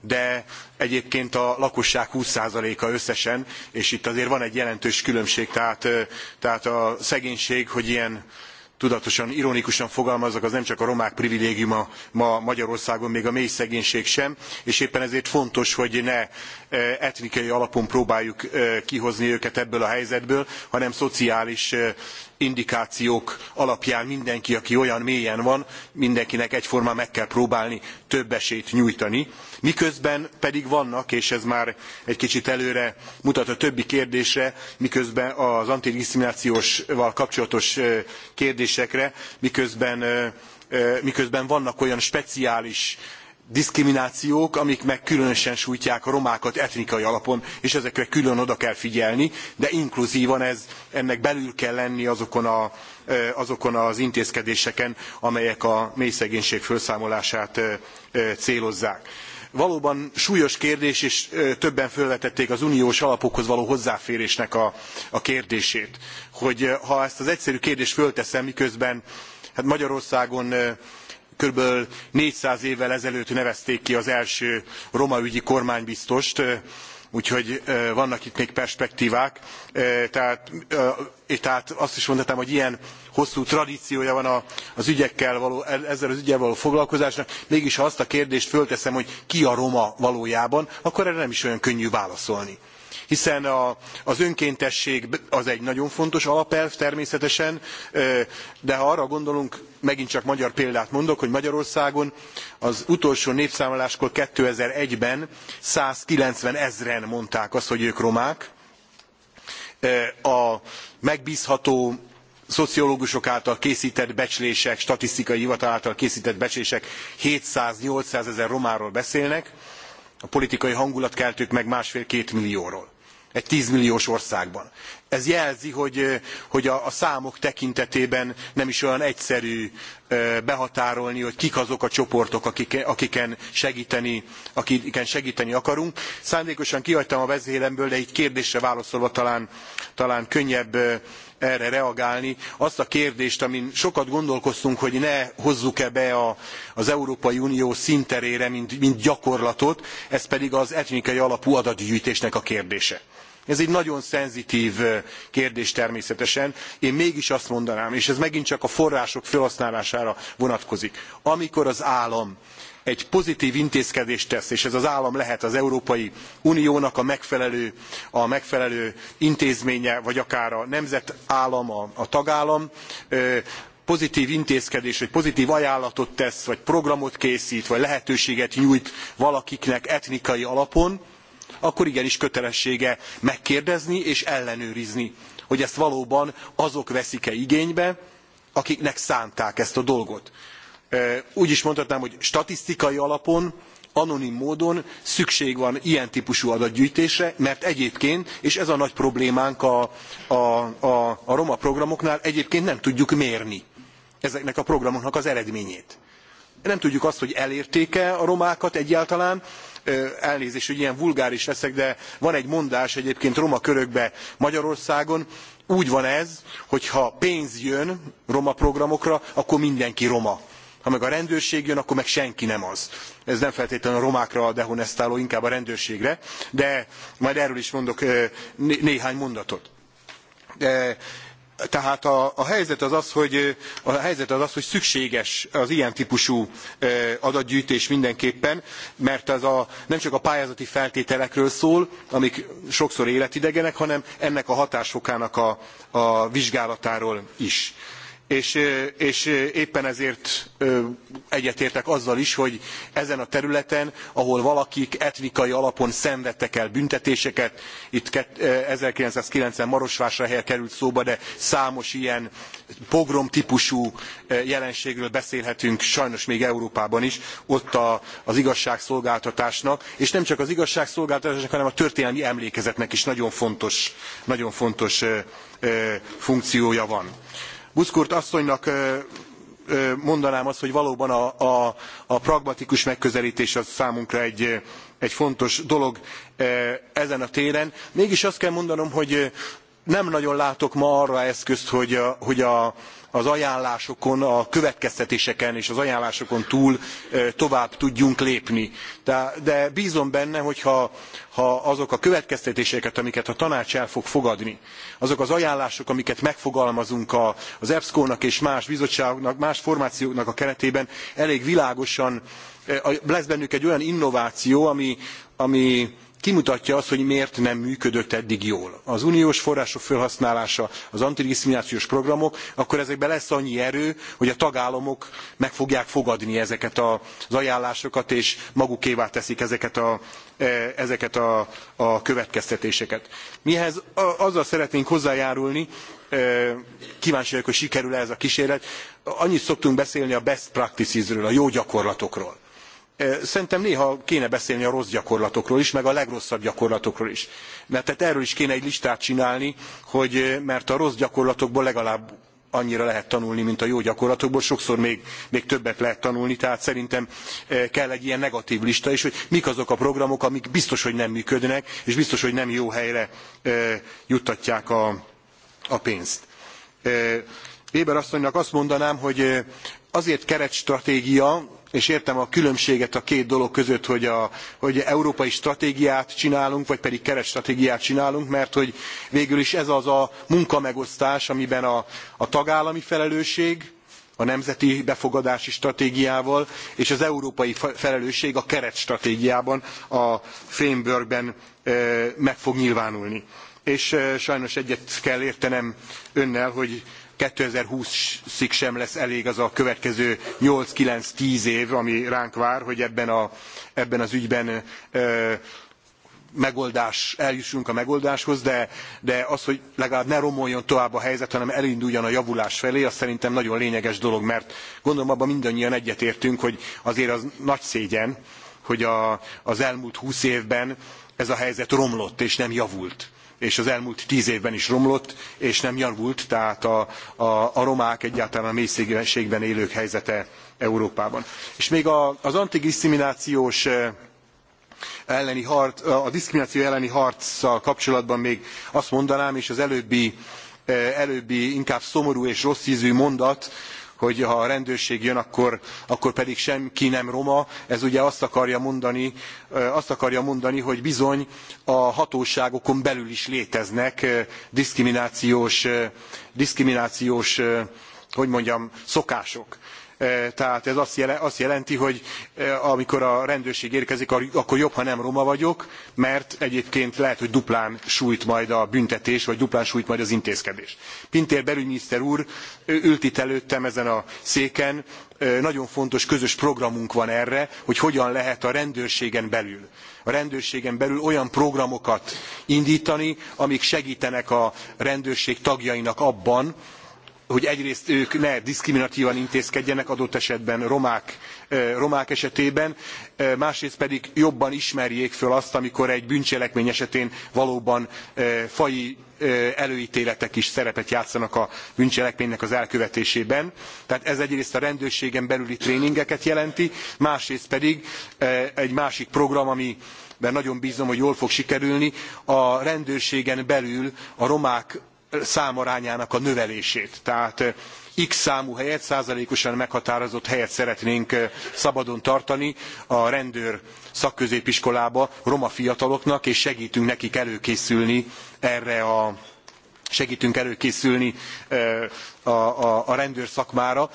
de egyébként a lakosság 20%-a összesen, és itt azért van egy jelentős különbség, tehát, tehát a szegénység, hogy ilyen tudatosan, ironikusan fogalmazok, az nem csak a romák privilégiuma ma Magyarországon, még a mély szegénység sem, és éppen ezért fontos, hogy ne etnikai alapon próbáljuk kihozni őket ebből a helyzetből, hanem szociális indikációk alapján mindenki, aki olyan mélyen van, mindenkinek egyformán meg kell próbálni több esélyt nyújtani. Miközben pedig vannak, és ez már egy kicsit előre mutat a többi kérdésre, miközben az antidiszkriminációsval kapcsolatos kérdésekre, miközben miközben vannak olyan speciális diszkriminációk, amik meg különösen sújtják a romákat etnikai alapon, és ezekre külön oda kell figyelni, de inkluzívan ez, ennek belül kell lenni azokon, a, azokon az intézkedéseken, amelyek a mélyszegénység felszámolását célozzák valóban súlyos kérdés és többen fölvetették az uniós alapokhoz való hozzáférésnek a, a kérdését hogy ha ezt az egyszerű kérdést fölteszem miközben hát magyarországon körülbelül 400 évvel ezelőtt nevezték ki az első roma ügyi kormánybiztost, úgyhogy vannak itt még perspektívák. Tehát, tehát azt is mondhatnám, hogy ilyen hosszú tradíciója van az ügyekkel való, ezzel az üggyel való foglalkozásnak, mégis ha azt a kérdést fölteszem, hogy ki a roma valójában, akkor erre nem is olyan könnyű válaszolni hiszen a, az önkéntesség az egy nagyon fontos alapelv természetesen, de ha arra gondolunk, megint csak magyar példát mondok, hogy Magyarországon az utolsó népszámoláskor 2001-ben 190 ezren mondták azt, hogy ők romák. A megbízható szociológusok által készített becslések, statisztikai hivatal által készített becslések 700-800 ezer romáról beszélnek, a politikai hangulatkeltők meg másfél-két millióról egy tzmilliós országban. Ez jelzi, hogy, hogy a, számok tekintetében nem is olyan egyszerű behatárolni, hogy kik azok a csoportok, akiken, segíteni, akiken segíteni akarunk. Szándékosan kihagytam a vezélemből, de így kérdésre válaszolva talán, talán könnyebb erre reagálni azt a kérdést amin sokat gondolkoztunk hogy ne hozzuk e be a, az európai unió sznterére mint, mint gyakorlatot ez pedig az etnikai alapú adatgyűjtésnek a kérdése ez egy nagyon szenzitv kérdés természetesen. Én mégis azt mondanám, és ez megint csak a források felhasználására vonatkozik, amikor az állam egy pozitv intézkedést tesz és ez az állam lehet az európai uniónak a megfelelő, a megfelelő intézménye vagy akár a nemzetállam a, a tagállam pozitv intézkedés vagy pozitv ajánlatot tesz vagy programot készt vagy lehetőséget nyújt valakiknek etnikai alapon akkor igenis kötelessége megkérdezni és ellenőrizni, hogy ezt valóban azok veszik-e igénybe, akiknek szánták ezt a dolgot. Úgy is mondhatnám, hogy statisztikai alapon, anonim módon szükség van ilyen típusú adatgyűjtésre, mert egyébként, és ez a nagy problémánk a, a, a, a roma programoknál, egyébként nem tudjuk mérni ezeknek a programoknak az eredményét. Nem tudjuk azt, hogy elérték-e a romákat egyáltalán, elnézést, hogy ilyen vulgáris leszek, de van egy mondás egyébként roma körökbe Magyarországon, úgy van ez, hogy ha pénz jön roma programokra, akkor mindenki roma ha meg a rendőrség jön, akkor meg senki nem az. Ez nem feltétlenül a romákra dehonestáló, inkább a rendőrségre, de majd erről is mondok néhány mondatot. De tehát a, a, helyzet az az, hogy, a helyzet az az, hogy szükséges az ilyen típusú adatgyűjtés mindenképpen, mert ez a, nem csak a pályázati feltételekről szól, amik sokszor életidegenek, hanem ennek a hatásfokának a, a vizsgálatáról is és, éppen ezért egyetértek azzal is, hogy ezen a területen, ahol valakik etnikai alapon szenvedtek el büntetéseket, itt 1990 marosvásárhelye került szóba, de számos ilyen pogrom típusú jelenségről beszélhetünk sajnos még Európában is, ott a, az igazságszolgáltatásnak, és nem csak az igazságszolgáltatásnak, hanem a történelmi emlékezetnek is nagyon fontos, nagyon fontos funkciója van. Buszkurt asszonynak mondanám azt, hogy valóban a, pragmatikus megközelítés az számunkra egy, egy fontos dolog ezen a téren. Mégis azt kell mondanom, hogy nem nagyon látok ma arra eszközt, hogy, a, hogy a, az ajánlásokon, a következtetéseken és az ajánlásokon túl tovább tudjunk lépni. De, de bízom benne, hogy ha, ha azok a következtetéseket, amiket a tanács el fog fogadni, azok az ajánlások, amiket megfogalmazunk a, az EBSCO-nak és más bizottságoknak, más formációknak a keretében elég világosan lesz bennük egy olyan innováció, ami, ami kimutatja azt, hogy miért nem működött eddig jól. Az uniós források felhasználása, az antidiszkriminációs programok, akkor ezekben lesz annyi erő, hogy a tagállamok meg fogják fogadni ezeket az ajánlásokat, és magukévá teszik ezeket a, e, ezeket a, a következtetéseket. Mihez, azzal szeretnénk hozzájárulni, e, kíváncsi vagyok, hogy sikerül -e ez a kísérlet. Annyit szoktunk beszélni a best practices-ről, a jó gyakorlatokról Szerintem néha kéne beszélni a rossz gyakorlatokról is, meg a legrosszabb gyakorlatokról is. Mert tehát erről is kéne egy listát csinálni, hogy, mert a rossz gyakorlatokból legalább annyira lehet tanulni, mint a jó gyakorlatokból, sokszor még, még többet lehet tanulni, tehát szerintem kell egy ilyen negatív lista is, hogy mik azok a programok, amik biztos, hogy nem működnek, és biztos, hogy nem jó helyre juttatják a, a pénzt. Weber asszonynak azt mondanám, hogy azért keretstratégia, és értem a különbséget a két dolog között, hogy, a, hogy európai stratégiát csinálunk, vagy pedig keres stratégiát csinálunk, mert hogy végül is ez az a munkamegosztás, amiben a, a tagállami felelősség, a nemzeti befogadási stratégiával és az európai felelősség a keretstratégiában, a frameworkben meg fog nyilvánulni. És sajnos egyet kell értenem önnel, hogy 2020-ig sem lesz elég az a következő 8-9-10 év, ami ránk vár, hogy ebben, a, ebben az ügyben megoldás, eljussunk a megoldáshoz, de, de az, hogy legalább ne romoljon tovább a helyzet, hanem elinduljon a javulás felé, az szerintem nagyon lényeges dolog, mert gondolom abban mindannyian egyetértünk, hogy azért az nagy szégyen, hogy a, az elmúlt húsz évben ez a helyzet romlott és nem javult és az elmúlt tíz évben is romlott, és nem javult, tehát a, a, a romák egyáltalán a mélységben élők helyzete Európában. És még a, az antidiszkriminációs eh, elleni harc, a diszkrimináció elleni harccal kapcsolatban még azt mondanám, és az előbbi, eh, előbbi inkább szomorú és rossz ízű mondat, hogy ha a rendőrség jön, akkor, akkor pedig senki nem roma. Ez ugye azt akarja mondani, azt akarja mondani hogy bizony a hatóságokon belül is léteznek diszkriminációs, diszkriminációs hogy mondjam, szokások Eh, tehát ez azt jelenti, hogy eh, amikor a rendőrség érkezik, akkor jobb, ha nem roma vagyok, mert egyébként lehet, hogy duplán sújt majd a büntetés, vagy duplán sújt majd az intézkedés. Pintér belügyminiszter úr ült itt előttem ezen a széken, eh, nagyon fontos közös programunk van erre, hogy hogyan lehet a rendőrségen belül a rendőrségen belül olyan programokat indítani, amik segítenek a rendőrség tagjainak abban, hogy egyrészt ők ne diszkriminatívan intézkedjenek adott esetben romák, romák esetében, másrészt pedig jobban ismerjék föl azt, amikor egy bűncselekmény esetén valóban faji előítéletek is szerepet játszanak a bűncselekménynek az elkövetésében. Tehát ez egyrészt a rendőrségen belüli tréningeket jelenti, másrészt pedig egy másik program, ami mert nagyon bízom, hogy jól fog sikerülni, a rendőrségen belül a romák számarányának a növelését. Tehát eh, x számú helyet, százalékosan meghatározott helyet szeretnénk eh, szabadon tartani a rendőr szakközépiskolába roma fiataloknak, és segítünk nekik előkészülni erre a segítünk előkészülni eh, a, a, a rendőr szakmára.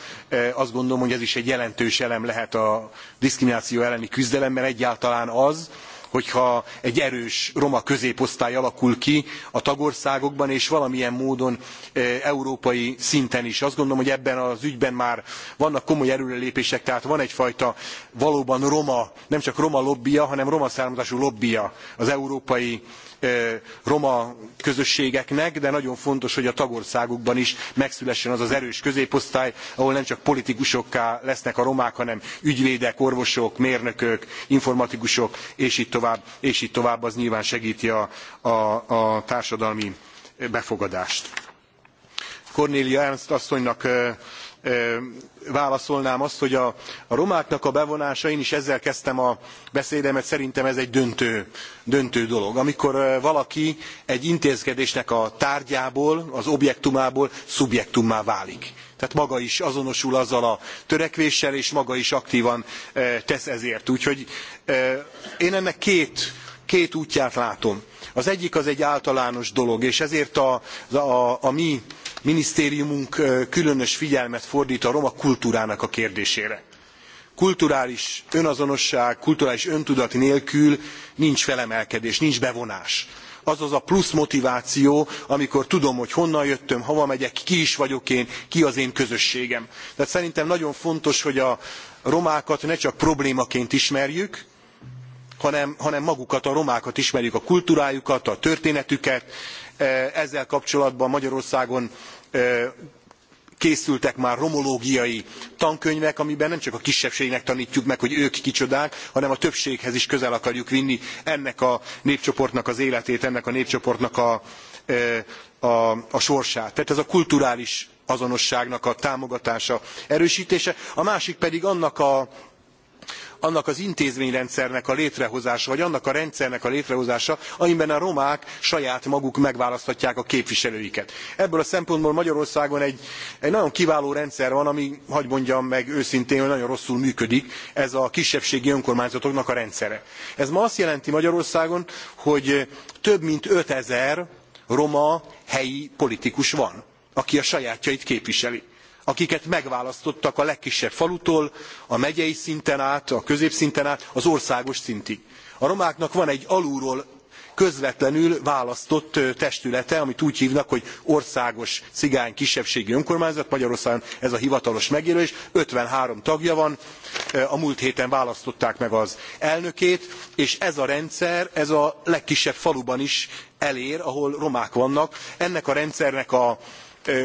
Azt gondolom, hogy ez is egy jelentős elem lehet a diszkrimináció elleni küzdelemben, egyáltalán az, hogyha egy erős roma középosztály alakul ki a tagországokban, és valamilyen módon e, európai szinten is. Azt gondolom, hogy ebben az ügyben már vannak komoly erőrelépések, tehát van egyfajta valóban roma, nem csak roma lobbija, hanem roma származású lobbija az európai roma közösségeknek, de nagyon fontos, hogy a tagországokban is megszülessen az az erős középosztály, ahol nem csak politikusokká lesznek a romák, hanem ügyvédek, orvosok, mérnökök, informatikusok, és gy tovább, és gy tovább, az nyilván segíti a, a, a társadalmi befogadást. cornelia Ernst asszonynak válaszolnám azt hogy a, romáknak a bevonása én is ezzel kezdtem a beszédemet szerintem ez egy döntő, döntő dolog amikor valaki egy intézkedésnek a tárgyából az objektumából szubjektummá válik tehát maga is azonosul azzal a törekvéssel és maga is aktvan tesz ezért. úgyhogy én ennek két, két útját látom az egyik az egy általános dolog és ezért a, a, a mi minisztériumunk különös figyelmet fordt a roma kultúrának a kérdésére. kulturális önazonosság kulturális öntudat nélkül nincs felemelkedés nincs bevonás az az a plusz motiváció amikor tudom hogy honnan jöttem hova megyek ki is vagyok én ki az én közösségem. tehát szerintem nagyon fontos hogy a romákat ne csak problémaként ismerjük hanem, hanem magukat a romákat ismerjük a kultúrájukat a történetüket ezzel kapcsolatban magyarországon készültek már romológiai tankönyvek amiben nem csak a kisebbségnek tantjuk meg hogy ők kicsodák hanem a többséghez is közel akarjuk vinni ennek a népcsoportnak az életét ennek a népcsoportnak a, a, a sorsát. tehát ez a kulturális azonosságnak a támogatása erőstése a másik pedig annak a annak az intézményrendszernek a létrehozása, vagy annak a rendszernek a létrehozása, amiben a romák saját maguk megválaszthatják a képviselőiket. Ebből a szempontból Magyarországon egy, egy nagyon kiváló rendszer van, ami, hagy mondjam meg őszintén, hogy nagyon rosszul működik, ez a kisebbségi önkormányzatoknak a rendszere. Ez ma azt jelenti Magyarországon, hogy több mint 5000 roma helyi politikus van, aki a sajátjait képviseli akiket megválasztottak a legkisebb falutól a megyei szinten át a középszinten át az országos szintig. a romáknak van egy alulról közvetlenül választott testülete amit úgy hvnak hogy országos cigány kisebbségi önkormányzat magyarországon ez a hivatalos megjelölés fifty three tagja van a múlt héten választották meg az elnökét és ez a rendszer ez a legkisebb faluban is elér ahol romák vannak. ennek a rendszernek a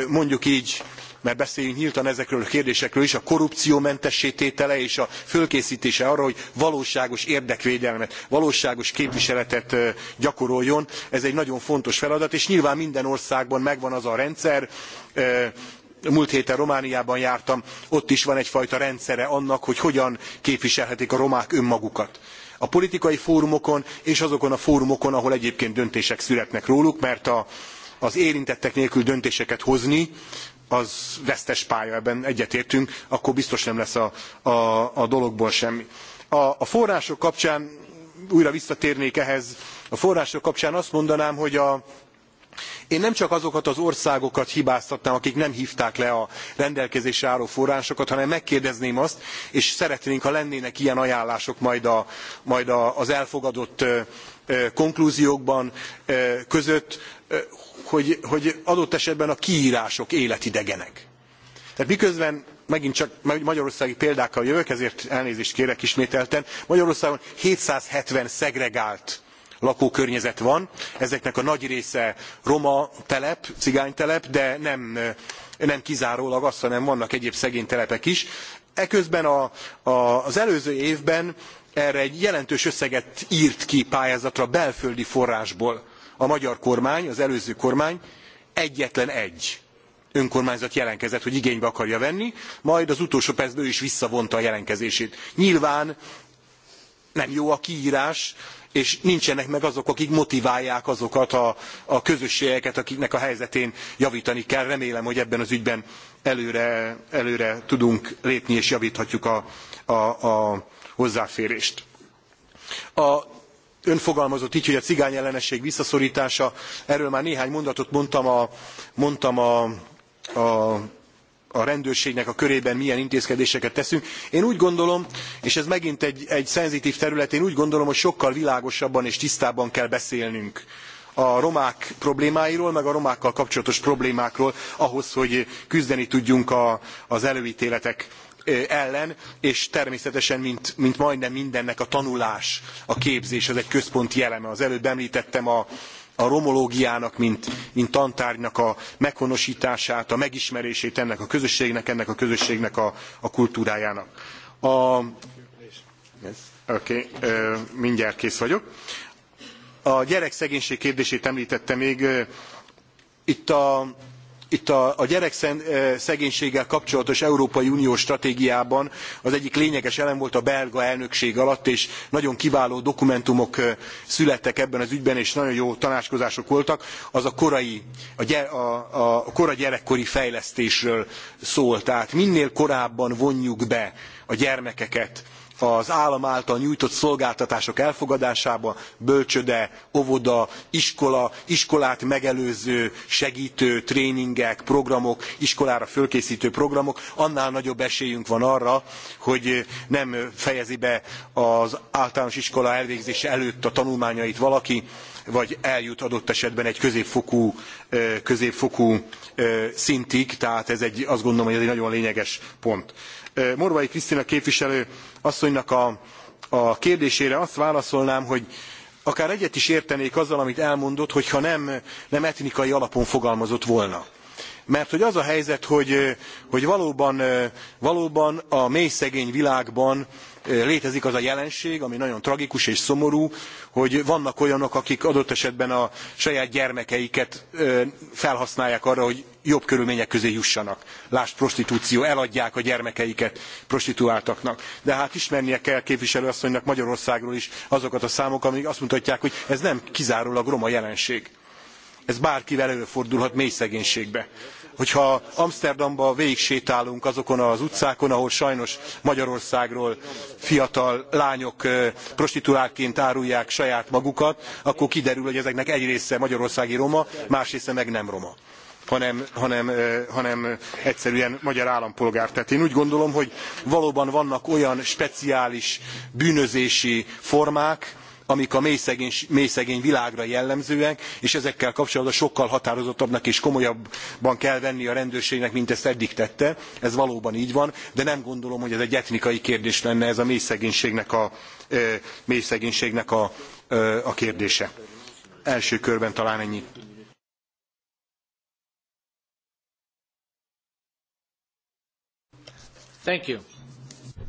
mondjuk gy mert beszéljünk nyíltan ezekről a kérdésekről is, a korrupciómentessé tétele és a fölkészítése arra, hogy valóságos érdekvédelmet, valóságos képviseletet gyakoroljon. Ez egy nagyon fontos feladat, és nyilván minden országban megvan az a rendszer, múlt héten romániában jártam ott is van egyfajta rendszere annak hogy hogyan képviselhetik a romák önmagukat a politikai fórumokon és azokon a fórumokon ahol egyébként döntések születnek róluk mert a, az érintettek nélkül döntéseket hozni az vesztes pálya, ebben egyetértünk, akkor biztos nem lesz a, a, a dologból semmi. A, a források kapcsán, újra visszatérnék ehhez, a források kapcsán azt mondanám, hogy a, én nem csak azokat az országokat hibáztatnám, akik nem hívták le a rendelkezésre álló forrásokat, hanem megkérdezném azt, és szeretnénk, ha lennének ilyen ajánlások majd, a, majd a, az elfogadott konklúziókban között, hogy, hogy adott esetben a kiírások életidegenek. Tehát miközben megint csak magyarországi példákkal jövök, ezért elnézést kérek ismételten, Magyarországon 770 szegregált lakókörnyezet van, ezeknek a nagy része roma telep, cigánytelep, de nem, nem kizárólag az, hanem vannak egyéb szegény telepek is. Eközben a, a, az előző évben erre egy jelentős összeget írt ki pályázatra belföldi forrásból a magyar kormány, az előző kormány egyetlen egy önkormányzat jelentkezett, hogy igénybe akarja venni, majd az utolsó percben ő is visszavonta a jelentkezését. Nyilván nem jó a kiírás, és nincsenek meg azok, akik motiválják azokat a, a közösségeket, akiknek a helyzetén javítani kell. Remélem, hogy ebben az ügyben előre, előre tudunk lépni, és javíthatjuk a, a, a hozzáférést. A ön fogalmazott gy hogy a cigányellenesség visszaszortása erről már néhány mondatot mondtam a, mondtam a, a a rendőrségnek a körében milyen intézkedéseket teszünk. Én úgy gondolom, és ez megint egy, egy szenzitív terület, én úgy gondolom, hogy sokkal világosabban és tisztábban kell beszélnünk a romák problémáiról, meg a romákkal kapcsolatos problémákról, ahhoz, hogy küzdeni tudjunk a, az előítéletek ellen, és természetesen, mint, mint majdnem mindennek a tanulás, a képzés, az egy központi eleme. Az előbb említettem a, a romológiának, mint, mint tantárgynak a meghonosítását, a megismerését ennek a közösségnek, ennek a közösségnek a, a kultúrájának. A, okay, mindjárt kész vagyok. A gyerekszegénység kérdését említette még. Itt a, itt a, gyerekszegénységgel kapcsolatos Európai Uniós stratégiában az egyik lényeges elem volt a belga elnökség alatt, és nagyon kiváló dokumentumok születtek ebben az ügyben, és nagyon jó tanácskozások voltak. Az a korai, a, a, a kora gyerekkori fejlesztésről szól. Tehát minél korábban vonjuk be a gyermekeket az állam által nyújtott szolgáltatások elfogadásába bölcsöde óvoda iskola iskolát megelőző segtő tréningek programok iskolára fölkésztő programok annál nagyobb esélyünk van arra hogy nem fejezi be az általános iskola elvégzése előtt a tanulmányait valaki vagy eljut adott esetben egy középfokú, középfokú szintig tehát ez egy, azt gondolom hogy ez egy nagyon lényeges pont. morvai krisztina képviselő asszonynak a, a kérdésére azt válaszolnám, hogy akár egyet is értenék azzal, amit elmondott, hogyha nem, nem etnikai alapon fogalmazott volna. Mert hogy az a helyzet, hogy, hogy valóban, valóban a mély szegény világban eh, létezik az a jelenség, ami nagyon tragikus és szomorú, hogy vannak olyanok, akik adott esetben a saját gyermekeiket eh, felhasználják arra, hogy jobb körülmények közé jussanak. Lásd prostitúció, eladják a gyermekeiket prostituáltaknak. De hát ismernie kell képviselő asszonynak Magyarországról is azokat a számokat, amik azt mutatják, hogy ez nem kizárólag roma jelenség. Ez bárkivel előfordulhat mély szegénységbe hogyha Amsterdamba végigsétálunk azokon az utcákon, ahol sajnos Magyarországról fiatal lányok prostituáltként árulják saját magukat, akkor kiderül, hogy ezeknek egy része magyarországi roma, más része meg nem roma hanem, hanem, hanem egyszerűen magyar állampolgár. Tehát én úgy gondolom, hogy valóban vannak olyan speciális bűnözési formák, amik a mélyszegény, világra jellemzőek, és ezekkel kapcsolatban sokkal határozottabbnak és komolyabban kell venni a rendőrségnek, mint ezt eddig tette. Ez valóban így van, de nem gondolom, hogy ez egy etnikai kérdés lenne, ez a mélyszegénységnek a, a, a kérdése. Első körben talán ennyit. Thank you.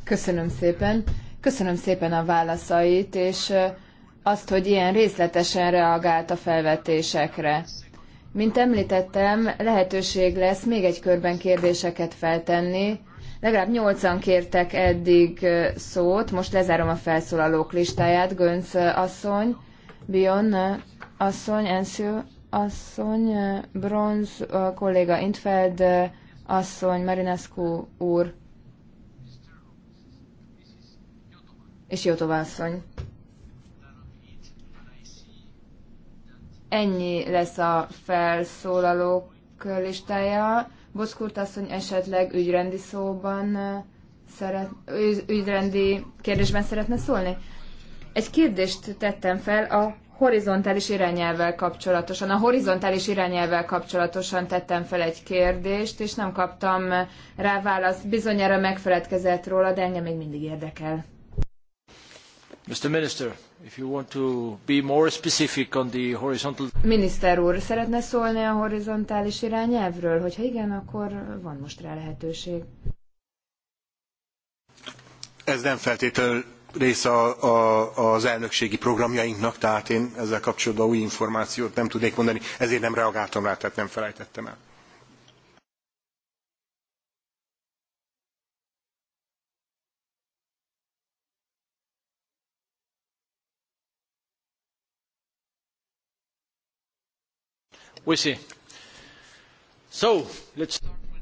Köszönöm szépen. Köszönöm szépen a válaszait, és azt, hogy ilyen részletesen reagált a felvetésekre. Mint említettem, lehetőség lesz még egy körben kérdéseket feltenni. Legalább nyolcan kértek eddig szót, most lezárom a felszólalók listáját. Gönc asszony, Bion asszony, Enső asszony, Bronz kolléga Intfeld asszony, Marinescu úr. és jó Ennyi lesz a felszólalók listája. Boszkurt asszony esetleg ügyrendi szóban szeret, ügyrendi kérdésben szeretne szólni? Egy kérdést tettem fel a horizontális irányelvvel kapcsolatosan. A horizontális irányelvvel kapcsolatosan tettem fel egy kérdést, és nem kaptam rá választ. Bizonyára megfeledkezett róla, de engem még mindig érdekel. Miniszter úr, szeretne szólni a horizontális irányelvről? Hogyha igen, akkor van most rá lehetőség. Ez nem feltétlenül része a, az elnökségi programjainknak, tehát én ezzel kapcsolatban új információt nem tudnék mondani, ezért nem reagáltam rá, tehát nem felejtettem el.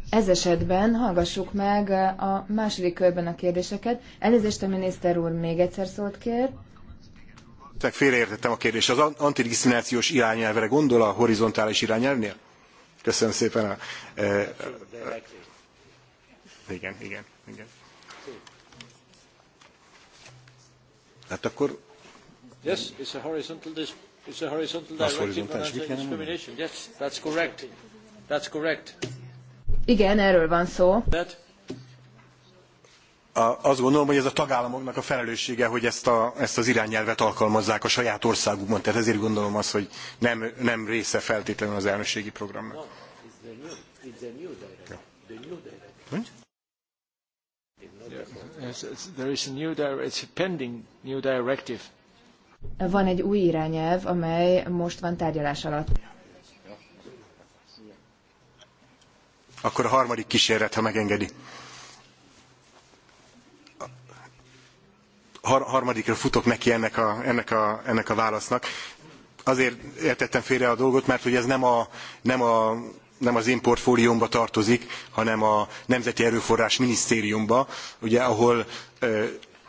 Ez esetben hallgassuk meg a második körben a kérdéseket. Elnézést a miniszter úr még egyszer szólt kér. Félreértettem a kérdést. Az antidiszkriminációs irányelvre gondol a horizontális irányelvnél? Köszönöm szépen. A, e, e igen, igen, igen. Hát akkor... Yes, it's a horizontal It's a horizontal discrimination Yes, that's correct. That's correct. Igen, erről van szó. That azt gondolom, hogy ez a tagállamoknak a felelőssége, hogy ezt, a, ezt az irányelvet alkalmazzák a saját országukban. Tehát ezért gondolom azt, hogy nem, nem része feltétlenül az elnökségi programnak. No, it's the new, new directive. Van egy új irányelv, amely most van tárgyalás alatt. Akkor a harmadik kísérlet, ha megengedi. Har- harmadikra futok neki ennek a, ennek a, ennek a válasznak. Azért értettem félre a dolgot, mert hogy ez nem, a, nem, a, nem az én portfóliómba tartozik, hanem a Nemzeti Erőforrás Minisztériumba, ugye, ahol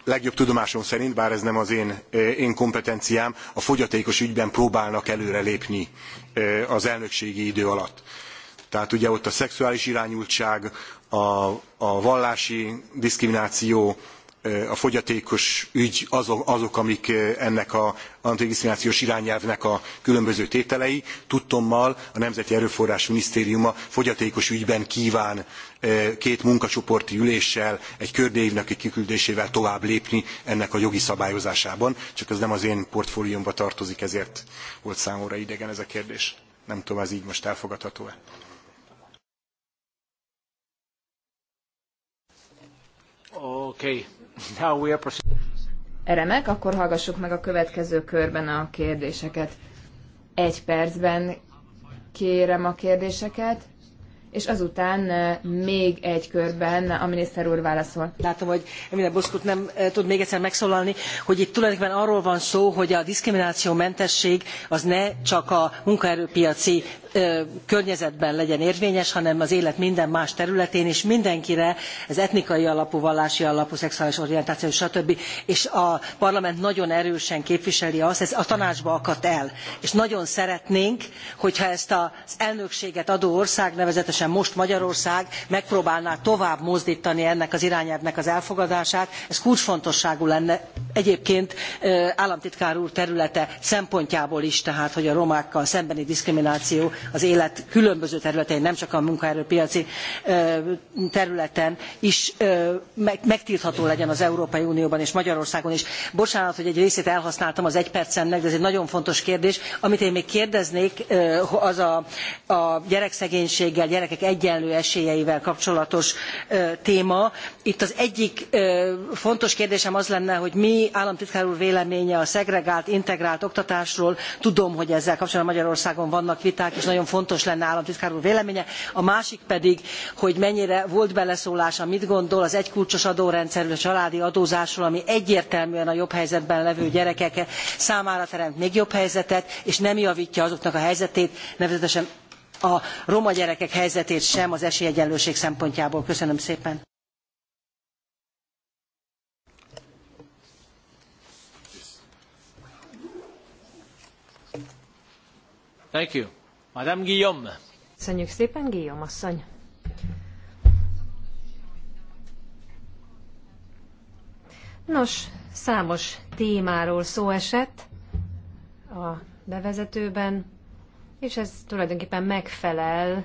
legjobb tudomásom szerint, bár ez nem az én, én kompetenciám, a fogyatékos ügyben próbálnak előrelépni az elnökségi idő alatt. Tehát ugye ott a szexuális irányultság, a, a vallási diszkrimináció, a fogyatékos ügy azok, azok amik ennek a antidiszkriminációs irányelvnek a különböző tételei. Tudtommal a Nemzeti Erőforrás Minisztériuma fogyatékos ügyben kíván két munkacsoporti üléssel, egy körnévnek kiküldésével tovább lépni ennek a jogi szabályozásában, csak ez nem az én portfóliómba tartozik, ezért volt számomra idegen ez a kérdés. Nem tudom, ez így most elfogadható-e. Okay. Remek, akkor hallgassuk meg a következő körben a kérdéseket. Egy percben kérem a kérdéseket és azután még egy körben a miniszter úr válaszol. Látom, hogy Emile Boszkut nem tud még egyszer megszólalni, hogy itt tulajdonképpen arról van szó, hogy a mentesség az ne csak a munkaerőpiaci környezetben legyen érvényes, hanem az élet minden más területén, és mindenkire, ez etnikai alapú, vallási alapú, szexuális orientáció, stb. És a parlament nagyon erősen képviseli azt, ez a tanácsba akadt el. És nagyon szeretnénk, hogyha ezt az elnökséget adó ország, nevezetesen különösen most Magyarország megpróbálná tovább mozdítani ennek az irányelvnek az elfogadását. Ez kulcsfontosságú lenne egyébként államtitkár úr területe szempontjából is, tehát hogy a romákkal szembeni diszkrimináció az élet különböző területein, nem csak a munkaerőpiaci területen is megtiltható legyen az Európai Unióban és Magyarországon is. Bocsánat, hogy egy részét elhasználtam az egy percemnek, de ez egy nagyon fontos kérdés. Amit én még kérdeznék, az a, a gyerekszegénységgel, gyerek gyermekek egyenlő esélyeivel kapcsolatos téma. Itt az egyik fontos kérdésem az lenne, hogy mi államtitkár úr véleménye a szegregált, integrált oktatásról. Tudom, hogy ezzel kapcsolatban Magyarországon vannak viták, és nagyon fontos lenne államtitkár úr véleménye. A másik pedig, hogy mennyire volt beleszólása, mit gondol az egykulcsos adórendszerről, a családi adózásról, ami egyértelműen a jobb helyzetben levő gyerekek számára teremt még jobb helyzetet, és nem javítja azoknak a helyzetét, nevezetesen a roma gyerekek helyzetét sem az esélyegyenlőség szempontjából. Köszönöm szépen. Thank you. Madame Guillaume. Köszönjük szépen, Guillaume asszony. Nos, számos témáról szó esett a bevezetőben és ez tulajdonképpen megfelel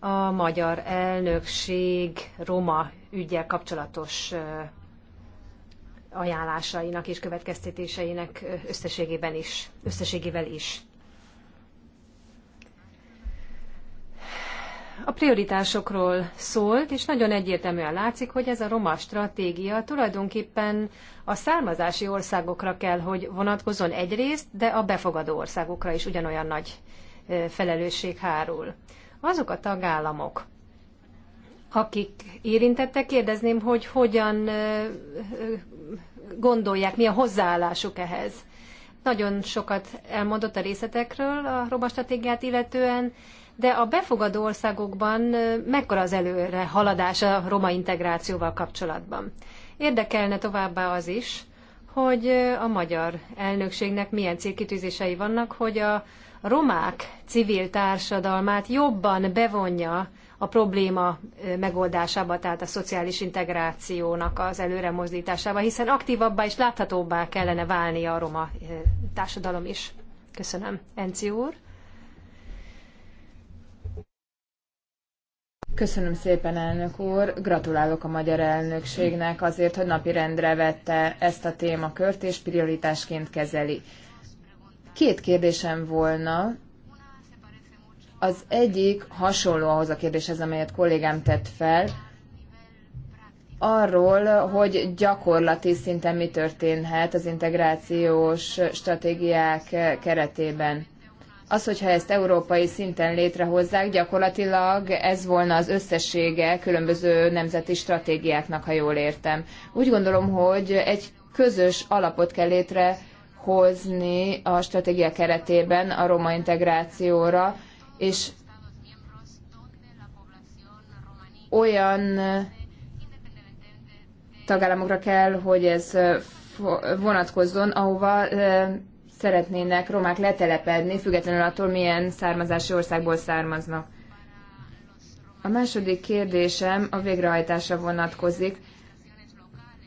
a magyar elnökség Roma ügyel kapcsolatos ajánlásainak és következtetéseinek összességében is, összességével is. a prioritásokról szólt, és nagyon egyértelműen látszik, hogy ez a roma stratégia tulajdonképpen a származási országokra kell, hogy vonatkozzon egyrészt, de a befogadó országokra is ugyanolyan nagy felelősség hárul. Azok a tagállamok, akik érintettek, kérdezném, hogy hogyan gondolják, mi a hozzáállásuk ehhez. Nagyon sokat elmondott a részletekről a roma stratégiát illetően, de a befogadó országokban mekkora az előre haladás a roma integrációval kapcsolatban. Érdekelne továbbá az is, hogy a magyar elnökségnek milyen célkitűzései vannak, hogy a romák civil társadalmát jobban bevonja a probléma megoldásába, tehát a szociális integrációnak az előremozdításába, hiszen aktívabbá és láthatóbbá kellene válnia a roma társadalom is. Köszönöm. Enci úr? Köszönöm szépen, elnök úr. Gratulálok a magyar elnökségnek azért, hogy napirendre vette ezt a témakört és prioritásként kezeli. Két kérdésem volna. Az egyik hasonló ahhoz a kérdéshez, amelyet kollégám tett fel, arról, hogy gyakorlati szinten mi történhet az integrációs stratégiák keretében az, hogyha ezt európai szinten létrehozzák, gyakorlatilag ez volna az összessége különböző nemzeti stratégiáknak, ha jól értem. Úgy gondolom, hogy egy közös alapot kell létrehozni a stratégia keretében a roma integrációra, és olyan tagállamokra kell, hogy ez vonatkozzon, ahova eh, szeretnének romák letelepedni, függetlenül attól, milyen származási országból származnak. A második kérdésem a végrehajtásra vonatkozik.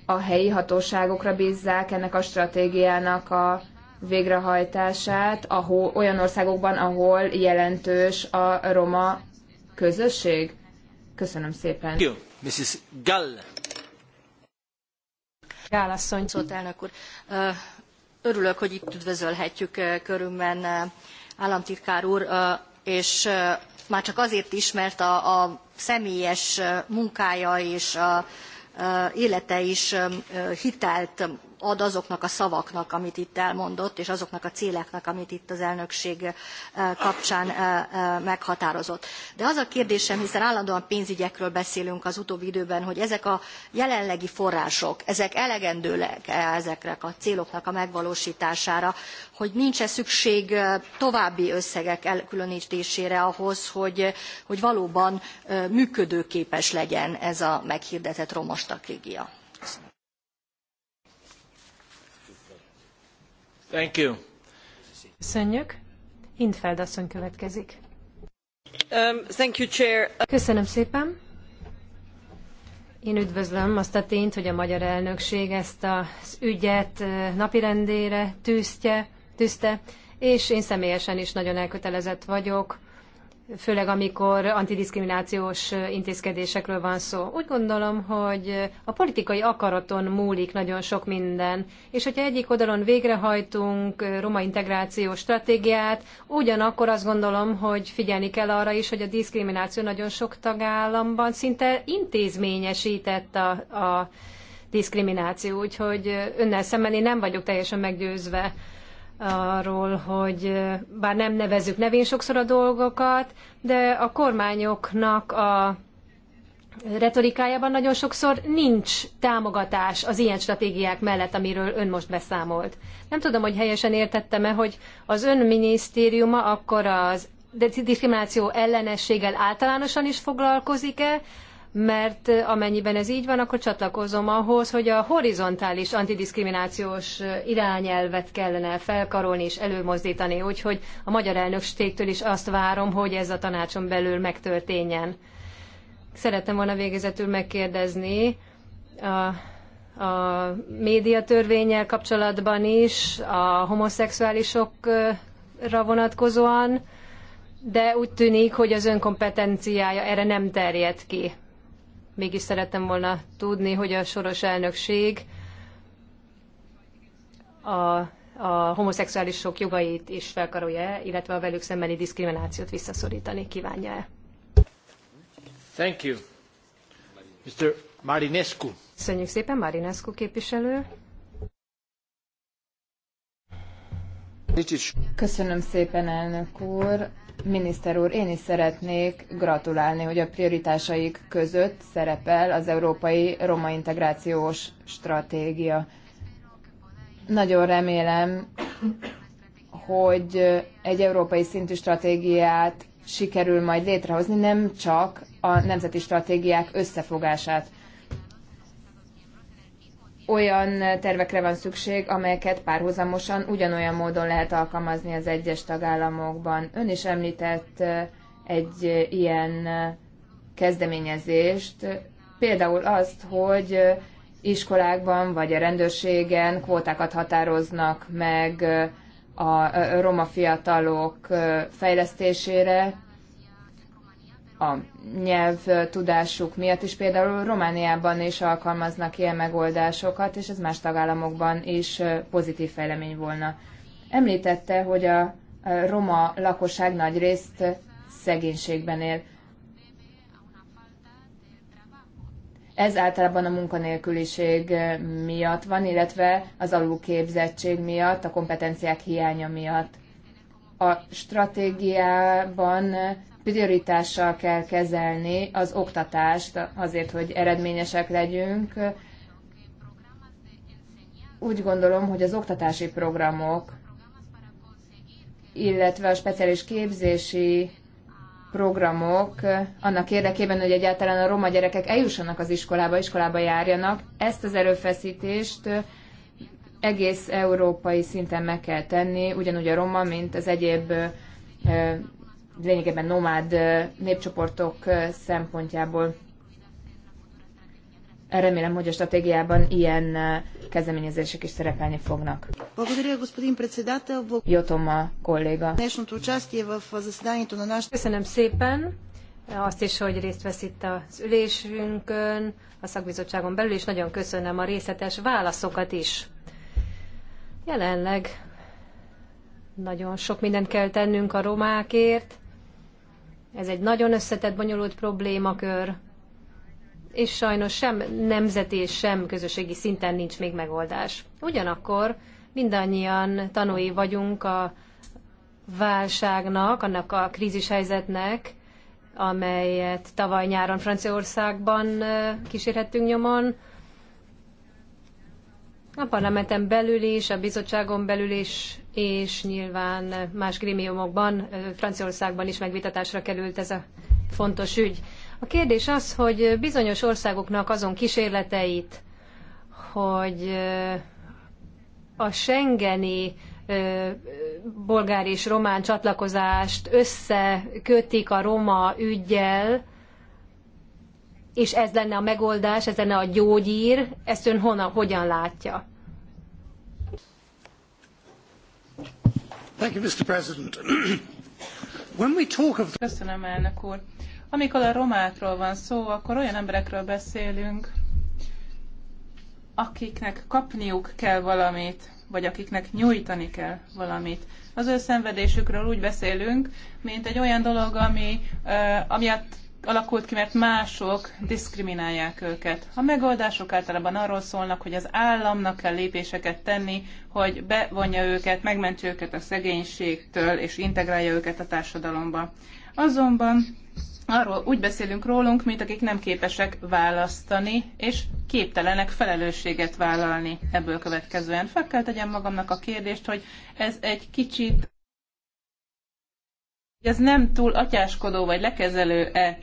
A helyi hatóságokra bízzák ennek a stratégiának a végrehajtását ahol, olyan országokban, ahol jelentős a roma közösség? Köszönöm szépen. Thank Mrs. Gall. Gál Szólt elnök úr örülök, hogy itt üdvözölhetjük eh, körünkben eh, államtitkár úr, eh, és már csak azért is, mert a, a személyes munkája és a, a élete is hitelt ad azoknak a szavaknak, amit itt elmondott, és azoknak a céleknek, amit itt az elnökség eh, kapcsán eh, eh, meghatározott. De az a kérdésem, hiszen állandóan pénzügyekről beszélünk az utóbbi időben, hogy ezek a jelenlegi források, ezek elegendőek -e ezeknek a céloknak a megvalósítására, hogy nincs-e szükség további összegek elkülönítésére ahhoz, hogy, hogy valóban működőképes legyen ez a meghirdetett romastratégia. Thank you. Köszönjük. Intfeld asszony következik. Um, thank you, Chair. Köszönöm szépen. Én üdvözlöm azt a tényt, hogy a magyar elnökség ezt az ügyet napirendére tűzte, és én személyesen is nagyon elkötelezett vagyok főleg amikor antidiszkriminációs intézkedésekről van szó. Úgy gondolom, hogy a politikai akaraton múlik nagyon sok minden, és hogyha egyik oldalon végrehajtunk roma integrációs stratégiát, ugyanakkor azt gondolom, hogy figyelni kell arra is, hogy a diszkrimináció nagyon sok tagállamban szinte intézményesített a, a diszkrimináció, úgyhogy önnel szemben én nem vagyok teljesen meggyőzve arról, hogy bár nem nevezzük nevén sokszor a dolgokat, de a kormányoknak a retorikájában nagyon sokszor nincs támogatás az ilyen stratégiák mellett, amiről ön most beszámolt. Nem tudom, hogy helyesen értettem-e, hogy az ön minisztériuma akkor az diszkrimináció ellenességgel általánosan is foglalkozik-e, mert amennyiben ez így van, akkor csatlakozom ahhoz, hogy a horizontális antidiskriminációs irányelvet kellene felkarolni és előmozdítani, úgyhogy a magyar elnökségtől is azt várom, hogy ez a tanácson belül megtörténjen. Szerettem volna végezetül megkérdezni a, a médiatörvényel kapcsolatban is, a homoszexuálisokra vonatkozóan, de úgy tűnik, hogy az önkompetenciája erre nem terjed ki mégis szerettem volna tudni, hogy a soros elnökség a, a homoszexuálisok jogait is felkarolja, illetve a velük szembeni diszkriminációt visszaszorítani kívánja-e. Thank you. Mr. Marinescu. Köszönjük szépen, Marinescu képviselő. Köszönöm szépen, elnök úr. Miniszter úr, én is szeretnék gratulálni, hogy a prioritásaik között szerepel az európai roma integrációs stratégia. Nagyon remélem, hogy egy európai szintű stratégiát sikerül majd létrehozni, nem csak a nemzeti stratégiák összefogását olyan tervekre van szükség, amelyeket párhuzamosan ugyanolyan módon lehet alkalmazni az egyes tagállamokban. Ön is említett egy ilyen kezdeményezést, például azt, hogy iskolákban vagy a rendőrségen kvótákat határoznak meg a roma fiatalok fejlesztésére, a nyelv tudásuk miatt is. Például Romániában is alkalmaznak ilyen megoldásokat, és ez más tagállamokban is pozitív fejlemény volna. Említette, hogy a roma lakosság nagy részt szegénységben él. Ez általában a munkanélküliség miatt van, illetve az alulképzettség miatt, a kompetenciák hiánya miatt. A stratégiában prioritással kell kezelni az oktatást azért, hogy eredményesek legyünk. Úgy gondolom, hogy az oktatási programok, illetve a speciális képzési programok annak érdekében, hogy egyáltalán a roma gyerekek eljussanak az iskolába, iskolába járjanak, ezt az erőfeszítést egész európai szinten meg kell tenni, ugyanúgy a roma, mint az egyéb lényegében nomád népcsoportok szempontjából. Remélem, hogy a stratégiában ilyen kezdeményezések is szerepelni fognak. Jotoma kolléga. Köszönöm szépen azt is, hogy részt vesz itt az ülésünkön, a szakbizottságon belül, és nagyon köszönöm a részletes válaszokat is. Jelenleg nagyon sok mindent kell tennünk a romákért, ez egy nagyon összetett, bonyolult problémakör, és sajnos sem nemzeti és sem közösségi szinten nincs még megoldás. Ugyanakkor mindannyian tanúi vagyunk a válságnak, annak a krízishelyzetnek, amelyet tavaly nyáron Franciaországban kísérhettünk nyomon. A parlamenten belül is, a bizottságon belül is és nyilván más grémiumokban, Franciaországban is megvitatásra került ez a fontos ügy. A kérdés az, hogy bizonyos országoknak azon kísérleteit, hogy a Schengeni bolgár és román csatlakozást összekötik a roma ügyjel, és ez lenne a megoldás, ez lenne a gyógyír, ezt ön honnan, hogyan látja? Köszönöm, elnök úr. Amikor a romákról van szó, akkor olyan emberekről beszélünk, akiknek kapniuk kell valamit, vagy akiknek nyújtani kell valamit. Az ő szenvedésükről úgy beszélünk, mint egy olyan dolog, ami uh, amiatt alakult ki, mert mások diszkriminálják őket. A megoldások általában arról szólnak, hogy az államnak kell lépéseket tenni, hogy bevonja őket, megmentse őket a szegénységtől, és integrálja őket a társadalomba. Azonban arról úgy beszélünk rólunk, mint akik nem képesek választani, és képtelenek felelősséget vállalni. Ebből következően fel kell tegyem magamnak a kérdést, hogy ez egy kicsit ez nem túl atyáskodó vagy lekezelő-e,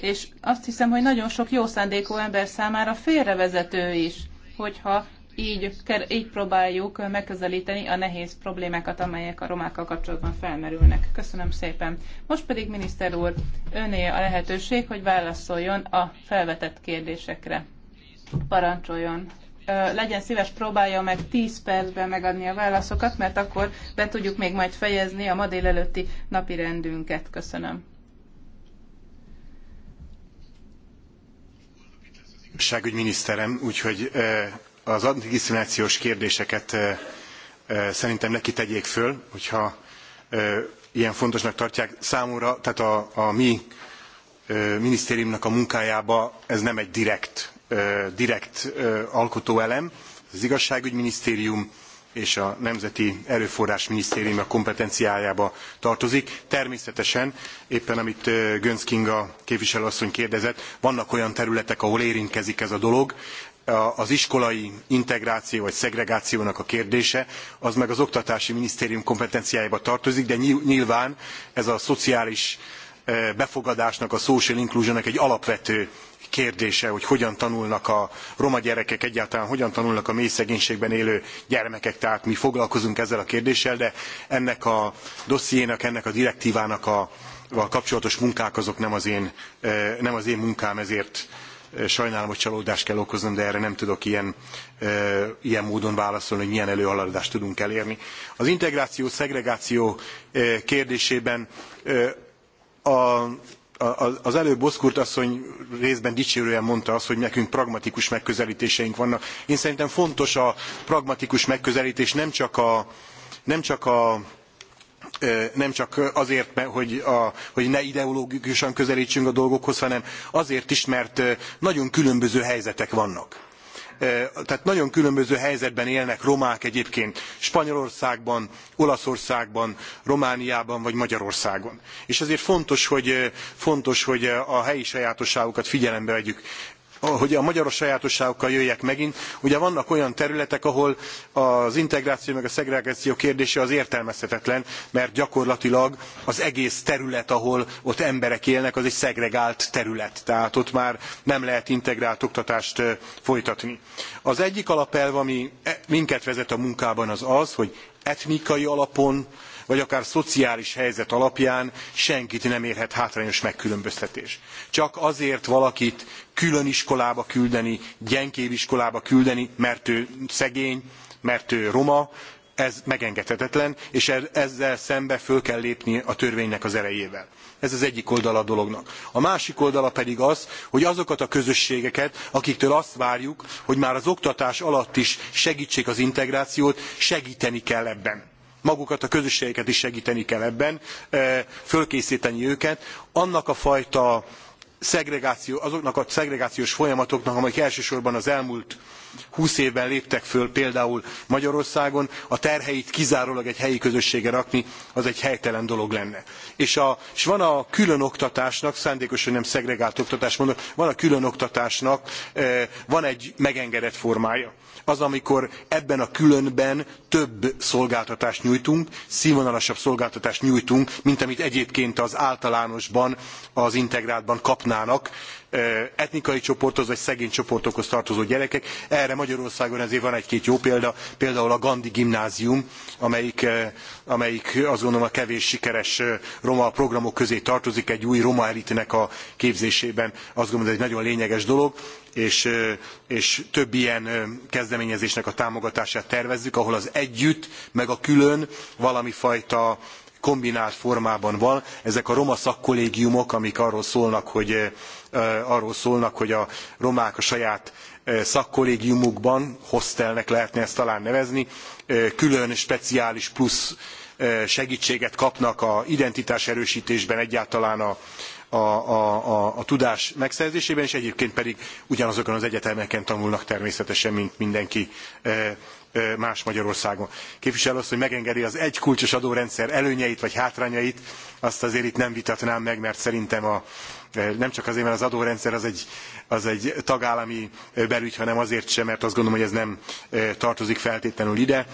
és azt hiszem, hogy nagyon sok jó szándékú ember számára félrevezető is, hogyha így, így próbáljuk megközelíteni a nehéz problémákat, amelyek a romákkal kapcsolatban felmerülnek. Köszönöm szépen. Most pedig, miniszter úr, öné a lehetőség, hogy válaszoljon a felvetett kérdésekre. Parancsoljon! legyen szíves, próbálja meg 10 percben megadni a válaszokat, mert akkor be tudjuk még majd fejezni a ma délelőtti napi rendünket. Köszönöm. Ságügyminiszterem, úgyhogy az antidiszkriminációs kérdéseket szerintem neki tegyék föl, hogyha ilyen fontosnak tartják számomra, tehát a, a mi minisztériumnak a munkájába ez nem egy direkt direkt alkotóelem. Az igazságügyminisztérium és a Nemzeti Erőforrás Minisztérium a kompetenciájába tartozik. Természetesen, éppen amit Gönc Kinga képviselőasszony kérdezett, vannak olyan területek, ahol érintkezik ez a dolog, az iskolai integráció vagy szegregációnak a kérdése, az meg az Oktatási Minisztérium kompetenciájába tartozik, de nyilván ez a szociális befogadásnak, a social inclusionnek egy alapvető kérdése, hogy hogyan tanulnak a roma gyerekek, egyáltalán hogyan tanulnak a mély szegénységben élő gyermekek, tehát mi foglalkozunk ezzel a kérdéssel, de ennek a dossziénak, ennek a direktívának a, a kapcsolatos munkák azok nem az, én, nem az én munkám, ezért sajnálom, hogy csalódást kell okoznom, de erre nem tudok ilyen, ilyen módon válaszolni, hogy milyen előhaladást tudunk elérni. Az integráció, szegregáció kérdésében a az előbb Boszkurt asszony részben dicsérően mondta azt, hogy nekünk pragmatikus megközelítéseink vannak. Én szerintem fontos a pragmatikus megközelítés nem csak a, nem csak a nem csak azért, hogy, a, hogy ne ideológikusan közelítsünk a dolgokhoz, hanem azért is, mert nagyon különböző helyzetek vannak tehát nagyon különböző helyzetben élnek romák egyébként spanyolországban olaszországban romániában vagy magyarországon és ezért fontos hogy, fontos, hogy a helyi sajátosságokat figyelembe vegyük hogy a magyaros sajátosságokkal jöjjek megint. Ugye vannak olyan területek, ahol az integráció meg a szegregáció kérdése az értelmezhetetlen, mert gyakorlatilag az egész terület, ahol ott emberek élnek, az egy szegregált terület. Tehát ott már nem lehet integrált oktatást folytatni. Az egyik alapelv, ami e, minket vezet a munkában, az az, hogy etnikai alapon, vagy akár szociális helyzet alapján senkit nem érhet hátrányos megkülönböztetés. Csak azért valakit külön iskolába küldeni, gyengébb iskolába küldeni, mert ő szegény, mert ő roma, ez megengedhetetlen, és ezzel szembe föl kell lépni a törvénynek az erejével. Ez az egyik oldala a dolognak. A másik oldala pedig az, hogy azokat a közösségeket, akiktől azt várjuk, hogy már az oktatás alatt is segítsék az integrációt, segíteni kell ebben magukat a közösségeket is segíteni kell ebben, fölkészteni őket. Annak a fajta szegregáció, azoknak a szegregációs folyamatoknak, amelyek elsősorban az elmúlt húsz évben léptek föl például Magyarországon, a terheit kizárólag egy helyi közösségre rakni, az egy helytelen dolog lenne. És, a, és van a külön oktatásnak, szándékosan nem szegregált oktatást mondok, van a külön oktatásnak, van egy megengedett formája az, amikor ebben a különben több szolgáltatást nyújtunk, színvonalasabb szolgáltatást nyújtunk, mint amit egyébként az általánosban, az integráltban kapnának etnikai csoporthoz vagy szegény csoportokhoz tartozó gyerekek. Erre Magyarországon azért van egy-két jó példa, például a Gandhi gimnázium, amelyik, amelyik azt gondolom a kevés sikeres roma programok közé tartozik, egy új roma elitnek a képzésében azt gondolom, ez egy nagyon lényeges dolog és, és több ilyen kezdeményezésnek a támogatását tervezzük, ahol az együtt, meg a külön valami fajta kombinált formában van. Ezek a roma szakkollégiumok, amik arról szólnak, hogy, arról szólnak, hogy a romák a saját szakkollégiumukban, hostelnek lehetne ezt talán nevezni, külön speciális plusz segtséget kapnak a identitás erősítésben egyáltalán a a, a, a tudás megszerzésében, és egyébként pedig ugyanazokon az egyetemeken tanulnak természetesen, mint mindenki e, e, más Magyarországon. Képviselő azt, hogy megengedi az egy kulcsos adórendszer előnyeit vagy hátrányait, azt azért itt nem vitatnám meg, mert szerintem a, e, nem csak azért, mert az adórendszer az egy, az egy tagállami belügy, hanem azért sem, mert azt gondolom, hogy ez nem tartozik feltétlenül ide.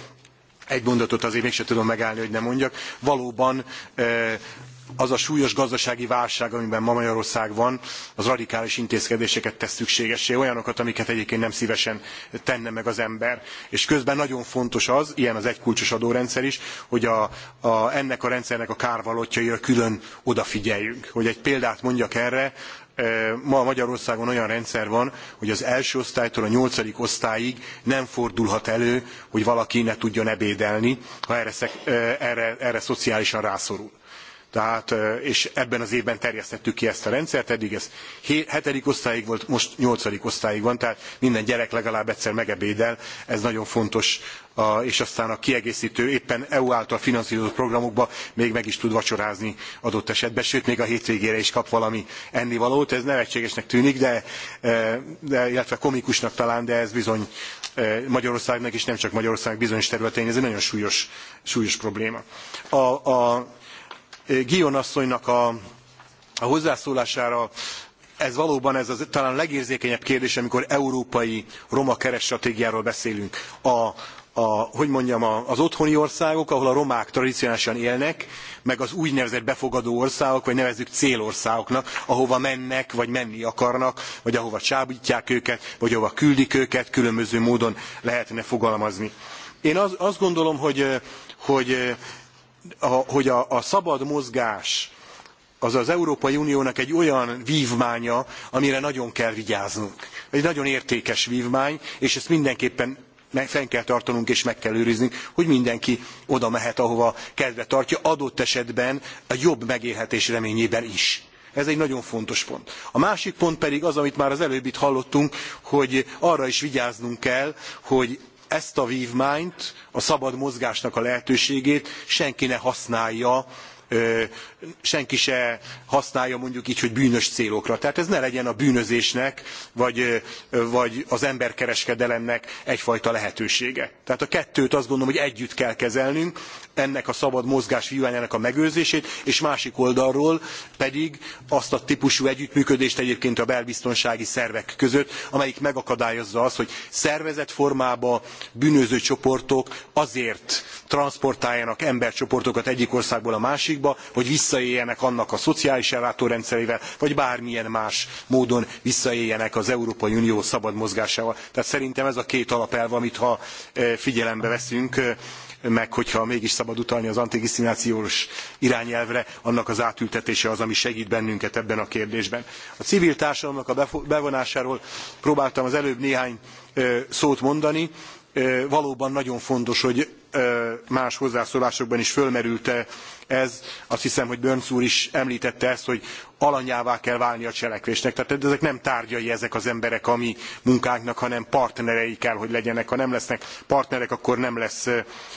Egy mondatot azért mégsem tudom megállni, hogy ne mondjak. Valóban az a súlyos gazdasági válság, amiben ma Magyarország van, az radikális intézkedéseket tesz szükségessé, olyanokat, amiket egyébként nem szívesen tenne meg az ember. És közben nagyon fontos az, ilyen az egykulcsos adórendszer is, hogy a, a, ennek a rendszernek a kárvalótjaira külön odafigyeljünk. Hogy egy példát mondjak erre, ma Magyarországon olyan rendszer van, hogy az első osztálytól a nyolcadik osztályig nem fordulhat elő, hogy valaki ne tudjon ebédelni, ha erre, erre, erre szociálisan rászorul tehát, és ebben az évben terjesztettük ki ezt a rendszert, eddig ez 7. osztályig volt, most 8. osztályig van, tehát minden gyerek legalább egyszer megebédel, ez nagyon fontos, és aztán a kiegészítő éppen EU által finanszírozott programokba még meg is tud vacsorázni adott esetben, sőt még a hétvégére is kap valami ennivalót, ez nevetségesnek tűnik, de, de illetve komikusnak talán, de ez bizony Magyarországnak és nem csak Magyarországnak bizonyos területein, ez egy nagyon súlyos, súlyos probléma. A, a Gion asszonynak a, a hozzászólására ez valóban ez az talán legérzékenyebb kérdés, amikor európai roma keretstratégiáról beszélünk. A, a, hogy mondjam, az otthoni országok, ahol a romák tradicionálisan élnek, meg az úgynevezett befogadó országok, vagy nevezzük célországoknak, ahova mennek, vagy menni akarnak, vagy ahova csábítják őket, vagy ahova küldik őket, különböző módon lehetne fogalmazni. Én az, azt gondolom, hogy, hogy a, hogy a, a szabad mozgás az az Európai Uniónak egy olyan vívmánya, amire nagyon kell vigyáznunk. Egy nagyon értékes vívmány, és ezt mindenképpen fenn kell tartanunk és meg kell őriznünk, hogy mindenki oda mehet, ahova kedve tartja, adott esetben a jobb megélhetés reményében is. Ez egy nagyon fontos pont. A másik pont pedig az, amit már az előbb itt hallottunk, hogy arra is vigyáznunk kell, hogy ezt a vvmányt a szabad mozgásnak a lehetőségét senki ne használja senki se használja mondjuk így, hogy bűnös célokra. Tehát ez ne legyen a bűnözésnek, vagy, vagy az emberkereskedelemnek egyfajta lehetősége. Tehát a kettőt azt gondolom, hogy együtt kell kezelnünk, ennek a szabad mozgás víványának a megőrzését, és másik oldalról pedig azt a típusú együttműködést egyébként a belbiztonsági szervek között, amelyik megakadályozza azt, hogy szervezett formába bűnöző csoportok azért transportáljanak embercsoportokat egyik országból a másikba, hogy vissza visszaéljenek annak a szociális ellátórendszerével, vagy bármilyen más módon visszaéljenek az Európai Unió szabad mozgásával. Tehát szerintem ez a két alapelv, amit ha e, figyelembe veszünk, e, meg hogyha mégis szabad utalni az antidiszkriminációs irányelvre, annak az átültetése az, ami segít bennünket ebben a kérdésben. A civil társadalomnak a bevonásáról próbáltam az előbb néhány e, szót mondani. Valóban nagyon fontos, hogy más hozzászólásokban is fölmerült ez. Azt hiszem, hogy Burns úr is említette ezt, hogy alanyává kell válni a cselekvésnek. Tehát ezek nem tárgyai ezek az emberek a mi munkánknak, hanem partnerei kell, hogy legyenek. Ha nem lesznek partnerek, akkor nem lesz,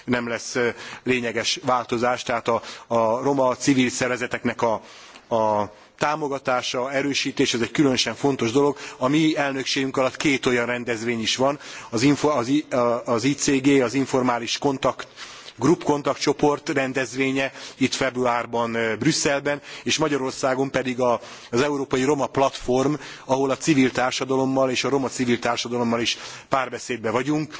nem lesz lényeges változás. Tehát a, roma civil szervezeteknek a támogatása, erősítés, ez egy különösen fontos dolog. A mi elnökségünk alatt két olyan rendezvény is van, az, info, az, az ICG, az informális kontakt, grupkontaktcsoport rendezvénye itt februárban brüsszelben és magyarországon pedig az európai roma platform ahol a civil társadalommal és a roma civil társadalommal is párbeszédben vagyunk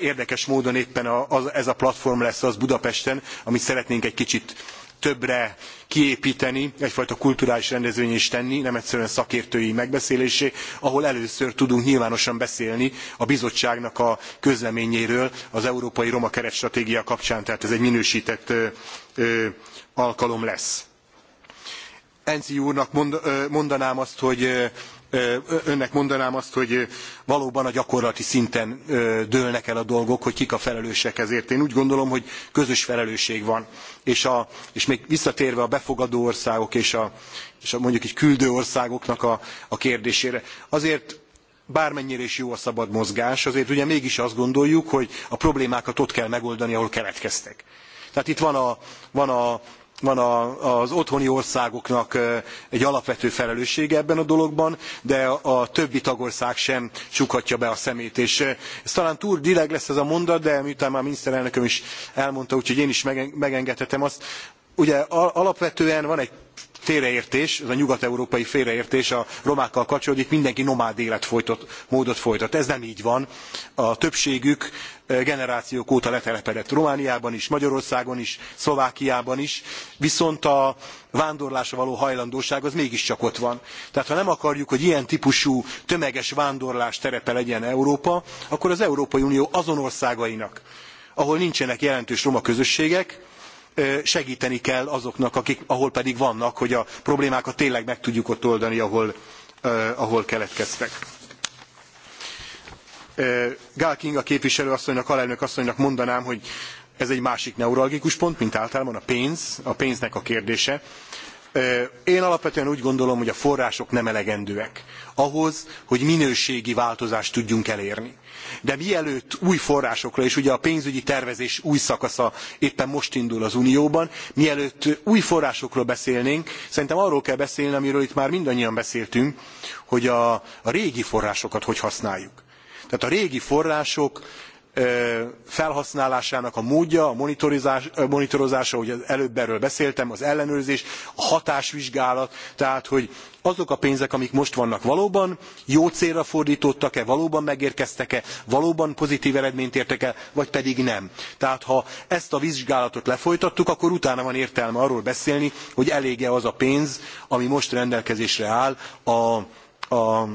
érdekes módon éppen ez a platform lesz az budapesten amit szeretnénk egy kicsit többre kiépteni egyfajta kulturális rendezvény is tenni nem egyszerűen szakértői megbeszélésé ahol először tudunk nyilvánosan beszélni a bizottságnak a közleményéről az európai roma keretstratégia kapcsán tehát ez egy minőstett alkalom lesz. enzi úrnak mondanám azt hogy önnek mondanám azt, hogy valóban a gyakorlati szinten dőlnek el a dolgok, hogy kik a felelősek ezért. Én úgy gondolom, hogy közös felelősség van. És, a, és még visszatérve a befogadó országok és a, és a mondjuk gy küldő országoknak a, a kérdésére. Azért bármennyire is jó a szabad mozgás, azért ugye mégis azt gondoljuk, hogy a problémákat ott kell megoldani, ahol keletkeztek. Tehát itt van a, van a van a, az otthoni országoknak egy alapvető felelőssége ebben a dologban, de a többi tagország sem csukhatja be a szemét. És ez talán túl dileg lesz ez a mondat, de miután már a miniszterelnököm is elmondta, úgyhogy én is megengedhetem azt. Ugye alapvetően van egy félreértés, ez a nyugat-európai félreértés a romákkal kapcsolatban, hogy itt mindenki nomád életmódot folytott, módot folytat. Ez nem így van. A többségük e, generációk óta letelepedett Romániában is, Magyarországon is, Szlovákiában is, viszont a vándorlásra való hajlandóság az mégiscsak ott van. Tehát ha nem akarjuk, hogy ilyen típusú tömeges vándorlás terepe legyen Európa, akkor az Európai Unió azon országainak, ahol nincsenek jelentős roma közösségek, segíteni kell azoknak, akik, ahol pedig vannak, hogy a problémákat tényleg meg tudjuk ott oldani, ahol, ahol keletkeztek. Gál Kinga képviselő asszonynak, alelnök asszonynak mondanám, hogy ez egy másik neuralgikus pont, mint általában a pénz, a pénznek a kérdése. Én alapvetően úgy gondolom, hogy a források nem elegendőek ahhoz, hogy minőségi változást tudjunk elérni de mielőtt új forrásokra, és ugye a pénzügyi tervezés új szakasza éppen most indul az Unióban, mielőtt új forrásokról beszélnénk, szerintem arról kell beszélni, amiről itt már mindannyian beszéltünk, hogy a, a régi forrásokat hogy használjuk. Tehát a régi források felhasználásának a módja, a monitorozása, ahogy előbb erről beszéltem, az ellenőrzés, a hatásvizsgálat, tehát hogy azok a pénzek, amik most vannak valóban jó célra fordítottak-e, valóban megérkeztek-e, valóban pozitív eredményt értek el, vagy pedig nem. Tehát ha ezt a vizsgálatot lefolytattuk, akkor utána van értelme arról beszélni, hogy elége az a pénz, ami most rendelkezésre áll a, a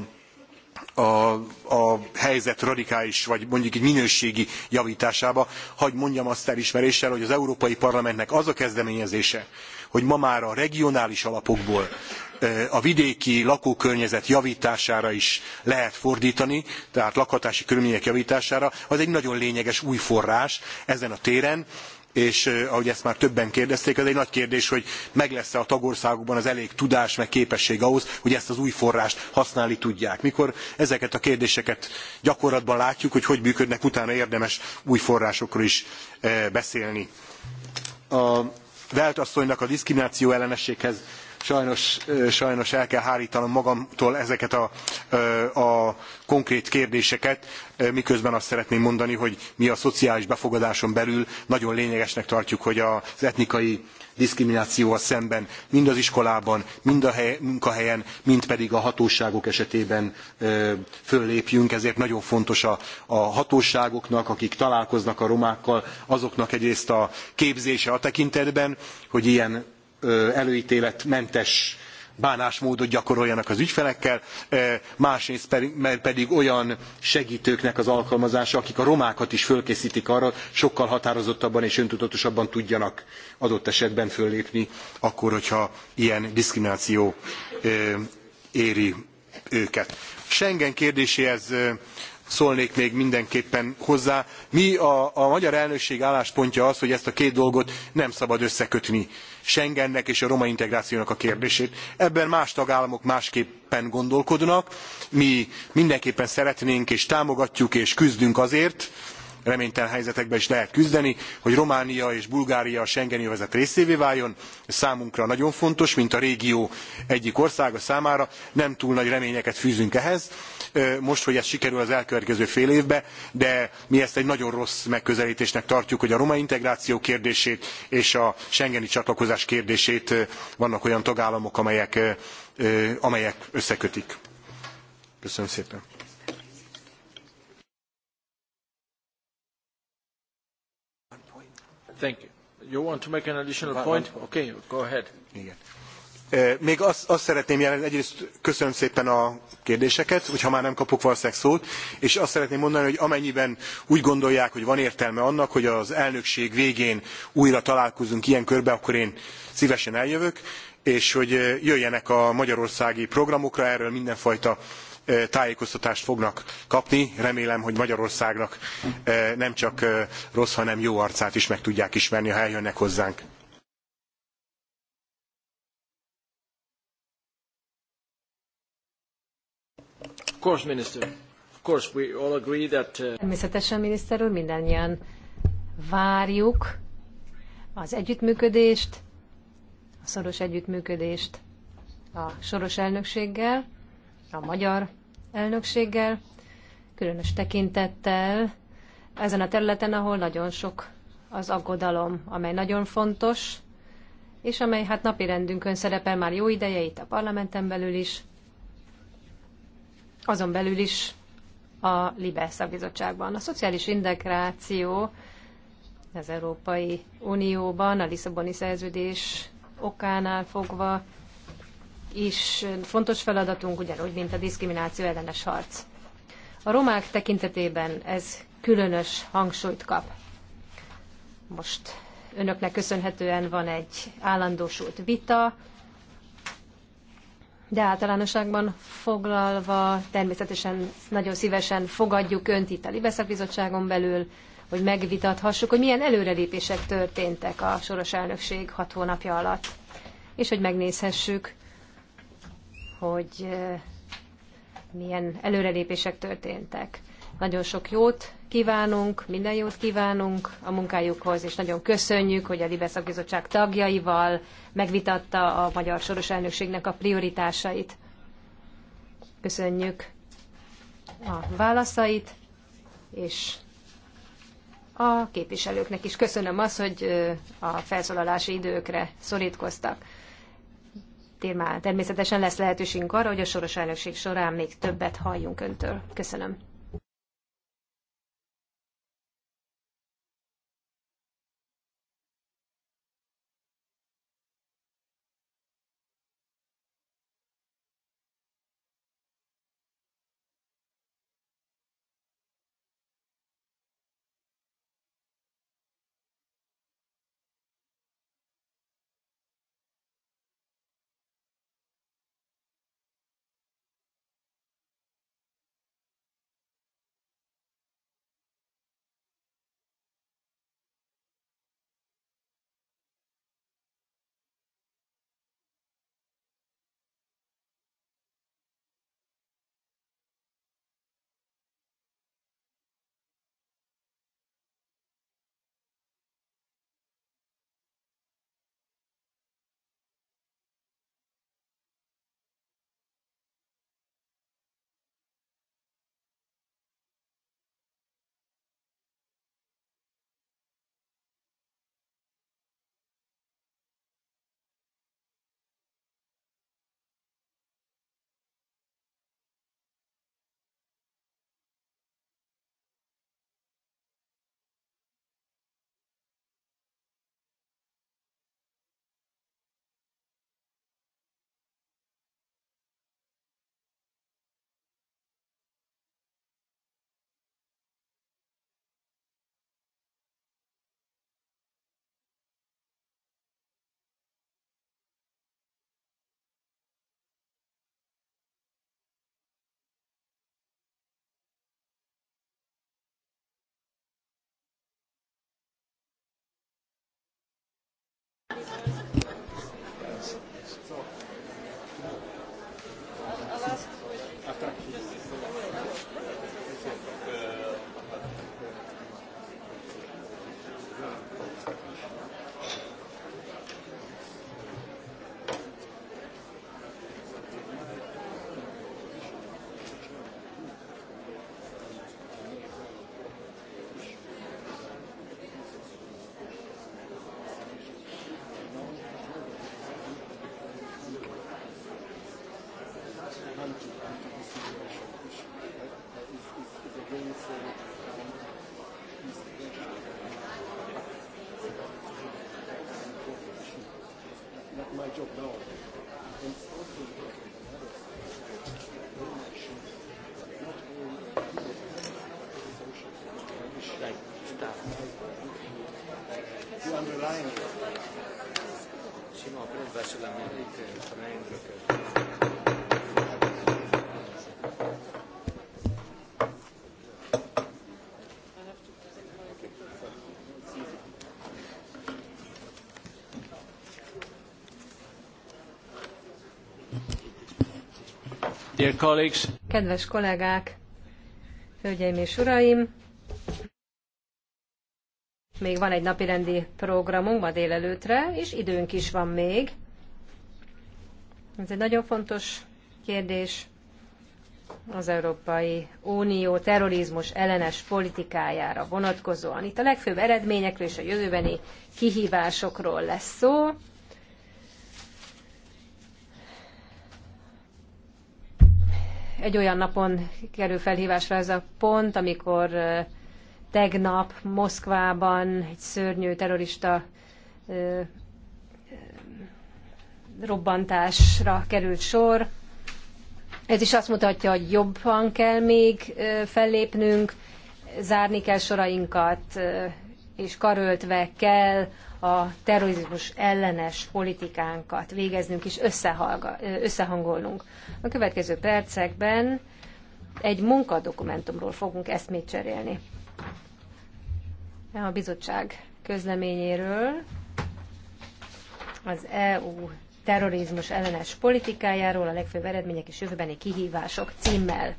a, a, helyzet radikális, vagy mondjuk egy minőségi javításába. Hagy mondjam azt elismeréssel, hogy az Európai Parlamentnek az a kezdeményezése, hogy ma már a regionális alapokból eh, a vidéki lakókörnyezet javítására is lehet fordítani, tehát lakhatási körülmények javítására, az egy nagyon lényeges új forrás ezen a téren, és eh, ahogy ezt már többen kérdezték, ez egy nagy kérdés, hogy meg lesz-e a tagországokban az elég tudás, meg képesség ahhoz, hogy ezt az új forrást használni tudják. Mikor ezeket a kérdéseket gyakorlatban látjuk, hogy hogy működnek, utána érdemes új forrásokról is eh, beszélni. A welt asszonynak a diszkrimináció ellenességhez sajnos, sajnos el kell hárítanom magamtól ezeket a, a konkrét kérdéseket, miközben azt szeretném mondani, hogy mi a szociális befogadáson belül nagyon lényegesnek tartjuk, hogy az etnikai diszkriminációval szemben mind az iskolában, mind a hely, munkahelyen, mind pedig a hatóságok esetében ö, föllépjünk. Ezért nagyon fontos a, a hatóságoknak, akik találkoznak a romákkal, azoknak egyrészt a képzése a tekintetben, hogy ilyen előítéletmentes bánásmódot gyakoroljanak az ügyfelekkel, másrészt pedig olyan segítőknek az alkalmazása, akik a romákat is fölkészítik arra, sokkal határozottabban és öntudatosabban tudjanak adott esetben föllépni, akkor, hogyha ilyen diszkrimináció éri őket. Schengen kérdéséhez szólnék még mindenképpen hozzá. Mi a, a magyar elnökség álláspontja az, hogy ezt a két dolgot nem szabad összekötni Schengennek és a roma integrációnak a kérdését. Ebben más tagállamok másképpen gondolkodnak. Mi mindenképpen szeretnénk és támogatjuk és küzdünk azért, reménytelen helyzetekben is lehet küzdeni, hogy Románia és Bulgária a Schengeni övezet részévé váljon. Ez számunkra nagyon fontos, mint a régió egyik országa számára. Nem túl nagy reményeket fűzünk ehhez, most, hogy ez sikerül az elkövetkező fél évben, de mi ezt egy nagyon rossz megközelítésnek tartjuk, hogy a roma integráció kérdését és a Schengeni csatlakozás kérdését vannak olyan tagállamok, amelyek, amelyek összekötik. Köszönöm szépen. Thank you. You want to make an additional point? Okay, go ahead. Igen. Még azt, szeretném jelezni, egyrészt köszönöm szépen a kérdéseket, hogyha már nem kapok valószínűleg szót, és azt szeretném mondani, hogy amennyiben úgy gondolják, hogy van értelme annak, hogy az elnökség végén újra találkozunk ilyen körbe, akkor én szívesen eljövök, és hogy jöjjenek a magyarországi programokra, erről mindenfajta tájékoztatást fognak kapni. Remélem, hogy Magyarországnak nem csak rossz, hanem jó arcát is meg tudják ismerni, ha eljönnek hozzánk. Uh, Természetesen, miniszter úr, mindannyian várjuk az együttműködést, a szoros együttműködést a soros elnökséggel, a magyar elnökséggel, különös tekintettel ezen a területen, ahol nagyon sok az aggodalom, amely nagyon fontos, és amely hát napi rendünkön szerepel már jó ideje itt a parlamenten belül is azon belül is a LIBE szakbizottságban. A szociális integráció az Európai Unióban, a Lisszaboni szerződés okánál fogva is fontos feladatunk, ugyanúgy, mint a diszkrimináció ellenes harc. A romák tekintetében ez különös hangsúlyt kap. Most önöknek köszönhetően van egy állandósult vita, de általánosságban foglalva természetesen nagyon szívesen fogadjuk Önt itt a Libeszak Bizottságon belül, hogy megvitathassuk, hogy milyen előrelépések történtek a soros elnökség hat hónapja alatt, és hogy megnézhessük, hogy eh, milyen előrelépések történtek. Nagyon sok jót kívánunk, minden jót kívánunk a munkájukhoz, és nagyon köszönjük, hogy a Libe szakbizottság tagjaival megvitatta a Magyar Soros Elnökségnek a prioritásait. Köszönjük a válaszait, és a képviselőknek is köszönöm azt, hogy a felszólalási időkre szorítkoztak. Természetesen lesz lehetőségünk arra, hogy a soros elnökség során még többet halljunk öntől. Köszönöm. จบแล้ว Dear colleagues. Kedves kollégák, hölgyeim és uraim! Még van egy napirendi programunk ma délelőtre, és időnk is van még. Ez egy nagyon fontos kérdés az Európai Unió terrorizmus ellenes politikájára vonatkozóan. Itt a legfőbb eredményekről és a jövőbeni kihívásokról lesz szó. egy olyan napon kerül felhívásra ez a pont, amikor tegnap Moszkvában egy szörnyű terrorista robbantásra került sor. Ez is azt mutatja, hogy jobban kell még fellépnünk, zárni kell sorainkat, és karöltve kell a terrorizmus ellenes politikánkat végeznünk és összehangolnunk. A következő percekben egy munkadokumentumról fogunk eszmét cserélni. A bizottság közleményéről, az EU terrorizmus ellenes politikájáról, a legfőbb eredmények és jövőbeni kihívások címmel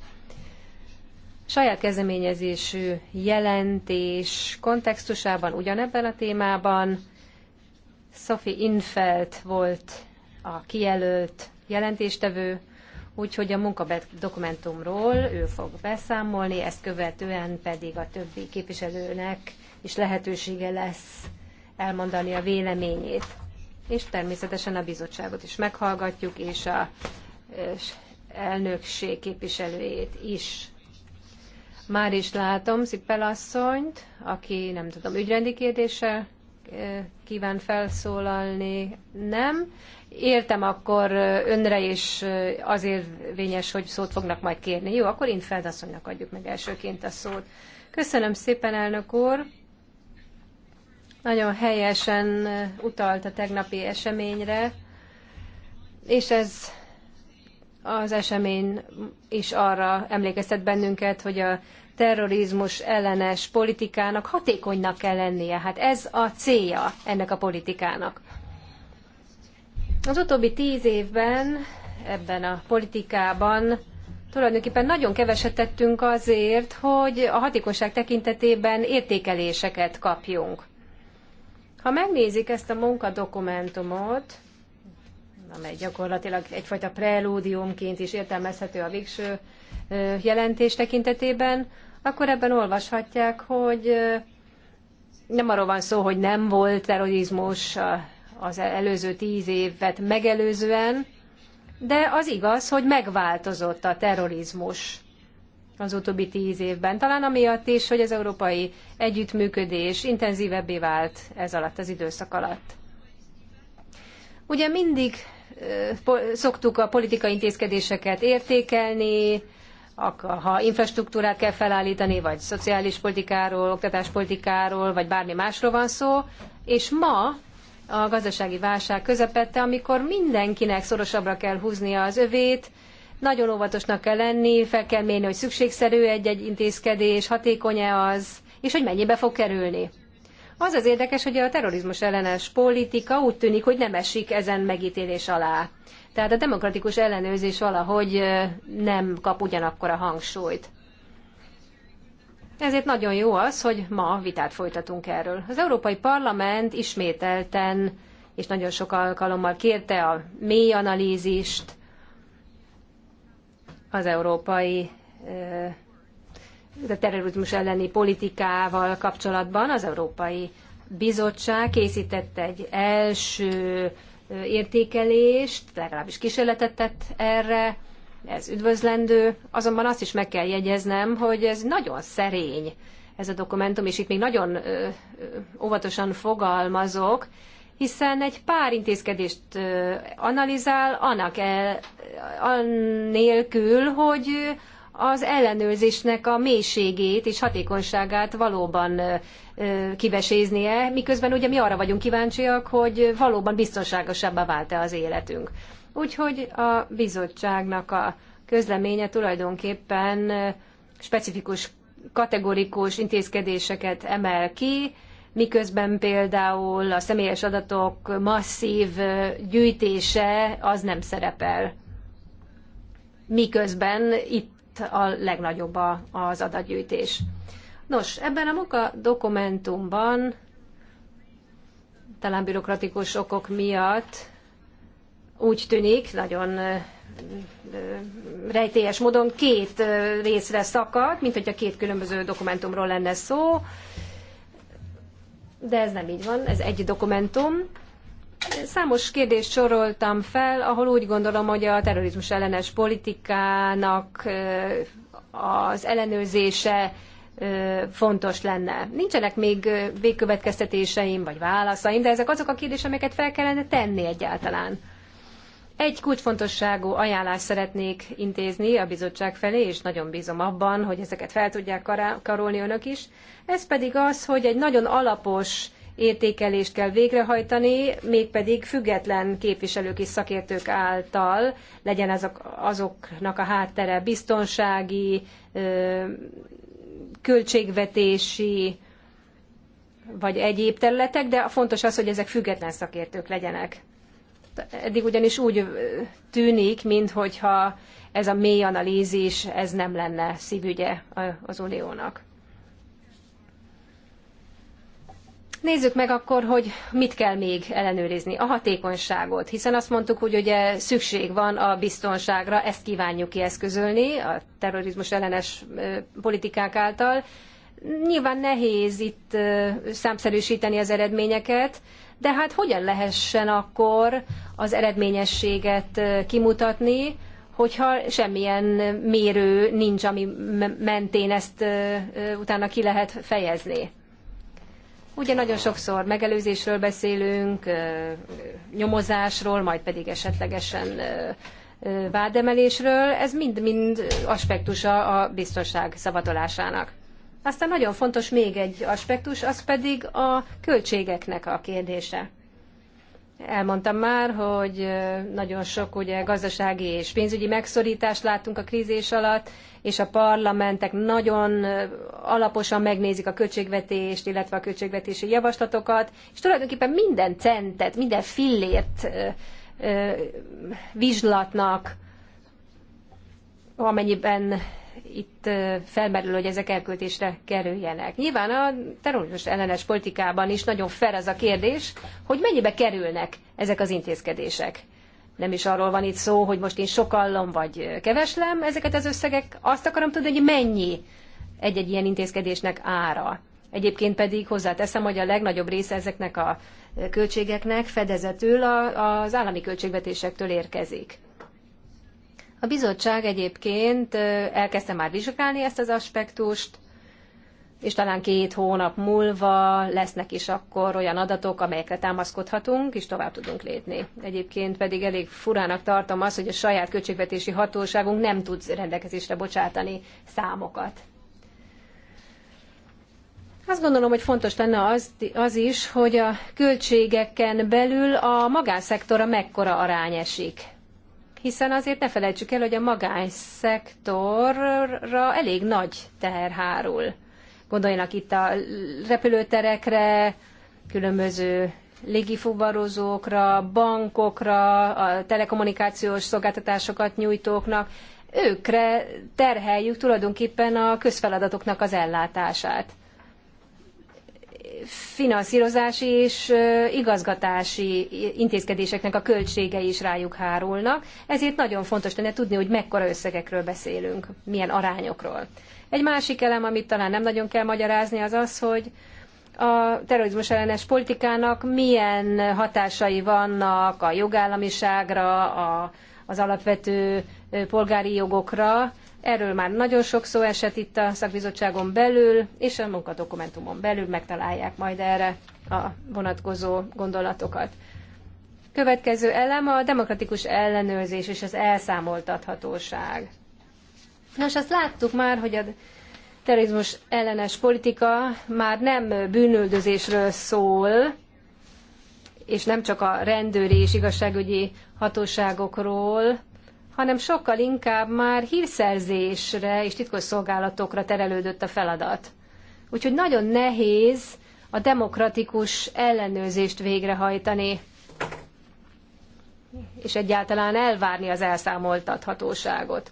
saját kezdeményezésű jelentés kontextusában ugyanebben a témában Sophie Infeld volt a kijelölt jelentéstevő, úgyhogy a munkadokumentumról ő fog beszámolni, ezt követően pedig a többi képviselőnek is lehetősége lesz elmondani a véleményét. És természetesen a bizottságot is meghallgatjuk, és a és elnökség képviselőjét is. Már is látom Zippel asszonyt, aki nem tudom, ügyrendi kérdéssel kíván felszólalni, nem. Értem, akkor önre is azért vényes, hogy szót fognak majd kérni. Jó, akkor én feldasszonynak adjuk meg elsőként a szót. Köszönöm szépen, elnök úr. Nagyon helyesen utalt a tegnapi eseményre, és ez az esemény is arra emlékeztet bennünket, hogy a terrorizmus ellenes politikának hatékonynak kell lennie. Hát ez a célja ennek a politikának. Az utóbbi tíz évben ebben a politikában tulajdonképpen nagyon keveset tettünk azért, hogy a hatékonyság tekintetében értékeléseket kapjunk. Ha megnézik ezt a munkadokumentumot, amely gyakorlatilag egyfajta prelódiumként is értelmezhető a végső jelentés tekintetében, akkor ebben olvashatják, hogy nem arról van szó, hogy nem volt terrorizmus az előző tíz évet megelőzően, de az igaz, hogy megváltozott a terrorizmus az utóbbi tíz évben. Talán amiatt is, hogy az európai együttműködés intenzívebbé vált ez alatt az időszak alatt. Ugye mindig szoktuk a politikai intézkedéseket értékelni, ha infrastruktúrát kell felállítani, vagy szociális politikáról, oktatáspolitikáról, vagy bármi másról van szó, és ma a gazdasági válság közepette, amikor mindenkinek szorosabbra kell húznia az övét, nagyon óvatosnak kell lenni, fel kell mérni, hogy szükségszerű egy-egy intézkedés, hatékony-e az, és hogy mennyibe fog kerülni. Az az érdekes, hogy a terrorizmus ellenes politika úgy tűnik, hogy nem esik ezen megítélés alá. Tehát a demokratikus ellenőrzés valahogy nem kap ugyanakkor a hangsúlyt. Ezért nagyon jó az, hogy ma vitát folytatunk erről. Az Európai Parlament ismételten és nagyon sok alkalommal kérte a mély analízist az európai a terrorizmus elleni politikával kapcsolatban az Európai Bizottság készített egy első értékelést, legalábbis kísérletet tett erre, ez üdvözlendő, azonban azt is meg kell jegyeznem, hogy ez nagyon szerény ez a dokumentum, és itt még nagyon ö, óvatosan fogalmazok, hiszen egy pár intézkedést analizál annak el, annélkül, hogy az ellenőrzésnek a mélységét és hatékonyságát valóban kiveséznie, miközben ugye mi arra vagyunk kíváncsiak, hogy valóban biztonságosabbá vált-e az életünk. Úgyhogy a bizottságnak a közleménye tulajdonképpen specifikus kategorikus intézkedéseket emel ki, miközben például a személyes adatok masszív gyűjtése az nem szerepel. Miközben itt a legnagyobb az adatgyűjtés. Nos, ebben a munka dokumentumban talán bürokratikus okok miatt úgy tűnik, nagyon rejtélyes módon két részre szakadt, mint hogyha két különböző dokumentumról lenne szó, de ez nem így van, ez egy dokumentum. Számos kérdést soroltam fel, ahol úgy gondolom, hogy a terrorizmus ellenes politikának az ellenőrzése fontos lenne. Nincsenek még végkövetkeztetéseim vagy válaszaim, de ezek azok a kérdések, amiket fel kellene tenni egyáltalán. Egy kulcsfontosságú ajánlást szeretnék intézni a bizottság felé, és nagyon bízom abban, hogy ezeket fel tudják karolni önök is. Ez pedig az, hogy egy nagyon alapos értékelést kell végrehajtani, mégpedig független képviselők és szakértők által, legyen azok, azoknak a háttere biztonsági, költségvetési, vagy egyéb területek, de fontos az, hogy ezek független szakértők legyenek. Eddig ugyanis úgy tűnik, minthogyha ez a mély analízis, ez nem lenne szívügye az uniónak. Nézzük meg akkor, hogy mit kell még ellenőrizni. A hatékonyságot, hiszen azt mondtuk, hogy ugye szükség van a biztonságra, ezt kívánjuk kieszközölni a terrorizmus ellenes politikák által. Nyilván nehéz itt számszerűsíteni az eredményeket, de hát hogyan lehessen akkor az eredményességet kimutatni, hogyha semmilyen mérő nincs, ami mentén ezt utána ki lehet fejezni. Ugye nagyon sokszor megelőzésről beszélünk, nyomozásról, majd pedig esetlegesen vádemelésről, ez mind-mind aspektusa a biztonság szavatolásának. Aztán nagyon fontos még egy aspektus, az pedig a költségeknek a kérdése. Elmondtam már, hogy nagyon sok ugye, gazdasági és pénzügyi megszorítást láttunk a krízés alatt, és a parlamentek nagyon alaposan megnézik a költségvetést, illetve a költségvetési javaslatokat, és tulajdonképpen minden centet, minden fillért vizslatnak, amennyiben itt felmerül, hogy ezek elköltésre kerüljenek. Nyilván a terrorizmus ellenes politikában is nagyon fel ez a kérdés, hogy mennyibe kerülnek ezek az intézkedések. Nem is arról van itt szó, hogy most én sokallom vagy keveslem ezeket az összegek. Azt akarom tudni, hogy mennyi egy-egy ilyen intézkedésnek ára. Egyébként pedig hozzáteszem, hogy a legnagyobb része ezeknek a költségeknek fedezetül az állami költségvetésektől érkezik. A bizottság egyébként elkezdte már vizsgálni ezt az aspektust, és talán két hónap múlva lesznek is akkor olyan adatok, amelyekre támaszkodhatunk, és tovább tudunk lépni. Egyébként pedig elég furának tartom az, hogy a saját költségvetési hatóságunk nem tud rendelkezésre bocsátani számokat. Azt gondolom, hogy fontos lenne az, az is, hogy a költségeken belül a magánszektora mekkora arány esik hiszen azért ne felejtsük el, hogy a magánszektorra elég nagy teher hárul. Gondoljanak itt a repülőterekre, különböző légifuvarozókra, bankokra, a telekommunikációs szolgáltatásokat nyújtóknak, őkre terheljük tulajdonképpen a közfeladatoknak az ellátását finanszírozási és igazgatási intézkedéseknek a költségei is rájuk hárulnak, ezért nagyon fontos lenne tudni, hogy mekkora összegekről beszélünk, milyen arányokról. Egy másik elem, amit talán nem nagyon kell magyarázni, az az, hogy a terrorizmus ellenes politikának milyen hatásai vannak a jogállamiságra, a, az alapvető polgári jogokra, Erről már nagyon sok szó esett itt a szakbizottságon belül, és a munkadokumentumon belül megtalálják majd erre a vonatkozó gondolatokat. Következő elem a demokratikus ellenőrzés és az elszámoltathatóság. Nos, azt láttuk már, hogy a terrorizmus ellenes politika már nem bűnöldözésről szól, és nem csak a rendőri és igazságügyi hatóságokról, hanem sokkal inkább már hírszerzésre és titkosszolgálatokra terelődött a feladat. Úgyhogy nagyon nehéz a demokratikus ellenőrzést végrehajtani, és egyáltalán elvárni az elszámoltathatóságot.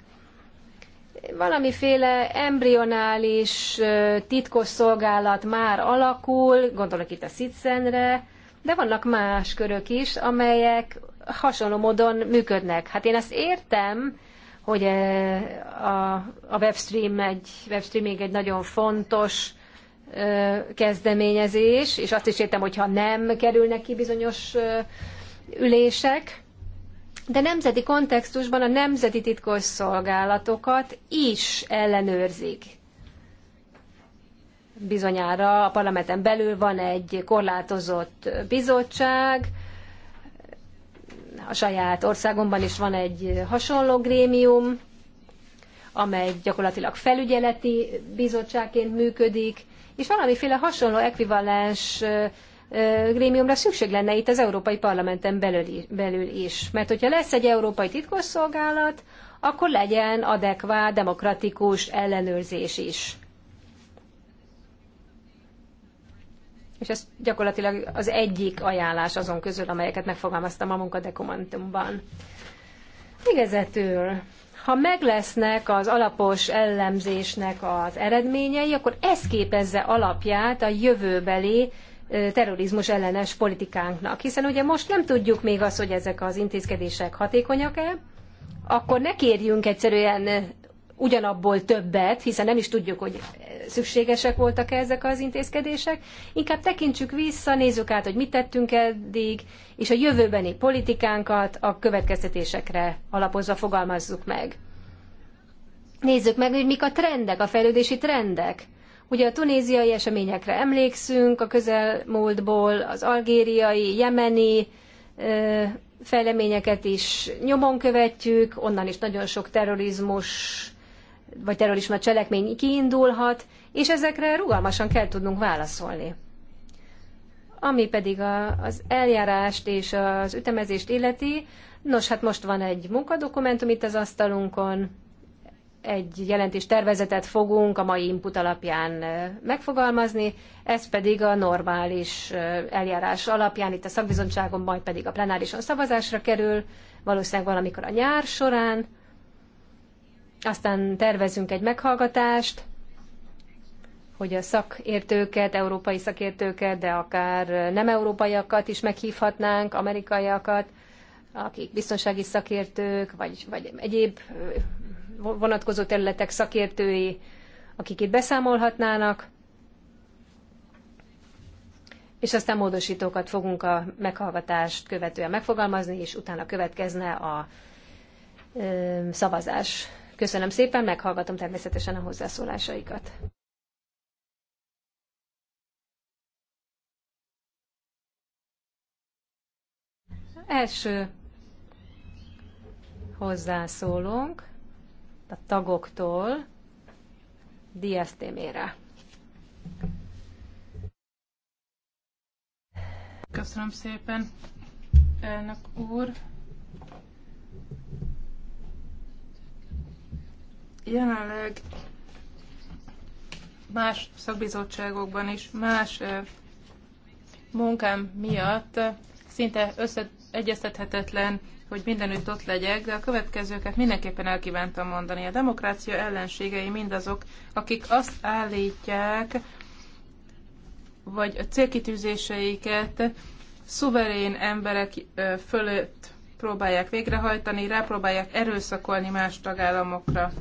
Valamiféle embrionális titkos szolgálat már alakul, gondolok itt a Szitzенre, de vannak más körök is, amelyek hasonló módon működnek. Hát én azt értem, hogy eh, a, a webstream egy, webstreaming egy nagyon fontos eh, kezdeményezés, és azt is értem, hogyha nem kerülnek ki bizonyos eh, ülések, de nemzeti kontextusban a nemzeti titkos szolgálatokat is ellenőrzik. Bizonyára a parlamenten belül van egy korlátozott bizottság, a saját országomban is van egy hasonló grémium, amely gyakorlatilag felügyeleti bizottságként működik, és valamiféle hasonló ekvivalens grémiumra szükség lenne itt az Európai Parlamenten belül, belül is. Mert hogyha lesz egy európai titkosszolgálat, akkor legyen adekvát demokratikus ellenőrzés is. és ez gyakorlatilag az egyik ajánlás azon közül, amelyeket megfogalmaztam a munkadekumentumban. Igazetül, ha meglesznek az alapos ellenzésnek az eredményei, akkor ez képezze alapját a jövőbeli terrorizmus ellenes politikánknak. Hiszen ugye most nem tudjuk még azt, hogy ezek az intézkedések hatékonyak-e, akkor ne kérjünk egyszerűen ugyanabból többet, hiszen nem is tudjuk, hogy szükségesek voltak -e ezek az intézkedések. Inkább tekintsük vissza, nézzük át, hogy mit tettünk eddig, és a jövőbeni politikánkat a következtetésekre alapozva fogalmazzuk meg. Nézzük meg, hogy mik a trendek, a fejlődési trendek. Ugye a tunéziai eseményekre emlékszünk, a közelmúltból az algériai, jemeni fejleményeket is nyomon követjük, onnan is nagyon sok terrorizmus vagy terrorizma cselekmény kiindulhat, és ezekre rugalmasan kell tudnunk válaszolni. Ami pedig a, az eljárást és az ütemezést illeti, nos, hát most van egy munkadokumentum itt az asztalunkon, egy jelentés tervezetet fogunk a mai input alapján megfogalmazni, ez pedig a normális eljárás alapján itt a szakbizottságon, majd pedig a plenárison szavazásra kerül, valószínűleg valamikor a nyár során, aztán tervezünk egy meghallgatást, hogy a szakértőket, európai szakértőket, de akár nem európaiakat is meghívhatnánk, amerikaiakat, akik biztonsági szakértők, vagy, vagy egyéb vonatkozó területek szakértői, akik itt beszámolhatnának. És aztán módosítókat fogunk a meghallgatást követően megfogalmazni, és utána következne a szavazás. Köszönöm szépen, meghallgatom természetesen a hozzászólásaikat. Első hozzászólunk a tagoktól Diaz témére. Köszönöm szépen, elnök úr. jelenleg más szakbizottságokban is, más munkám miatt szinte összeegyeztethetetlen, hogy mindenütt ott legyek, de a következőket mindenképpen elkívántam mondani. A demokrácia ellenségei mindazok, akik azt állítják, vagy a célkitűzéseiket szuverén emberek fölött próbálják végrehajtani, rápróbálják erőszakolni más tagállamokra.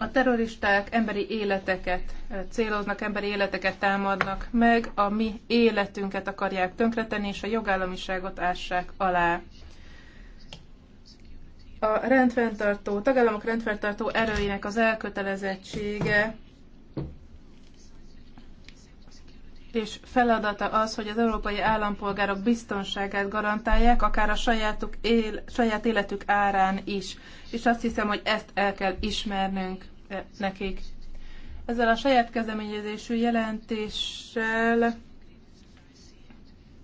A terroristák emberi életeket céloznak, emberi életeket támadnak meg, a mi életünket akarják tönkretenni, és a jogállamiságot ássák alá. A rendfenntartó, tagállamok rendfenntartó erőinek az elkötelezettsége és feladata az, hogy az európai állampolgárok biztonságát garantálják, akár a sajátuk él, saját életük árán is. És azt hiszem, hogy ezt el kell ismernünk e, nekik. Ezzel a saját kezdeményezésű jelentéssel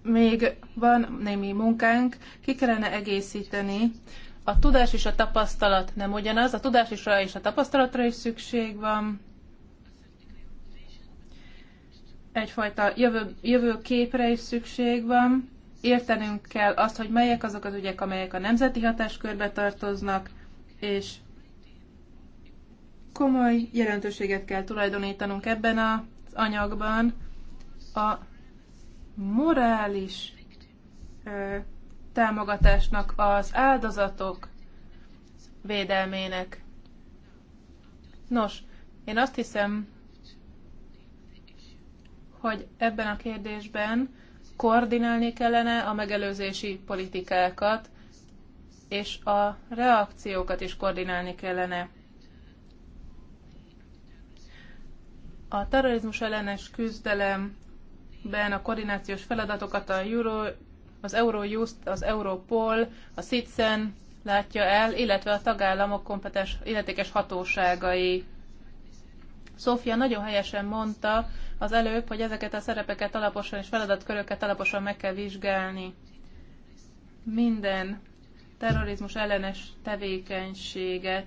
még van némi munkánk, ki kellene egészíteni. A tudás és a tapasztalat nem ugyanaz, a tudásra és a tapasztalatra is szükség van egyfajta jövő, jövőképre is szükség van. Értenünk kell azt, hogy melyek azok az ügyek, amelyek a nemzeti hatáskörbe tartoznak, és komoly jelentőséget kell tulajdonítanunk ebben az anyagban a morális ö, támogatásnak, az áldozatok védelmének. Nos, én azt hiszem, hogy ebben a kérdésben koordinálni kellene a megelőzési politikákat, és a reakciókat is koordinálni kellene. A terrorizmus ellenes küzdelemben a koordinációs feladatokat a Euro, az Eurojust, az Europol, a CITSEN látja el, illetve a tagállamok kompetens illetékes hatóságai Szófia nagyon helyesen mondta az előbb, hogy ezeket a szerepeket alaposan és feladatköröket alaposan meg kell vizsgálni. Minden terrorizmus ellenes tevékenységet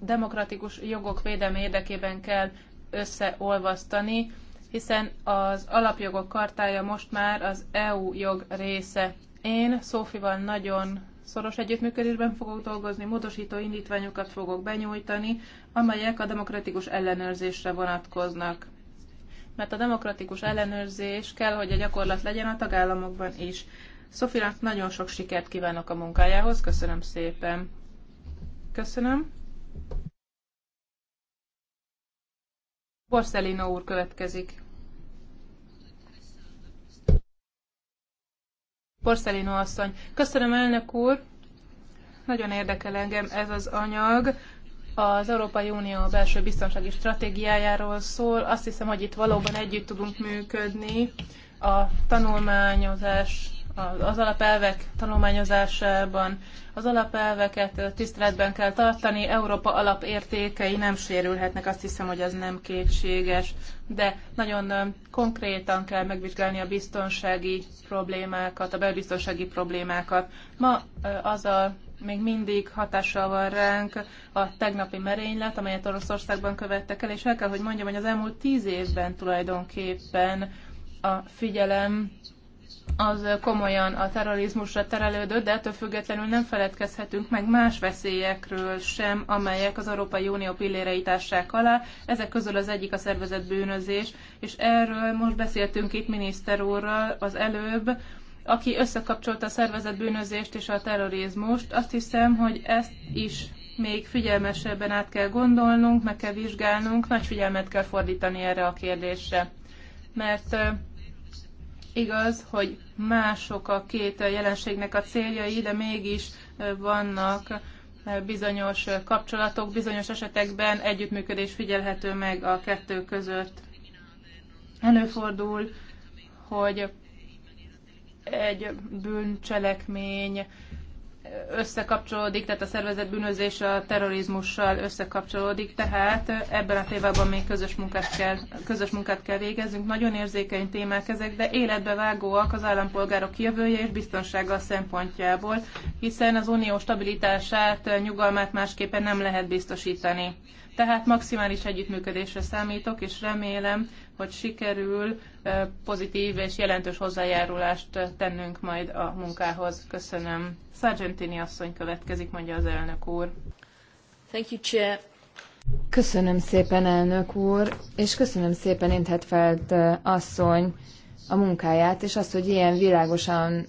demokratikus jogok védelme érdekében kell összeolvasztani, hiszen az alapjogok kartája most már az EU jog része. Én Szófival nagyon szoros együttműködésben fogok dolgozni, módosító indítványokat fogok benyújtani, amelyek a demokratikus ellenőrzésre vonatkoznak. Mert a demokratikus ellenőrzés kell, hogy a gyakorlat legyen a tagállamokban is. Szofinak nagyon sok sikert kívánok a munkájához, köszönöm szépen. Köszönöm. Borszelino úr következik. Porcelino asszony. Köszönöm, elnök úr. Nagyon érdekel engem ez az anyag. Az Európai Unió belső biztonsági stratégiájáról szól. Azt hiszem, hogy itt valóban együtt tudunk működni a tanulmányozás az alapelvek tanulmányozásában. Az alapelveket tiszteletben kell tartani, Európa alapértékei nem sérülhetnek, azt hiszem, hogy ez nem kétséges, de nagyon konkrétan kell megvizsgálni a biztonsági problémákat, a belbiztonsági problémákat. Ma az a még mindig hatással van ránk a tegnapi merénylet, amelyet Oroszországban követtek el, és el kell, hogy mondjam, hogy az elmúlt tíz évben tulajdonképpen a figyelem az komolyan a terrorizmusra terelődött, de ettől függetlenül nem feledkezhetünk meg más veszélyekről sem, amelyek az Európai Unió pillérei társák alá. Ezek közül az egyik a szervezett bűnözés, és erről most beszéltünk itt miniszter úrral az előbb, aki összekapcsolta a szervezett bűnözést és a terrorizmust. Azt hiszem, hogy ezt is még figyelmesebben át kell gondolnunk, meg kell vizsgálnunk, nagy figyelmet kell fordítani erre a kérdésre. Mert Igaz, hogy mások a két jelenségnek a céljai, de mégis vannak bizonyos kapcsolatok, bizonyos esetekben együttműködés figyelhető meg a kettő között. Előfordul, hogy egy bűncselekmény összekapcsolódik, tehát a szervezet bűnözés a terrorizmussal összekapcsolódik, tehát ebben a tévában még közös munkát, kell, közös munkát kell végezzünk. Nagyon érzékeny témák ezek, de életbe vágóak az állampolgárok jövője és biztonsága szempontjából, hiszen az unió stabilitását, nyugalmát másképpen nem lehet biztosítani. Tehát maximális együttműködésre számítok, és remélem, hogy sikerül pozitív és jelentős hozzájárulást tennünk majd a munkához. Köszönöm. Sargentini asszony következik, mondja az elnök úr. Thank you, Chair. Köszönöm szépen, elnök úr, és köszönöm szépen Inthetfeld asszony a munkáját, és azt, hogy ilyen világosan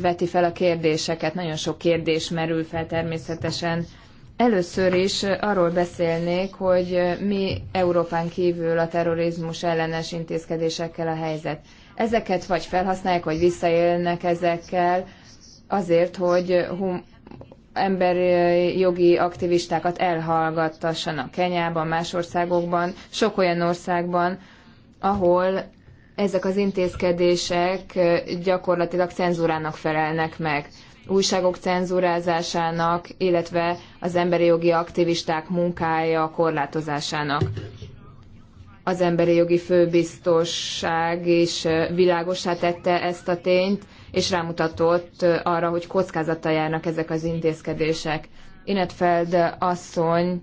veti fel a kérdéseket. Nagyon sok kérdés merül fel természetesen Először is arról beszélnék, hogy mi Európán kívül a terrorizmus ellenes intézkedésekkel a helyzet. Ezeket vagy felhasználják, vagy visszaélnek ezekkel azért, hogy hum- emberi jogi aktivistákat elhallgattassanak Kenyában, más országokban, sok olyan országban, ahol ezek az intézkedések gyakorlatilag cenzúrának felelnek meg újságok cenzúrázásának, illetve az emberi jogi aktivisták munkája korlátozásának. Az emberi jogi főbiztosság is világosá tette ezt a tényt, és rámutatott arra, hogy kockázattal járnak ezek az intézkedések. Inetfeld asszony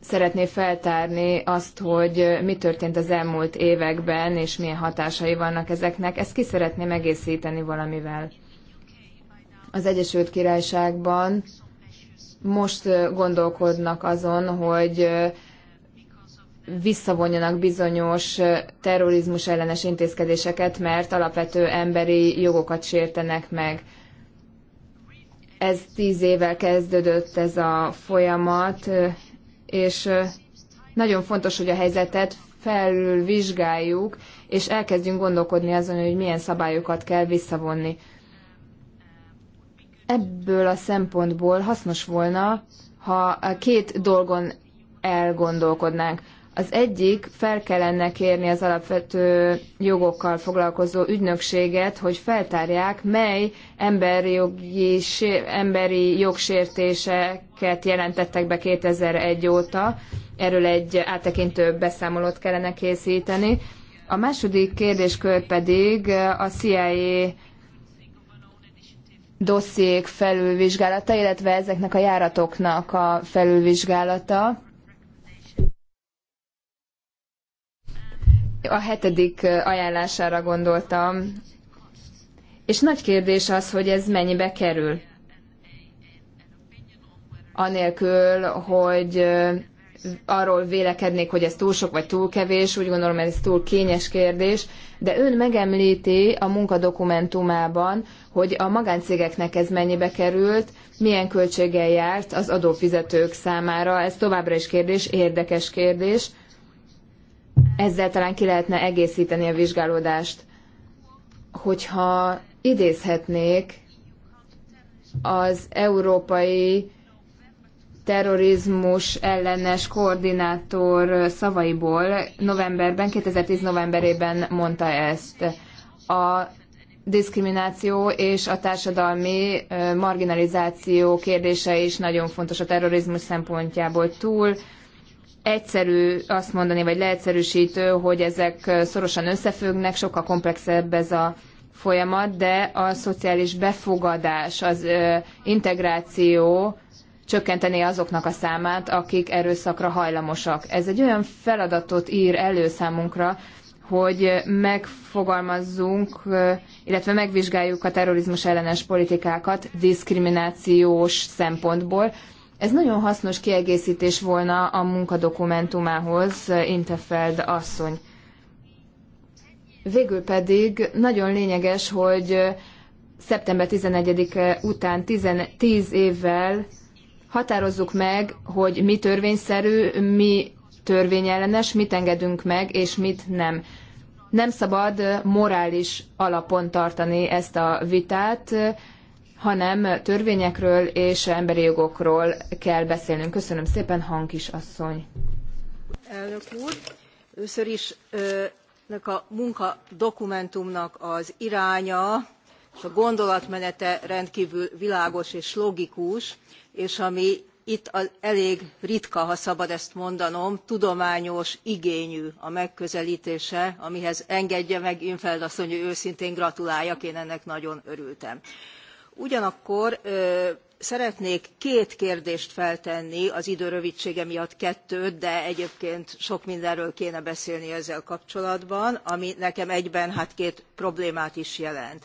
szeretné feltárni azt, hogy mi történt az elmúlt években, és milyen hatásai vannak ezeknek. Ezt ki szeretném egészíteni valamivel az Egyesült Királyságban most gondolkodnak azon, hogy visszavonjanak bizonyos terrorizmus ellenes intézkedéseket, mert alapvető emberi jogokat sértenek meg. Ez tíz évvel kezdődött ez a folyamat, és nagyon fontos, hogy a helyzetet felülvizsgáljuk, és elkezdjünk gondolkodni azon, hogy milyen szabályokat kell visszavonni. Ebből a szempontból hasznos volna, ha két dolgon elgondolkodnánk. Az egyik, fel kellene kérni az alapvető jogokkal foglalkozó ügynökséget, hogy feltárják, mely emberi, jogi, emberi jogsértéseket jelentettek be 2001 óta. Erről egy áttekintő beszámolót kellene készíteni. A második kérdéskör pedig a CIA dossziék felülvizsgálata, illetve ezeknek a járatoknak a felülvizsgálata. A hetedik ajánlására gondoltam. És nagy kérdés az, hogy ez mennyibe kerül. Anélkül, hogy arról vélekednék, hogy ez túl sok vagy túl kevés, úgy gondolom ez túl kényes kérdés, de ön megemlíti a munkadokumentumában, hogy a magáncégeknek ez mennyibe került, milyen költséggel járt az adófizetők számára. Ez továbbra is kérdés, érdekes kérdés. Ezzel talán ki lehetne egészíteni a vizsgálódást. Hogyha idézhetnék az európai terrorizmus ellenes koordinátor szavaiból novemberben, 2010 novemberében mondta ezt. A diszkrimináció és a társadalmi marginalizáció kérdése is nagyon fontos a terrorizmus szempontjából túl. Egyszerű azt mondani, vagy leegyszerűsítő, hogy ezek szorosan összefüggnek, sokkal komplexebb ez a folyamat, de a szociális befogadás, az integráció csökkenteni azoknak a számát, akik erőszakra hajlamosak. Ez egy olyan feladatot ír elő számunkra, hogy megfogalmazzunk, illetve megvizsgáljuk a terrorizmus ellenes politikákat diszkriminációs szempontból. Ez nagyon hasznos kiegészítés volna a munkadokumentumához, Intefeld asszony. Végül pedig nagyon lényeges, hogy szeptember 11 -e után 10 évvel határozzuk meg, hogy mi törvényszerű, mi törvényellenes, mit engedünk meg, és mit nem. Nem szabad morális alapon tartani ezt a vitát, hanem törvényekről és emberi jogokról kell beszélnünk. Köszönöm szépen, Hankis asszony. Elnök úr, először is nek a munka dokumentumnak az iránya és a gondolatmenete rendkívül világos és logikus és ami itt elég ritka ha szabad ezt mondanom tudományos igényű a megközeltése amihez engedje meg in 't veld asszony hogy őszintén gratuláljak én ennek nagyon örültem. ugyanakkor szeretnék két kérdést feltenni az idő rövidsége miatt kettőt de egyébként sok mindenről kéne beszélni ezzel kapcsolatban ami nekem egyben hát két problémát is jelent.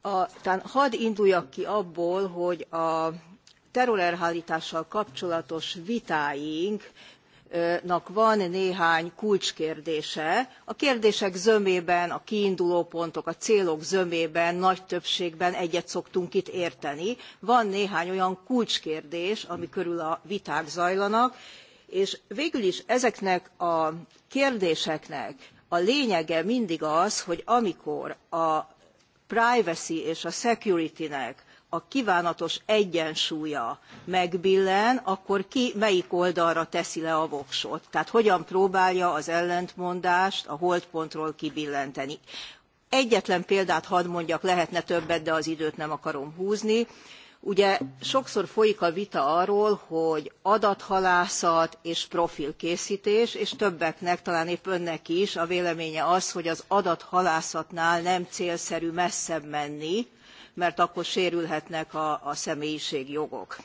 A, talán hadd induljak ki abból hogy a terrorelhárítással kapcsolatos vitáinknak van néhány kulcskérdése. A kérdések zömében, a kiindulópontok, a célok zömében nagy többségben egyet szoktunk itt érteni. Van néhány olyan kulcskérdés, ami körül a viták zajlanak, és végül is ezeknek a kérdéseknek a lényege mindig az, hogy amikor a privacy és a security-nek a kívánatos egyensúlya megbillen, akkor ki melyik oldalra teszi le a voksot. Tehát hogyan próbálja az ellentmondást a holdpontról kibillenteni. Egyetlen példát hadd mondjak, lehetne többet, de az időt nem akarom húzni. Ugye sokszor folyik a vita arról, hogy adathalászat és profilkészítés, és többeknek, talán épp önnek is a véleménye az, hogy az adathalászatnál nem célszerű messzebb menni, mert akkor sérülhetnek a, a jogok.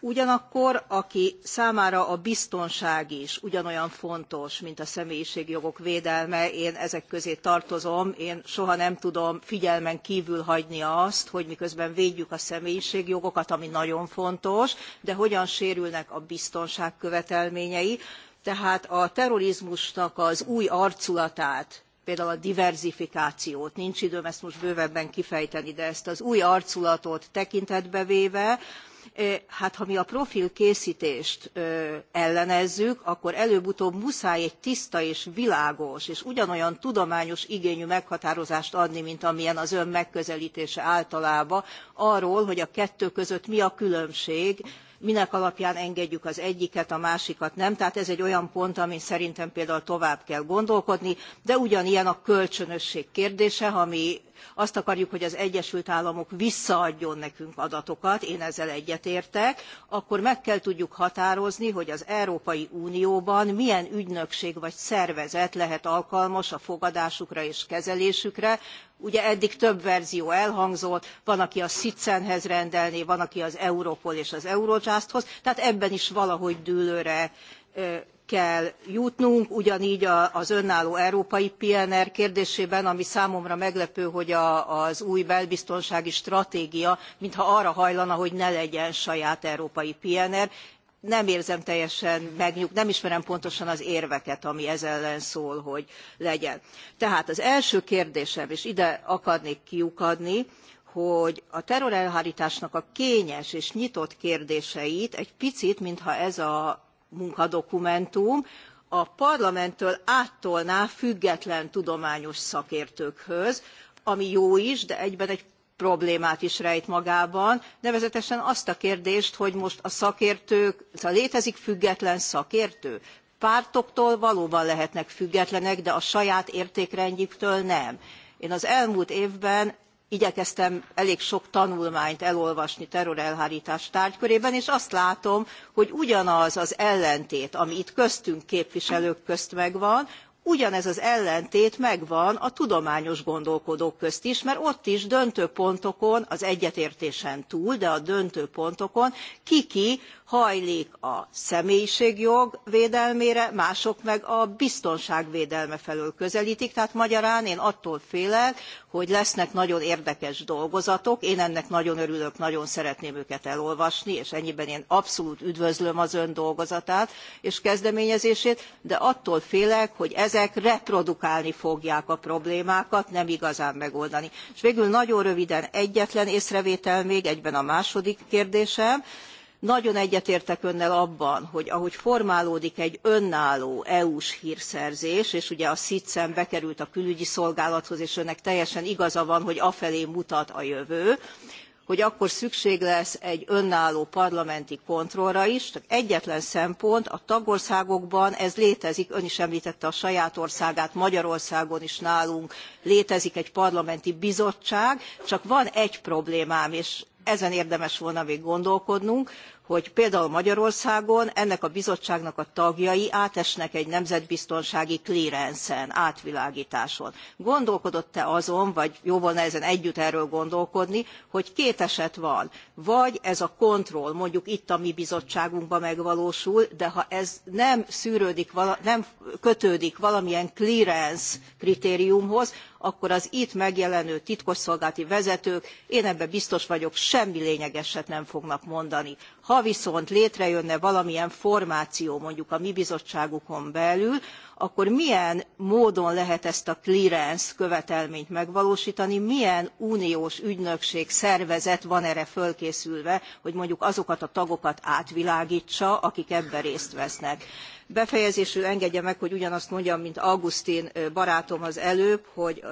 Ugyanakkor, aki számára a biztonság is ugyanolyan fontos, mint a személyiségjogok védelme, én ezek közé tartozom, én soha nem tudom figyelmen kívül hagyni azt, hogy miközben védjük a személyiségjogokat, ami nagyon fontos, de hogyan sérülnek a biztonság követelményei, tehát a terrorizmusnak az új arculatát például a diverzifikációt. Nincs időm ezt most bővebben kifejteni, de ezt az új arculatot tekintetbe véve, eh, hát ha mi a profilkésztést eh, ellenezzük, akkor előbb-utóbb muszáj egy tiszta és világos, és ugyanolyan tudományos igényű meghatározást adni, mint amilyen az ön megközeltése általában, arról, hogy a kettő között mi a különbség, minek alapján engedjük az egyiket, a másikat nem. Tehát ez egy olyan pont, amin szerintem például tovább kell gondolkodni, de ugyanilyen a kölcsönösség kérdése, ami azt akarjuk hogy az egyesült államok visszaadjon nekünk adatokat én ezzel egyetértek akkor meg kell tudjuk határozni hogy az európai unióban milyen ügynökség vagy szervezet lehet alkalmas a fogadásukra és kezelésükre ugye eddig több verzió elhangzott van aki a sitsenhez rendelné van aki az europol és az eurojusthoz tehát ebben is valahogy dűlőre kell jutnunk, ugyanígy az önálló európai PNR kérdésében, ami számomra meglepő, hogy a, az új belbiztonsági stratégia mintha arra hajlana, hogy ne legyen saját európai PNR. Nem érzem teljesen megnyug, nem ismerem pontosan az érveket, ami ez ellen szól, hogy legyen. Tehát az első kérdésem, és ide akarnék kiukadni, hogy a terrorelhártásnak a kényes és nyitott kérdéseit egy picit, mintha ez a munkadokumentum a parlamenttől áttolná független tudományos szakértőkhöz ami jó is de egyben egy problémát is rejt magában nevezetesen azt a kérdést hogy most a szakértők szóval létezik független szakértő? pártoktól valóban lehetnek függetlenek de a saját értékrendjüktől nem. én az elmúlt évben igyekeztem elég sok tanulmányt elolvasni terrorelhártás tárgykörében és azt látom hogy ugyanaz az ellentét ami itt köztünk képviselők közt megvan ugyanez az ellentét megvan a tudományos gondolkodók közt is mert ott is döntő pontokon az egyetértésen túl de a döntő pontokon ki ki hajlik a személyiségjog védelmére mások meg a biztonság védelme felől közeltik tehát magyarán én attól félek hogy lesznek nagyon érdekes dolgozatok én ennek nagyon örülök nagyon szeretném őket elolvasni és ennyiben én abszolút üdvözlöm az ön dolgozatát és kezdeményezését de attól félek hogy ezek reprodukálni fogják a problémákat, nem igazán megoldani. És végül nagyon röviden egyetlen észrevétel még, egyben a második kérdésem, nagyon egyetértek önnel abban, hogy ahogy formálódik egy önálló EU-s hírszerzés, és ugye a SZICEM bekerült a külügyi szolgálathoz, és önnek teljesen igaza van, hogy afelé mutat a jövő, hogy akkor szükség lesz egy önálló parlamenti kontrollra is. Csak egyetlen szempont, a tagországokban ez létezik, ön is említette a saját országát, Magyarországon is nálunk létezik egy parlamenti bizottság, csak van egy problémám, és ezen érdemes volna még gondolkodnunk, hogy például Magyarországon ennek a bizottságnak a tagjai átesnek egy nemzetbiztonsági klírenszen, átvilágításon. Gondolkodott-e azon, vagy jó volna ezen együtt erről gondolkodni, hogy két eset van. Vagy ez a kontroll mondjuk itt a mi bizottságunkban megvalósul, de ha ez nem szűrődik, nem kötődik valamilyen clearance kritériumhoz, akkor az itt megjelenő titkosszolgálati vezetők én ebben biztos vagyok semmi lényegeset nem fognak mondani. ha viszont létrejönne valamilyen formáció mondjuk a mi bizottságukon belül akkor milyen módon lehet ezt a clearance követelményt megvalóstani milyen uniós ügynökség szervezet van erre fölkészülve hogy mondjuk azokat a tagokat átvilágtsa akik ebben részt vesznek. Befejezésül engedje meg, hogy ugyanazt mondjam, mint Augustin barátom az előbb, hogy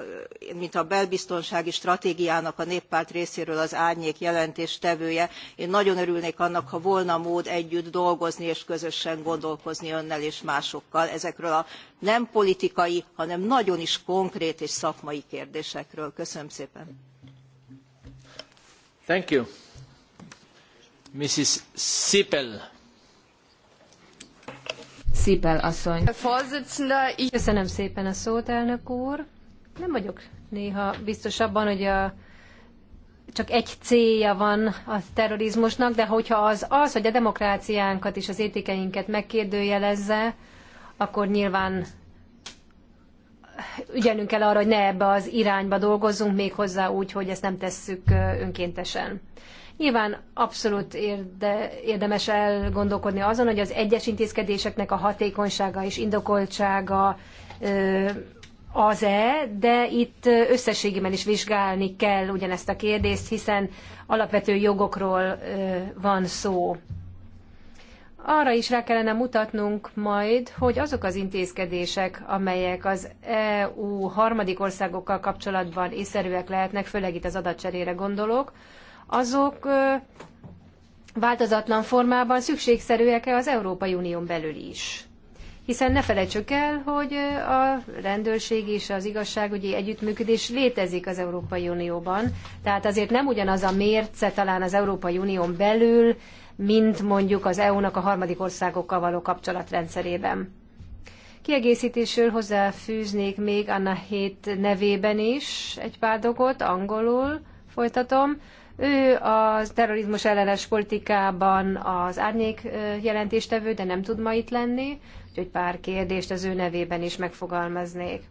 mint a belbiztonsági stratégiának a néppárt részéről az árnyék jelentéstevője, én nagyon örülnék annak, ha volna mód együtt dolgozni és közösen gondolkozni önnel és másokkal ezekről a nem politikai, hanem nagyon is konkrét és szakmai kérdésekről. Köszönöm szépen. Thank you. Szipel asszony. Köszönöm szépen a szót, elnök úr. Nem vagyok néha biztos abban, hogy a, csak egy célja van a terrorizmusnak, de hogyha az az, hogy a demokráciánkat és az értékeinket megkérdőjelezze, akkor nyilván ügyelnünk kell arra, hogy ne ebbe az irányba dolgozzunk, méghozzá úgy, hogy ezt nem tesszük önkéntesen. Nyilván abszolút érde, érdemes elgondolkodni azon, hogy az egyes intézkedéseknek a hatékonysága és indokoltsága az-e, de itt összességében is vizsgálni kell ugyanezt a kérdést, hiszen alapvető jogokról van szó. Arra is rá kellene mutatnunk majd, hogy azok az intézkedések, amelyek az EU harmadik országokkal kapcsolatban észszerűek lehetnek, főleg itt az adatcserére gondolok, azok változatlan formában szükségszerűek-e az Európai Unión belül is. Hiszen ne felejtsük el, hogy a rendőrség és az igazságügyi együttműködés létezik az Európai Unióban, tehát azért nem ugyanaz a mérce talán az Európai Unión belül, mint mondjuk az EU-nak a harmadik országokkal való kapcsolatrendszerében. Kiegészítésül hozzáfűznék még Anna Hét nevében is egy pár dolgot, angolul folytatom. Ő a terrorizmus ellenes politikában az árnyék jelentéstevő, de nem tud ma itt lenni, úgyhogy pár kérdést az ő nevében is megfogalmaznék.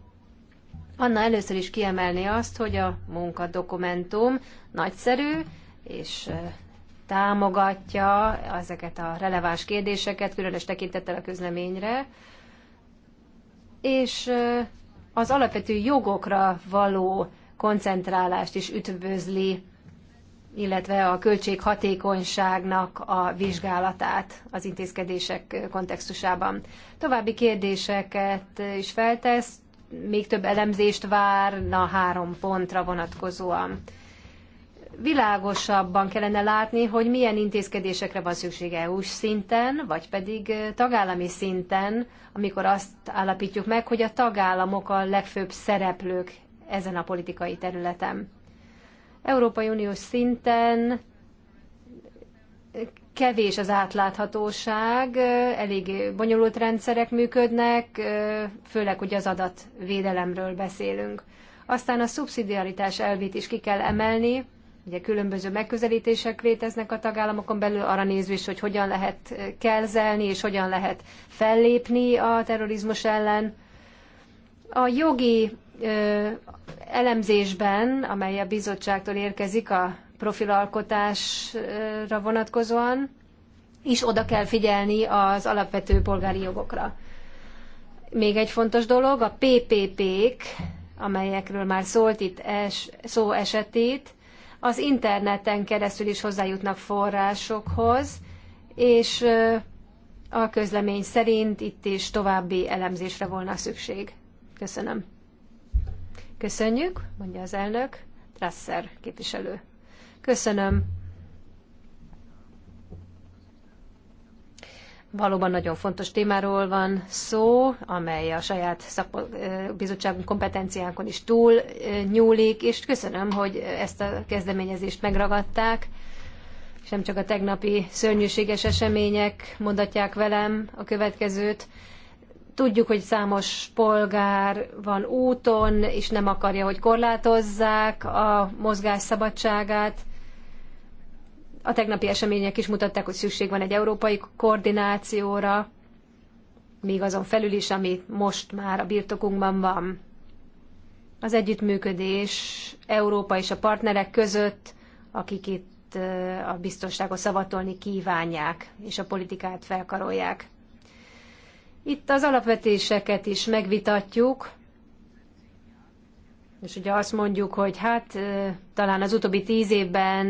Anna először is kiemelni azt, hogy a munkadokumentum nagyszerű, és támogatja ezeket a releváns kérdéseket, különös tekintettel a közleményre, és az alapvető jogokra való koncentrálást is ütvözli illetve a költséghatékonyságnak a vizsgálatát az intézkedések kontextusában. További kérdéseket is feltesz, még több elemzést várna három pontra vonatkozóan. Világosabban kellene látni, hogy milyen intézkedésekre van szükség EU-s szinten, vagy pedig tagállami szinten, amikor azt állapítjuk meg, hogy a tagállamok a legfőbb szereplők ezen a politikai területen Európai Uniós szinten kevés az átláthatóság, elég bonyolult rendszerek működnek, főleg ugye az adatvédelemről beszélünk. Aztán a szubszidiaritás elvét is ki kell emelni, ugye különböző megközelítések léteznek a tagállamokon belül, arra nézve is, hogy hogyan lehet kelzelni és hogyan lehet fellépni a terrorizmus ellen. A jogi elemzésben, amely a bizottságtól érkezik a profilalkotásra vonatkozóan, is oda kell figyelni az alapvető polgári jogokra. Még egy fontos dolog, a PPP-k, amelyekről már szólt itt es, szó esetét, az interneten keresztül is hozzájutnak forrásokhoz, és a közlemény szerint itt is további elemzésre volna szükség. Köszönöm. Köszönjük, mondja az elnök. Trasser képviselő. Köszönöm. Valóban nagyon fontos témáról van szó, amely a saját bizottságunk kompetenciánkon is túl nyúlik, és köszönöm, hogy ezt a kezdeményezést megragadták. És nem csak a tegnapi szörnyűséges események mondatják velem a következőt, Tudjuk, hogy számos polgár van úton, és nem akarja, hogy korlátozzák a mozgás szabadságát. A tegnapi események is mutatták, hogy szükség van egy európai koordinációra, még azon felül is, ami most már a birtokunkban van. Az együttműködés Európa és a partnerek között, akik itt a biztonságot szavatolni kívánják, és a politikát felkarolják. Itt az alapvetéseket is megvitatjuk, és ugye azt mondjuk, hogy hát talán az utóbbi tíz évben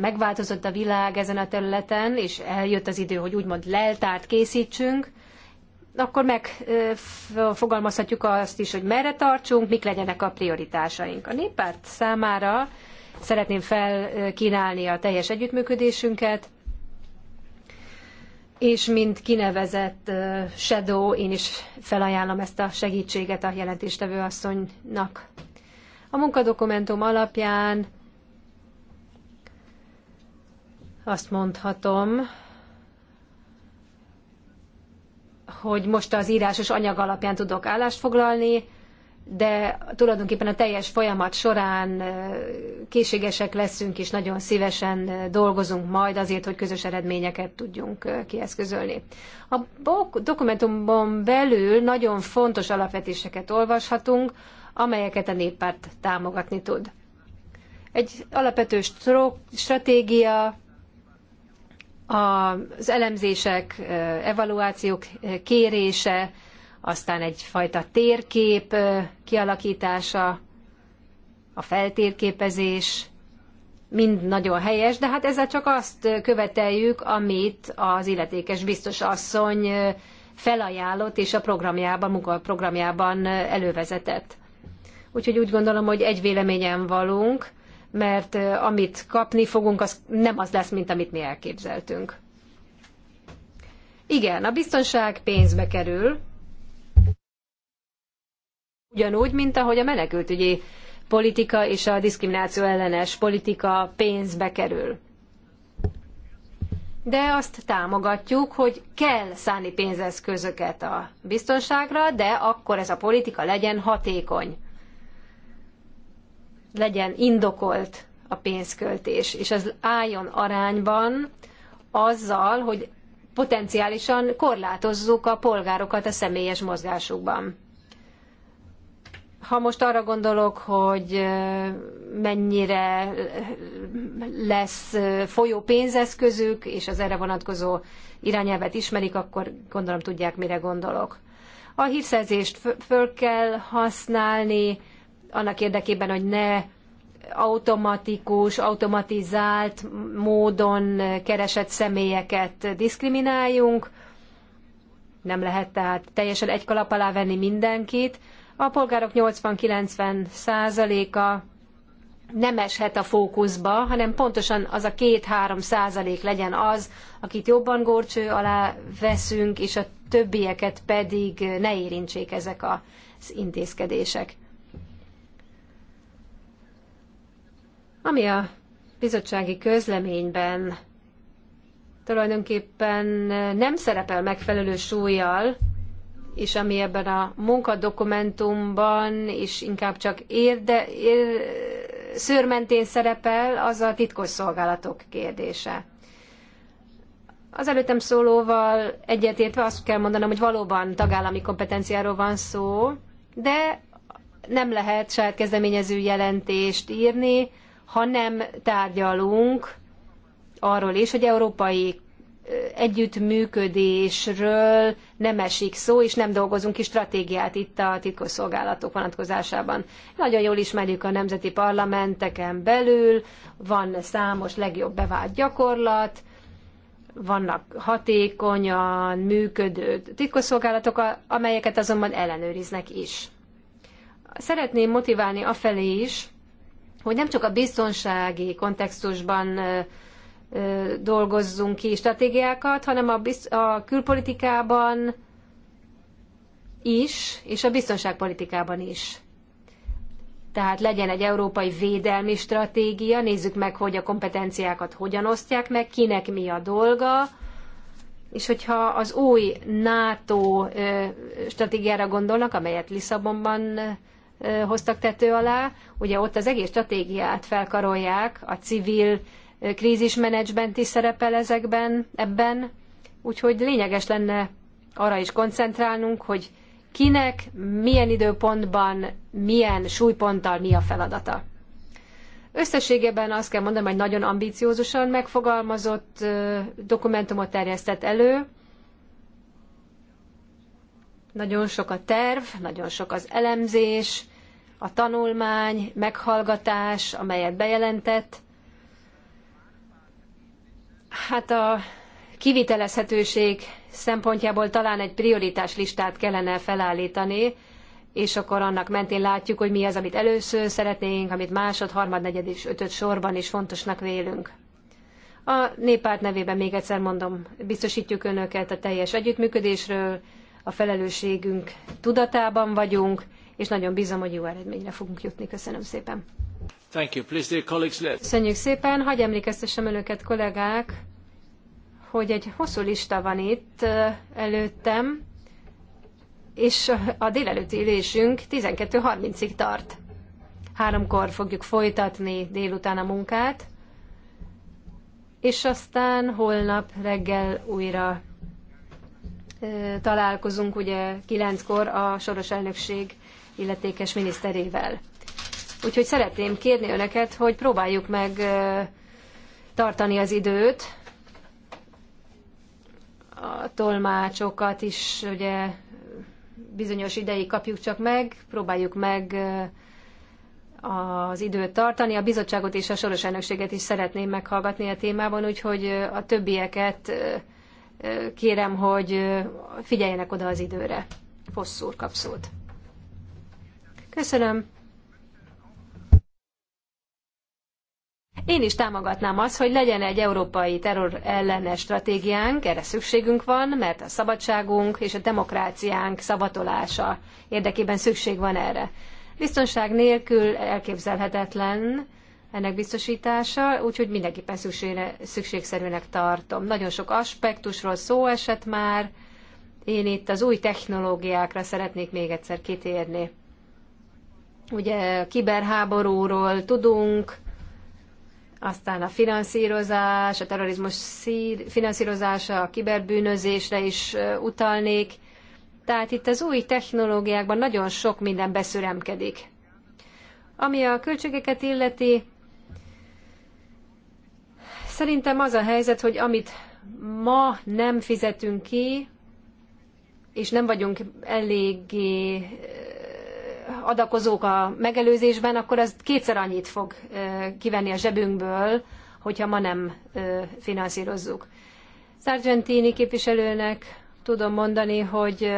megváltozott a világ ezen a területen, és eljött az idő, hogy úgymond leltárt készítsünk, akkor megfogalmazhatjuk azt is, hogy merre tartsunk, mik legyenek a prioritásaink. A néppárt számára szeretném felkínálni a teljes együttműködésünket, és mint kinevezett shadow, én is felajánlom ezt a segítséget a jelentéstevő asszonynak. A munkadokumentum alapján azt mondhatom, hogy most az írásos anyag alapján tudok állást foglalni, de tulajdonképpen a teljes folyamat során készségesek leszünk, és nagyon szívesen dolgozunk majd azért, hogy közös eredményeket tudjunk kieszközölni. A dokumentumban belül nagyon fontos alapvetéseket olvashatunk, amelyeket a néppárt támogatni tud. Egy alapvető stratégia, az elemzések, evaluációk kérése, aztán egyfajta térkép kialakítása, a feltérképezés, mind nagyon helyes, de hát ezzel csak azt követeljük, amit az illetékes biztos asszony felajánlott és a programjában, munkaprogramjában elővezetett. Úgyhogy úgy gondolom, hogy egy véleményen valunk, mert amit kapni fogunk, az nem az lesz, mint amit mi elképzeltünk. Igen, a biztonság pénzbe kerül, Ugyanúgy, mint ahogy a menekültügyi politika és a diszkrimináció ellenes politika pénzbe kerül. De azt támogatjuk, hogy kell szállni pénzeszközöket a biztonságra, de akkor ez a politika legyen hatékony. Legyen indokolt a pénzköltés, és az álljon arányban azzal, hogy potenciálisan korlátozzuk a polgárokat a személyes mozgásukban ha most arra gondolok, hogy mennyire lesz folyó pénzeszközük, és az erre vonatkozó irányelvet ismerik, akkor gondolom tudják, mire gondolok. A hírszerzést föl kell használni, annak érdekében, hogy ne automatikus, automatizált módon keresett személyeket diszkrimináljunk. Nem lehet tehát teljesen egy kalap alá venni mindenkit, a polgárok 80-90 százaléka nem eshet a fókuszba, hanem pontosan az a két-három százalék legyen az, akit jobban górcső alá veszünk, és a többieket pedig ne érintsék ezek az intézkedések. Ami a bizottsági közleményben tulajdonképpen nem szerepel megfelelő súlyjal, és ami ebben a munkadokumentumban is inkább csak érde, ér, szőrmentén szerepel, az a titkos szolgálatok kérdése. Az előttem szólóval egyetértve azt kell mondanom, hogy valóban tagállami kompetenciáról van szó, de nem lehet saját kezdeményező jelentést írni, ha nem tárgyalunk arról is, hogy európai együttműködésről nem esik szó, és nem dolgozunk ki stratégiát itt a titkosszolgálatok vonatkozásában. Nagyon jól ismerjük a nemzeti parlamenteken belül, van számos legjobb bevált gyakorlat, vannak hatékonyan működő titkosszolgálatok, amelyeket azonban ellenőriznek is. Szeretném motiválni afelé is, hogy nem csak a biztonsági kontextusban dolgozzunk ki stratégiákat, hanem a, biz- a külpolitikában is, és a biztonságpolitikában is. Tehát legyen egy európai védelmi stratégia, nézzük meg, hogy a kompetenciákat hogyan osztják meg, kinek mi a dolga, és hogyha az új NATO stratégiára gondolnak, amelyet Lisszabonban hoztak tető alá, ugye ott az egész stratégiát felkarolják, a civil krízismenedzsment is szerepel ezekben, ebben, úgyhogy lényeges lenne arra is koncentrálnunk, hogy kinek, milyen időpontban, milyen súlyponttal mi a feladata. Összességében azt kell mondanom, hogy nagyon ambiciózusan megfogalmazott dokumentumot terjesztett elő. Nagyon sok a terv, nagyon sok az elemzés, a tanulmány, meghallgatás, amelyet bejelentett, Hát a kivitelezhetőség szempontjából talán egy prioritás listát kellene felállítani, és akkor annak mentén látjuk, hogy mi az, amit először szeretnénk, amit másod, harmad, negyed és ötöd sorban is fontosnak vélünk. A néppárt nevében még egyszer mondom, biztosítjuk önöket a teljes együttműködésről, a felelősségünk tudatában vagyunk, és nagyon bízom, hogy jó eredményre fogunk jutni. Köszönöm szépen! Köszönjük szépen. Hagy emlékeztessem önöket, kollégák, hogy egy hosszú lista van itt előttem, és a délelőtti ülésünk 12.30-ig tart. Háromkor fogjuk folytatni délután a munkát, és aztán holnap reggel újra találkozunk ugye kilenckor a soros elnökség illetékes miniszterével. Úgyhogy szeretném kérni önöket, hogy próbáljuk meg tartani az időt. A tolmácsokat is ugye bizonyos ideig kapjuk csak meg, próbáljuk meg az időt tartani. A bizottságot és a soros elnökséget is szeretném meghallgatni a témában, úgyhogy a többieket kérem, hogy figyeljenek oda az időre. Hosszúr kapszót. Köszönöm. Én is támogatnám azt, hogy legyen egy európai terror ellenes stratégiánk, erre szükségünk van, mert a szabadságunk és a demokráciánk szavatolása érdekében szükség van erre. Biztonság nélkül elképzelhetetlen ennek biztosítása, úgyhogy mindenképpen szükségre, szükségszerűnek tartom. Nagyon sok aspektusról szó esett már, én itt az új technológiákra szeretnék még egyszer kitérni. Ugye kiberháborúról tudunk, aztán a finanszírozás, a terrorizmus finanszírozása, a kiberbűnözésre is utalnék. Tehát itt az új technológiákban nagyon sok minden beszüremkedik. Ami a költségeket illeti, szerintem az a helyzet, hogy amit ma nem fizetünk ki, és nem vagyunk eléggé adakozók a megelőzésben, akkor az kétszer annyit fog kivenni a zsebünkből, hogyha ma nem finanszírozzuk. Sargentini képviselőnek tudom mondani, hogy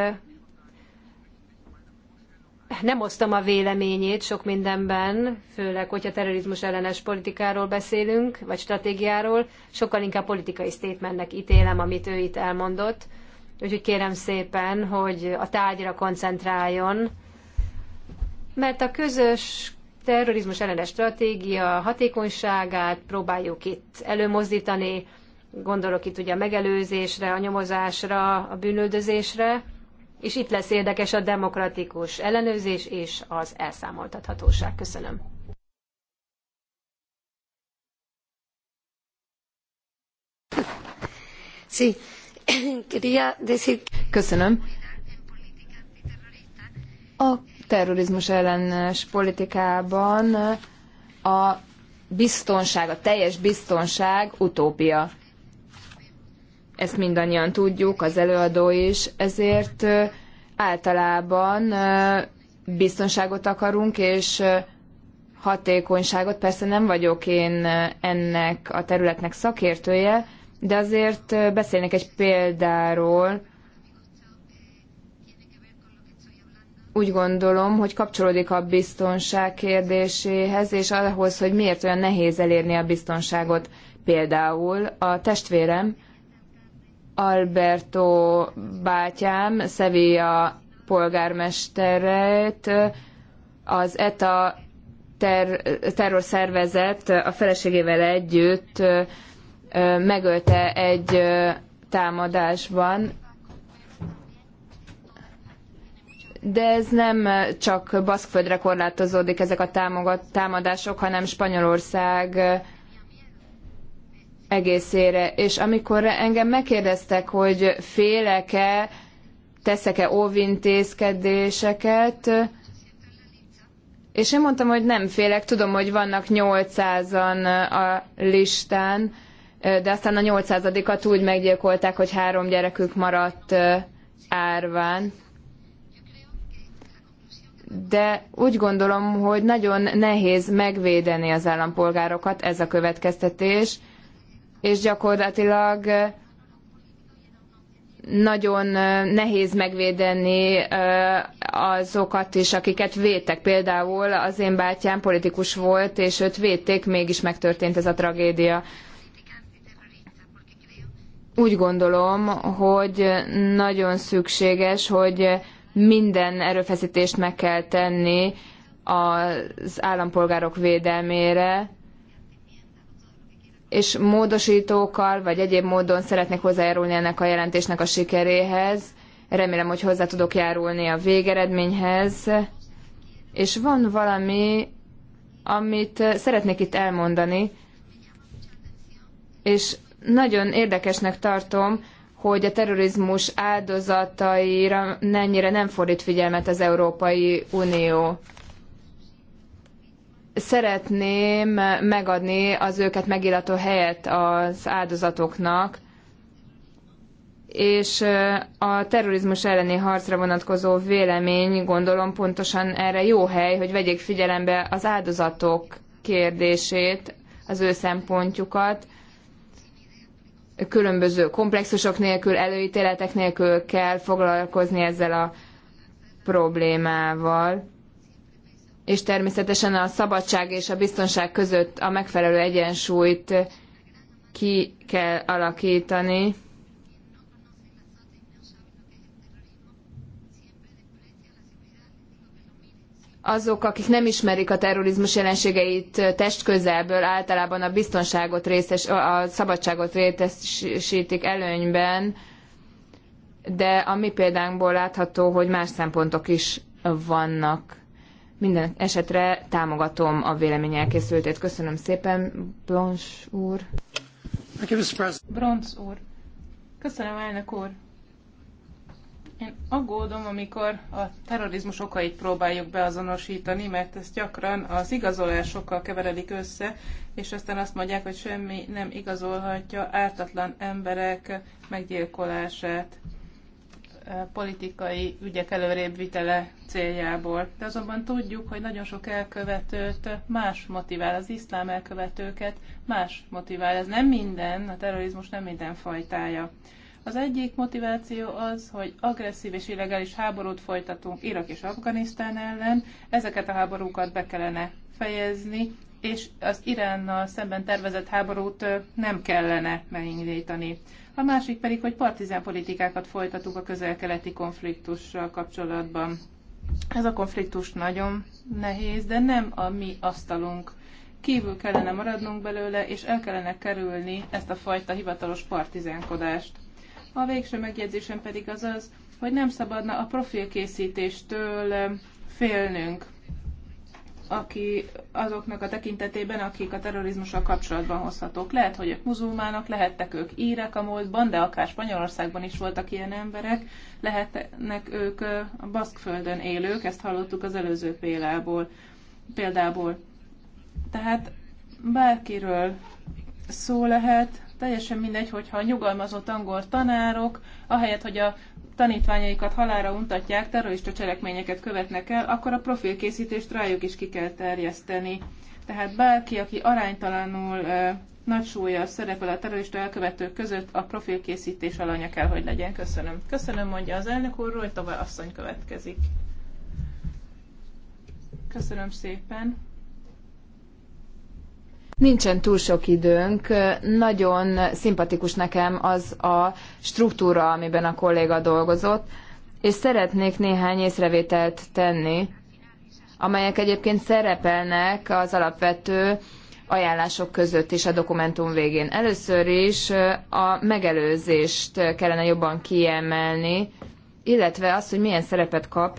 nem osztom a véleményét sok mindenben, főleg, hogyha terrorizmus ellenes politikáról beszélünk, vagy stratégiáról, sokkal inkább politikai statementnek ítélem, amit ő itt elmondott. Úgyhogy kérem szépen, hogy a tárgyra koncentráljon, mert a közös terrorizmus ellenes stratégia hatékonyságát próbáljuk itt előmozdítani, gondolok itt ugye a megelőzésre, a nyomozásra, a bűnöldözésre, és itt lesz érdekes a demokratikus ellenőrzés és az elszámoltathatóság. Köszönöm. Quería decir... Köszönöm. A terrorizmus ellenes politikában a biztonság, a teljes biztonság utópia. Ezt mindannyian tudjuk, az előadó is, ezért általában biztonságot akarunk, és hatékonyságot. Persze nem vagyok én ennek a területnek szakértője, de azért beszélnek egy példáról, úgy gondolom, hogy kapcsolódik a biztonság kérdéséhez, és ahhoz, hogy miért olyan nehéz elérni a biztonságot. Például a testvérem, Alberto bátyám, Sevilla polgármesterét, az ETA ter- terrorszervezet a feleségével együtt megölte egy támadásban, de ez nem csak Baszkföldre korlátozódik ezek a támogat, támadások, hanem Spanyolország egészére. És amikor engem megkérdeztek, hogy félek-e, teszek-e óvintézkedéseket, és én mondtam, hogy nem félek, tudom, hogy vannak 800-an a listán, de aztán a 800-adikat úgy meggyilkolták, hogy három gyerekük maradt árván de úgy gondolom, hogy nagyon nehéz megvédeni az állampolgárokat, ez a következtetés, és gyakorlatilag nagyon nehéz megvédeni azokat is, akiket védtek. Például az én bátyám politikus volt, és őt védték, mégis megtörtént ez a tragédia. Úgy gondolom, hogy nagyon szükséges, hogy minden erőfeszítést meg kell tenni az állampolgárok védelmére, és módosítókkal vagy egyéb módon szeretnék hozzájárulni ennek a jelentésnek a sikeréhez. Remélem, hogy hozzá tudok járulni a végeredményhez. És van valami, amit szeretnék itt elmondani, és nagyon érdekesnek tartom, hogy a terrorizmus áldozataira mennyire nem fordít figyelmet az Európai Unió. Szeretném megadni az őket megillató helyet az áldozatoknak, és a terrorizmus elleni harcra vonatkozó vélemény gondolom pontosan erre jó hely, hogy vegyék figyelembe az áldozatok kérdését, az ő szempontjukat, különböző komplexusok nélkül, előítéletek nélkül kell foglalkozni ezzel a problémával. És természetesen a szabadság és a biztonság között a megfelelő egyensúlyt ki kell alakítani azok, akik nem ismerik a terrorizmus jelenségeit testközelből, általában a biztonságot részes, a szabadságot részesítik előnyben, de a mi példánkból látható, hogy más szempontok is vannak. Minden esetre támogatom a vélemény elkészültét. Köszönöm szépen, Blons úr. Bronz úr. Köszönöm, elnök úr. Én aggódom, amikor a terrorizmus okait próbáljuk beazonosítani, mert ezt gyakran az igazolásokkal keveredik össze, és aztán azt mondják, hogy semmi nem igazolhatja ártatlan emberek meggyilkolását politikai ügyek előrébb vitele céljából. De azonban tudjuk, hogy nagyon sok elkövetőt más motivál, az iszlám elkövetőket más motivál. Ez nem minden, a terrorizmus nem minden fajtája. Az egyik motiváció az, hogy agresszív és illegális háborút folytatunk Irak és Afganisztán ellen, ezeket a háborúkat be kellene fejezni, és az Iránnal szemben tervezett háborút nem kellene megindítani. A másik pedig, hogy partizán politikákat folytatunk a közel-keleti konfliktussal kapcsolatban. Ez a konfliktus nagyon nehéz, de nem a mi asztalunk. Kívül kellene maradnunk belőle, és el kellene kerülni ezt a fajta hivatalos partizánkodást. A végső megjegyzésem pedig az az, hogy nem szabadna a profilkészítéstől félnünk aki azoknak a tekintetében, akik a terrorizmussal kapcsolatban hozhatók. Lehet, hogy ők muzulmának, lehettek ők írek a múltban, de akár Spanyolországban is voltak ilyen emberek, lehetnek ők a Baszkföldön élők, ezt hallottuk az előző példából. példából. Tehát bárkiről szó lehet, Teljesen mindegy, hogyha a nyugalmazott angol tanárok, ahelyett, hogy a tanítványaikat halára untatják, terrorista cselekményeket követnek el, akkor a profilkészítést rájuk is ki kell terjeszteni. Tehát bárki, aki aránytalanul e, nagy súlya szerepel a terrorista elkövetők között, a profilkészítés alanya kell, hogy legyen. Köszönöm. Köszönöm, mondja az elnök úr, hogy tovább asszony következik. Köszönöm szépen. Nincsen túl sok időnk. Nagyon szimpatikus nekem az a struktúra, amiben a kolléga dolgozott, és szeretnék néhány észrevételt tenni, amelyek egyébként szerepelnek az alapvető ajánlások között is a dokumentum végén. Először is a megelőzést kellene jobban kiemelni, illetve azt, hogy milyen szerepet kap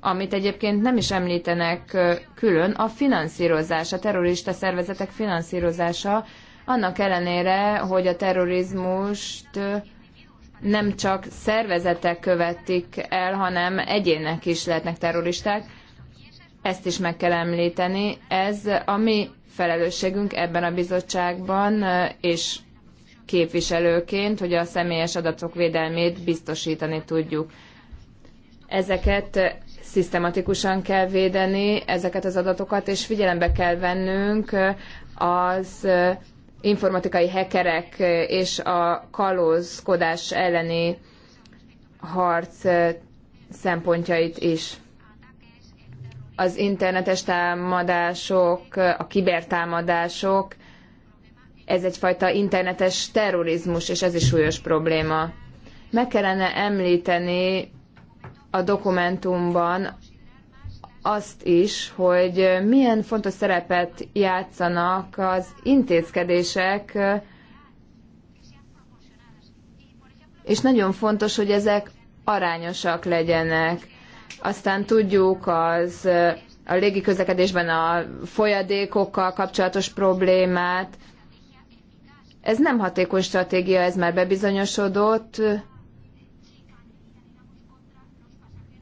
amit egyébként nem is említenek külön, a finanszírozás, a terrorista szervezetek finanszírozása, annak ellenére, hogy a terrorizmust nem csak szervezetek követik el, hanem egyének is lehetnek terroristák. Ezt is meg kell említeni. Ez a mi felelősségünk ebben a bizottságban és képviselőként, hogy a személyes adatok védelmét biztosítani tudjuk. Ezeket szisztematikusan kell védeni ezeket az adatokat, és figyelembe kell vennünk az informatikai hekerek és a kalózkodás elleni harc szempontjait is. Az internetes támadások, a kibertámadások, ez egyfajta internetes terrorizmus, és ez is súlyos probléma. Meg kellene említeni a dokumentumban azt is, hogy milyen fontos szerepet játszanak az intézkedések, és nagyon fontos, hogy ezek arányosak legyenek. Aztán tudjuk az a közlekedésben a folyadékokkal kapcsolatos problémát. Ez nem hatékony stratégia, ez már bebizonyosodott,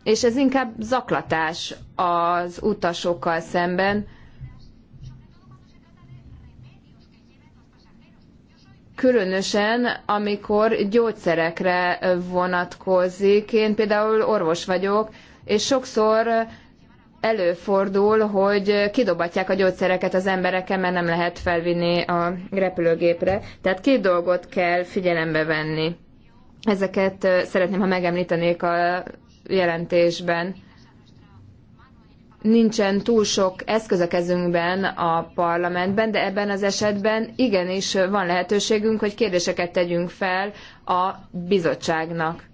és ez inkább zaklatás az utasokkal szemben. Különösen, amikor gyógyszerekre vonatkozik. Én például orvos vagyok, és sokszor előfordul, hogy kidobatják a gyógyszereket az embereken, mert nem lehet felvinni a repülőgépre. Tehát két dolgot kell figyelembe venni. Ezeket szeretném, ha megemlítenék a jelentésben. Nincsen túl sok eszköz a kezünkben a parlamentben, de ebben az esetben igenis van lehetőségünk, hogy kérdéseket tegyünk fel a bizottságnak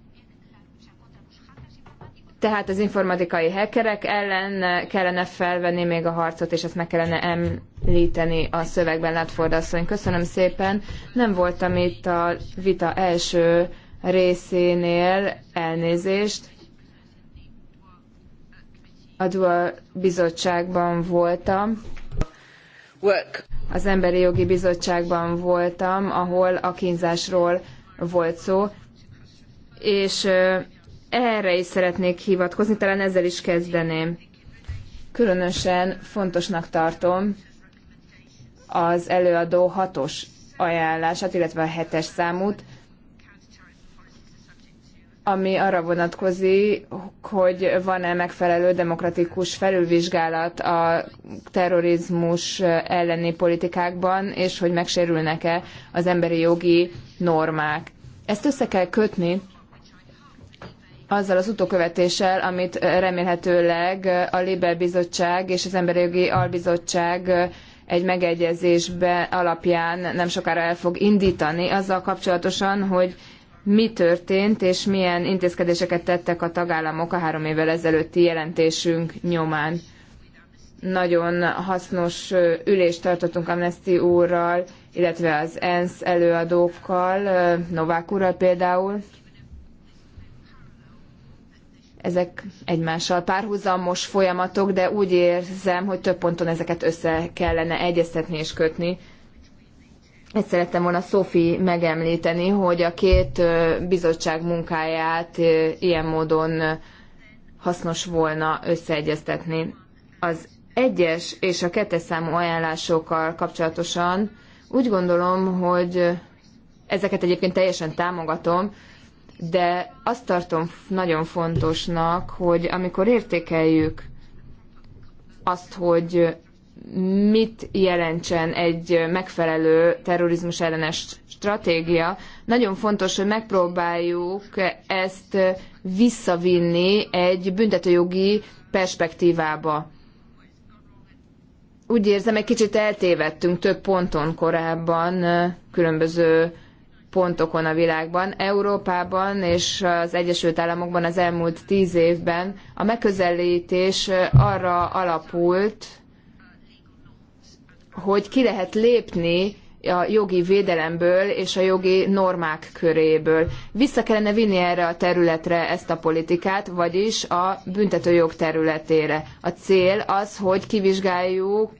tehát az informatikai hackerek ellen kellene felvenni még a harcot, és ezt meg kellene említeni a szövegben, Látford asszony. Köszönöm szépen. Nem voltam itt a vita első részénél elnézést a Dua bizottságban voltam. Work. Az Emberi Jogi Bizottságban voltam, ahol a kínzásról volt szó, és erre is szeretnék hivatkozni, talán ezzel is kezdeném. Különösen fontosnak tartom az előadó hatos ajánlását, illetve a hetes számút, ami arra vonatkozik, hogy van-e megfelelő demokratikus felülvizsgálat a terrorizmus elleni politikákban, és hogy megsérülnek-e az emberi jogi normák. Ezt össze kell kötni azzal az utókövetéssel, amit remélhetőleg a Libel Bizottság és az Emberi Jogi Albizottság egy megegyezésbe alapján nem sokára el fog indítani azzal kapcsolatosan, hogy mi történt, és milyen intézkedéseket tettek a tagállamok a három évvel ezelőtti jelentésünk nyomán. Nagyon hasznos ülést tartottunk Amnesty úrral, illetve az ENSZ előadókkal, Novák úrral például. Ezek egymással párhuzamos folyamatok, de úgy érzem, hogy több ponton ezeket össze kellene egyeztetni és kötni ezt szerettem volna Szofi megemlíteni, hogy a két bizottság munkáját ilyen módon hasznos volna összeegyeztetni. Az egyes és a kettes számú ajánlásokkal kapcsolatosan úgy gondolom, hogy ezeket egyébként teljesen támogatom, de azt tartom nagyon fontosnak, hogy amikor értékeljük azt, hogy mit jelentsen egy megfelelő terrorizmus ellenes stratégia. Nagyon fontos, hogy megpróbáljuk ezt visszavinni egy büntetőjogi perspektívába. Úgy érzem, egy kicsit eltévedtünk több ponton korábban, különböző pontokon a világban. Európában és az Egyesült Államokban az elmúlt tíz évben a megközelítés arra alapult, hogy ki lehet lépni a jogi védelemből és a jogi normák köréből. Vissza kellene vinni erre a területre ezt a politikát, vagyis a büntetőjog területére. A cél az, hogy kivizsgáljuk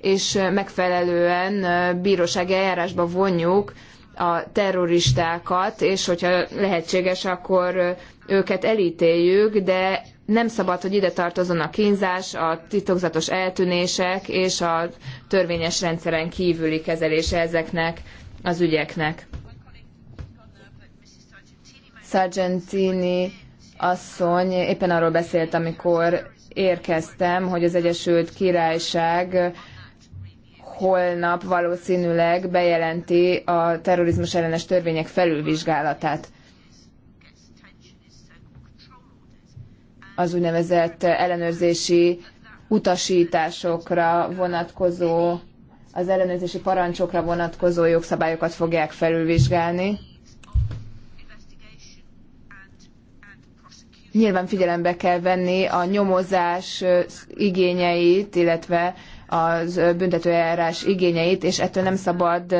és megfelelően bírósági eljárásba vonjuk a terroristákat, és hogyha lehetséges, akkor őket elítéljük, de nem szabad, hogy ide tartozon a kínzás, a titokzatos eltűnések és a törvényes rendszeren kívüli kezelése ezeknek az ügyeknek. Sargentini asszony éppen arról beszélt, amikor érkeztem, hogy az Egyesült Királyság holnap valószínűleg bejelenti a terrorizmus ellenes törvények felülvizsgálatát. az úgynevezett ellenőrzési utasításokra vonatkozó, az ellenőrzési parancsokra vonatkozó jogszabályokat fogják felülvizsgálni. Nyilván figyelembe kell venni a nyomozás igényeit, illetve az büntetőeljárás igényeit, és ettől nem szabad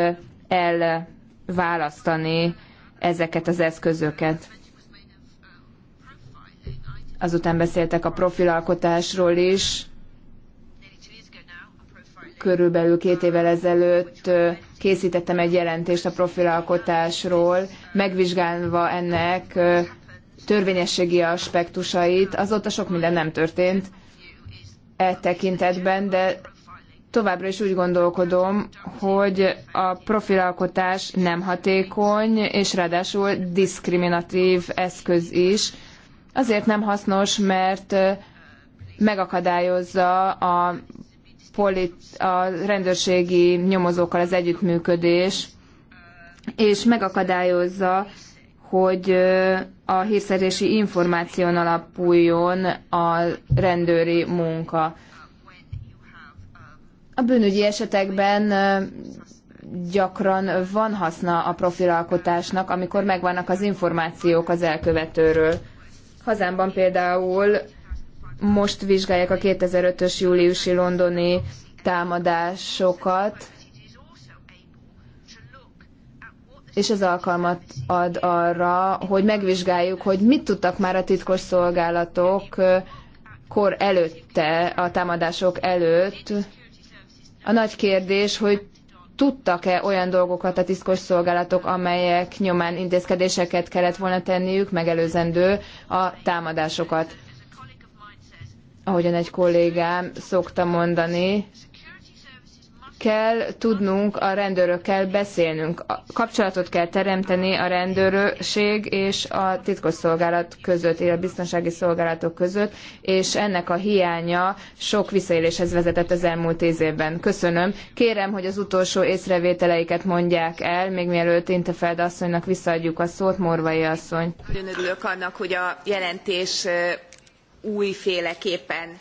elválasztani ezeket az eszközöket. Azután beszéltek a profilalkotásról is. Körülbelül két évvel ezelőtt készítettem egy jelentést a profilalkotásról, megvizsgálva ennek törvényességi aspektusait. Azóta sok minden nem történt e tekintetben, de továbbra is úgy gondolkodom, hogy a profilalkotás nem hatékony, és ráadásul diszkriminatív eszköz is Azért nem hasznos, mert megakadályozza a, polit, a rendőrségi nyomozókkal az együttműködés, és megakadályozza, hogy a hírszerzési információn alapuljon a rendőri munka. A bűnügyi esetekben gyakran van haszna a profilalkotásnak, amikor megvannak az információk az elkövetőről. Hazámban például most vizsgálják a 2005-ös júliusi londoni támadásokat, és ez alkalmat ad arra, hogy megvizsgáljuk, hogy mit tudtak már a titkos szolgálatok kor előtte, a támadások előtt. A nagy kérdés, hogy tudtak-e olyan dolgokat a titkos szolgálatok, amelyek nyomán intézkedéseket kellett volna tenniük, megelőzendő a támadásokat. Ahogyan egy kollégám szokta mondani, kell tudnunk a rendőrökkel beszélnünk. Kapcsolatot kell teremteni a rendőrség és a titkosszolgálat között, illetve a biztonsági szolgálatok között, és ennek a hiánya sok visszaéléshez vezetett az elmúlt tíz évben. Köszönöm. Kérem, hogy az utolsó észrevételeiket mondják el, még mielőtt Intefeld asszonynak visszaadjuk a szót, Morvai asszony. Nagyon örülök annak, hogy a jelentés újféleképpen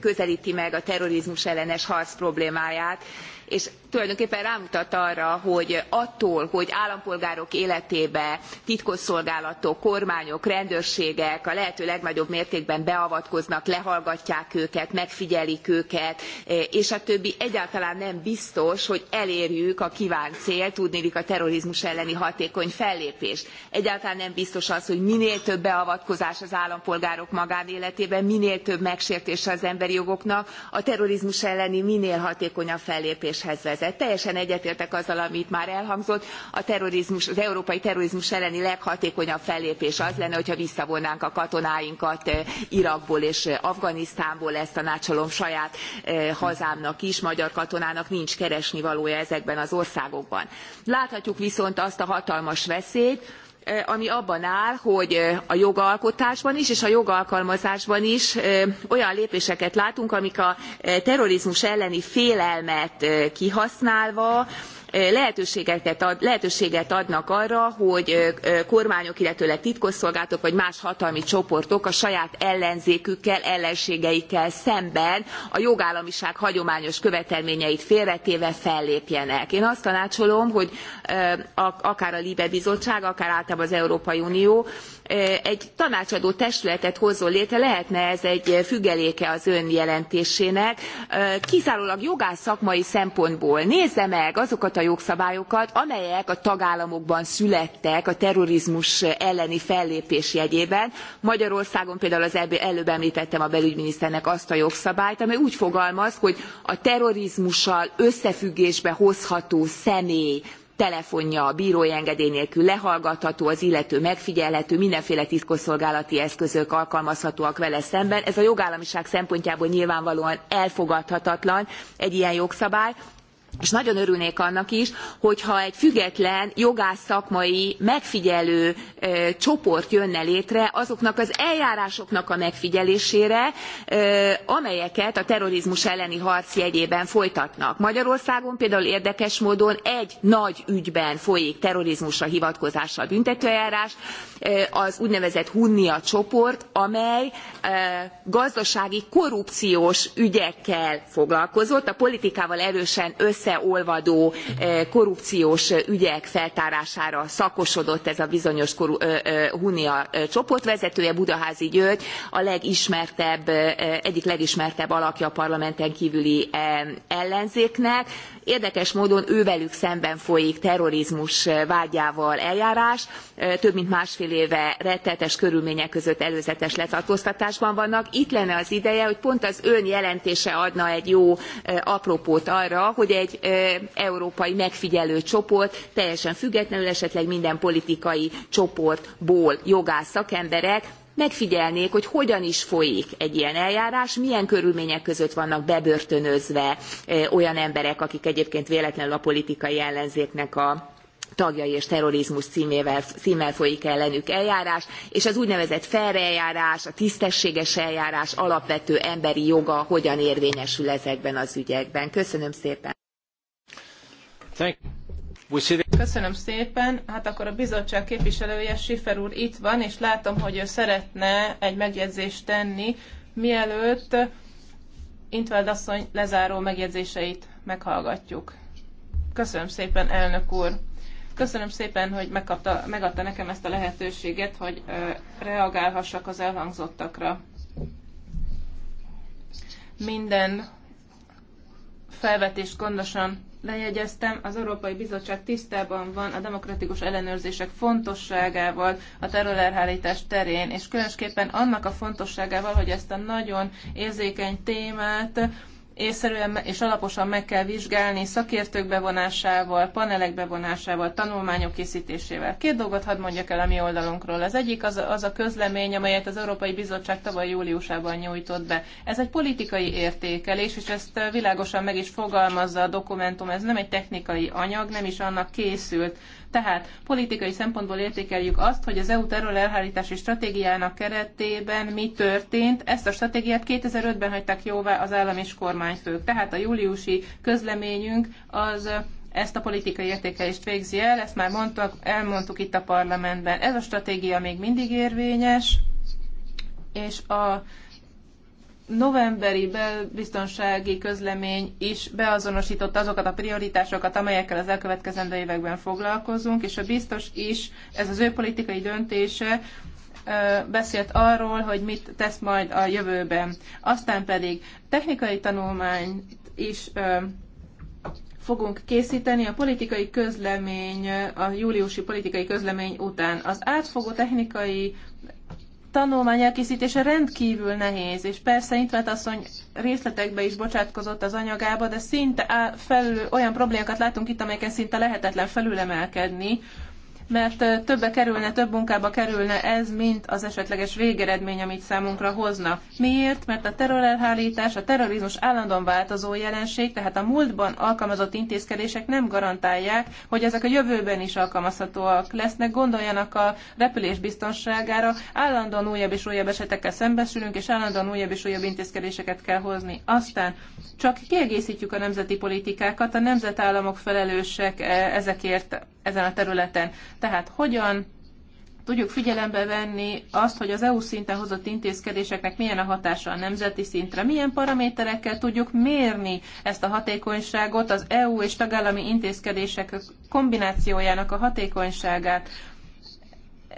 közelti meg a terrorizmus ellenes harc problémáját és tulajdonképpen rámutat arra hogy attól hogy állampolgárok életébe titkosszolgálatok kormányok rendőrségek a lehető legnagyobb mértékben beavatkoznak lehallgatják őket megfigyelik őket és a többi egyáltalán nem biztos hogy elérjük a kívánt célt tudniillik a terrorizmus elleni hatékony fellépést. egyáltalán nem biztos az hogy minél több beavatkozás az állampolgárok magánéletébe minél több megsértése az emberi jogoknak a terrorizmus elleni minél hatékonyabb fellépés döntéshez vezet. teljesen egyetértek azzal ami itt már elhangzott a az európai terrorizmus elleni leghatékonyabb fellépés az lenne hogyha visszavonnánk a katonáinkat eh, irakból és eh, afganisztánból ezt tanácsolom saját eh, hazámnak is magyar katonának nincs keresnivalója ezekben az országokban. láthatjuk viszont azt a hatalmas veszélyt ami abban áll hogy a jogalkotásban is és a jogalkalmazásban is olyan lépéseket látunk amik a terrorizmus elleni félelmet kihasználva lehetőséget, adnak arra hogy kormányok illetőleg titkosszolgálatok vagy más hatalmi csoportok a saját ellenzékükkel ellenségeikkel szemben a jogállamiság hagyományos követelményeit félretéve fellépjenek. én azt tanácsolom hogy akár a libe bizottság akár általában az európai unió egy tanácsadó testületet hozzon létre lehetne ez egy függeléke az ön jelentésének kizárólag jogász szakmai szempontból nézze meg azokat a jogszabályokat amelyek a tagállamokban születtek a terrorizmus elleni fellépés jegyében magyarországon például az előbb emltettem a belügyminiszternek azt a jogszabályt amely úgy fogalmaz hogy a terrorizmussal összefüggésbe hozható személy telefonja a brói engedély nélkül lehallgatható az illető megfigyelhető mindenféle titkosszolgálati eszközök alkalmazhatóak vele szemben ez a jogállamiság szempontjából nyilvánvalóan elfogadhatatlan egy ilyen jogszabály és nagyon örülnék annak is hogyha egy független szakmai megfigyelő csoport jönne létre azoknak az eljárásoknak a megfigyelésére amelyeket a terrorizmus elleni harc jegyében folytatnak. magyarországon például érdekes módon egy nagy ügyben folyik terrorizmusra hivatkozással büntetőeljárás az úgynevezett hunnia csoport amely gazdasági korrupciós ügyekkel foglalkozott a politikával erősen összeolvadó eh, korrupciós ügyek feltárására szakosodott ez a bizonyos hunia csoportvezetője budaházy györgy a legismertebb egyik legismertebb alakja a parlamenten kvüli ellenzéknek érdekes módon ővelük szemben folyik terrorizmus vádjával eljárás több mint másfél éve rettenetes körülmények között előzetes letartóztatásban vannak itt lenne az ideje hogy pont az ön jelentése adna egy jó apropót arra hogy egy egy európai megfigyelő csoport teljesen függetlenül esetleg minden politikai csoportból jogász szakemberek megfigyelnék hogy hogyan is folyik egy ilyen eljárás milyen körülmények között vannak bebörtönözve olyan emberek akik egyébként véletlenül a politikai ellenzéknek a tagjai és terrorizmus címével, folyik ellenük eljárás és az úgynevezett fair eljárás a tisztességes eljárás alapvető emberi joga hogyan érvényesül ezekben az ügyekben. köszönöm szépen! Köszönöm szépen. Hát akkor a bizottság képviselője Sifer úr itt van, és látom, hogy ő szeretne egy megjegyzést tenni, mielőtt Intveld asszony lezáró megjegyzéseit meghallgatjuk. Köszönöm szépen, elnök úr. Köszönöm szépen, hogy megkapta, megadta nekem ezt a lehetőséget, hogy ö, reagálhassak az elhangzottakra. Minden felvetést gondosan lejegyeztem, az Európai Bizottság tisztában van a demokratikus ellenőrzések fontosságával a terrorelhárítás terén, és különösképpen annak a fontosságával, hogy ezt a nagyon érzékeny témát észszerűen és alaposan meg kell vizsgálni szakértők bevonásával, panelek bevonásával, tanulmányok készítésével. Két dolgot hadd mondjak el a mi oldalunkról. Az egyik az, az a közlemény, amelyet az Európai Bizottság tavaly júliusában nyújtott be. Ez egy politikai értékelés, és ezt világosan meg is fogalmazza a dokumentum. Ez nem egy technikai anyag, nem is annak készült. Tehát politikai szempontból értékeljük azt, hogy az EU elhárítási stratégiának keretében mi történt. Ezt a stratégiát 2005-ben hagyták jóvá az állam és kormányfők. Tehát a júliusi közleményünk az ezt a politikai értékelést végzi el, ezt már mondtuk, elmondtuk itt a parlamentben. Ez a stratégia még mindig érvényes, és a novemberi belbiztonsági közlemény is beazonosította azokat a prioritásokat, amelyekkel az elkövetkezendő években foglalkozunk, és a biztos is, ez az ő politikai döntése, beszélt arról, hogy mit tesz majd a jövőben. Aztán pedig technikai tanulmány is fogunk készíteni a politikai közlemény, a júliusi politikai közlemény után. Az átfogó technikai tanulmány elkészítése rendkívül nehéz, és persze Intvet asszony részletekbe is bocsátkozott az anyagába, de szinte felül olyan problémákat látunk itt, amelyeken szinte lehetetlen felülemelkedni, mert többe kerülne, több munkába kerülne ez, mint az esetleges végeredmény, amit számunkra hozna. Miért? Mert a terrorelhárítás, a terrorizmus állandóan változó jelenség, tehát a múltban alkalmazott intézkedések nem garantálják, hogy ezek a jövőben is alkalmazhatóak lesznek. Gondoljanak a repülés biztonságára, állandóan újabb és újabb esetekkel szembesülünk, és állandóan újabb és újabb intézkedéseket kell hozni. Aztán csak kiegészítjük a nemzeti politikákat, a nemzetállamok felelősek e, ezekért ezen a területen. Tehát hogyan tudjuk figyelembe venni azt, hogy az EU szinten hozott intézkedéseknek milyen a hatása a nemzeti szintre, milyen paraméterekkel tudjuk mérni ezt a hatékonyságot, az EU és tagállami intézkedések kombinációjának a hatékonyságát,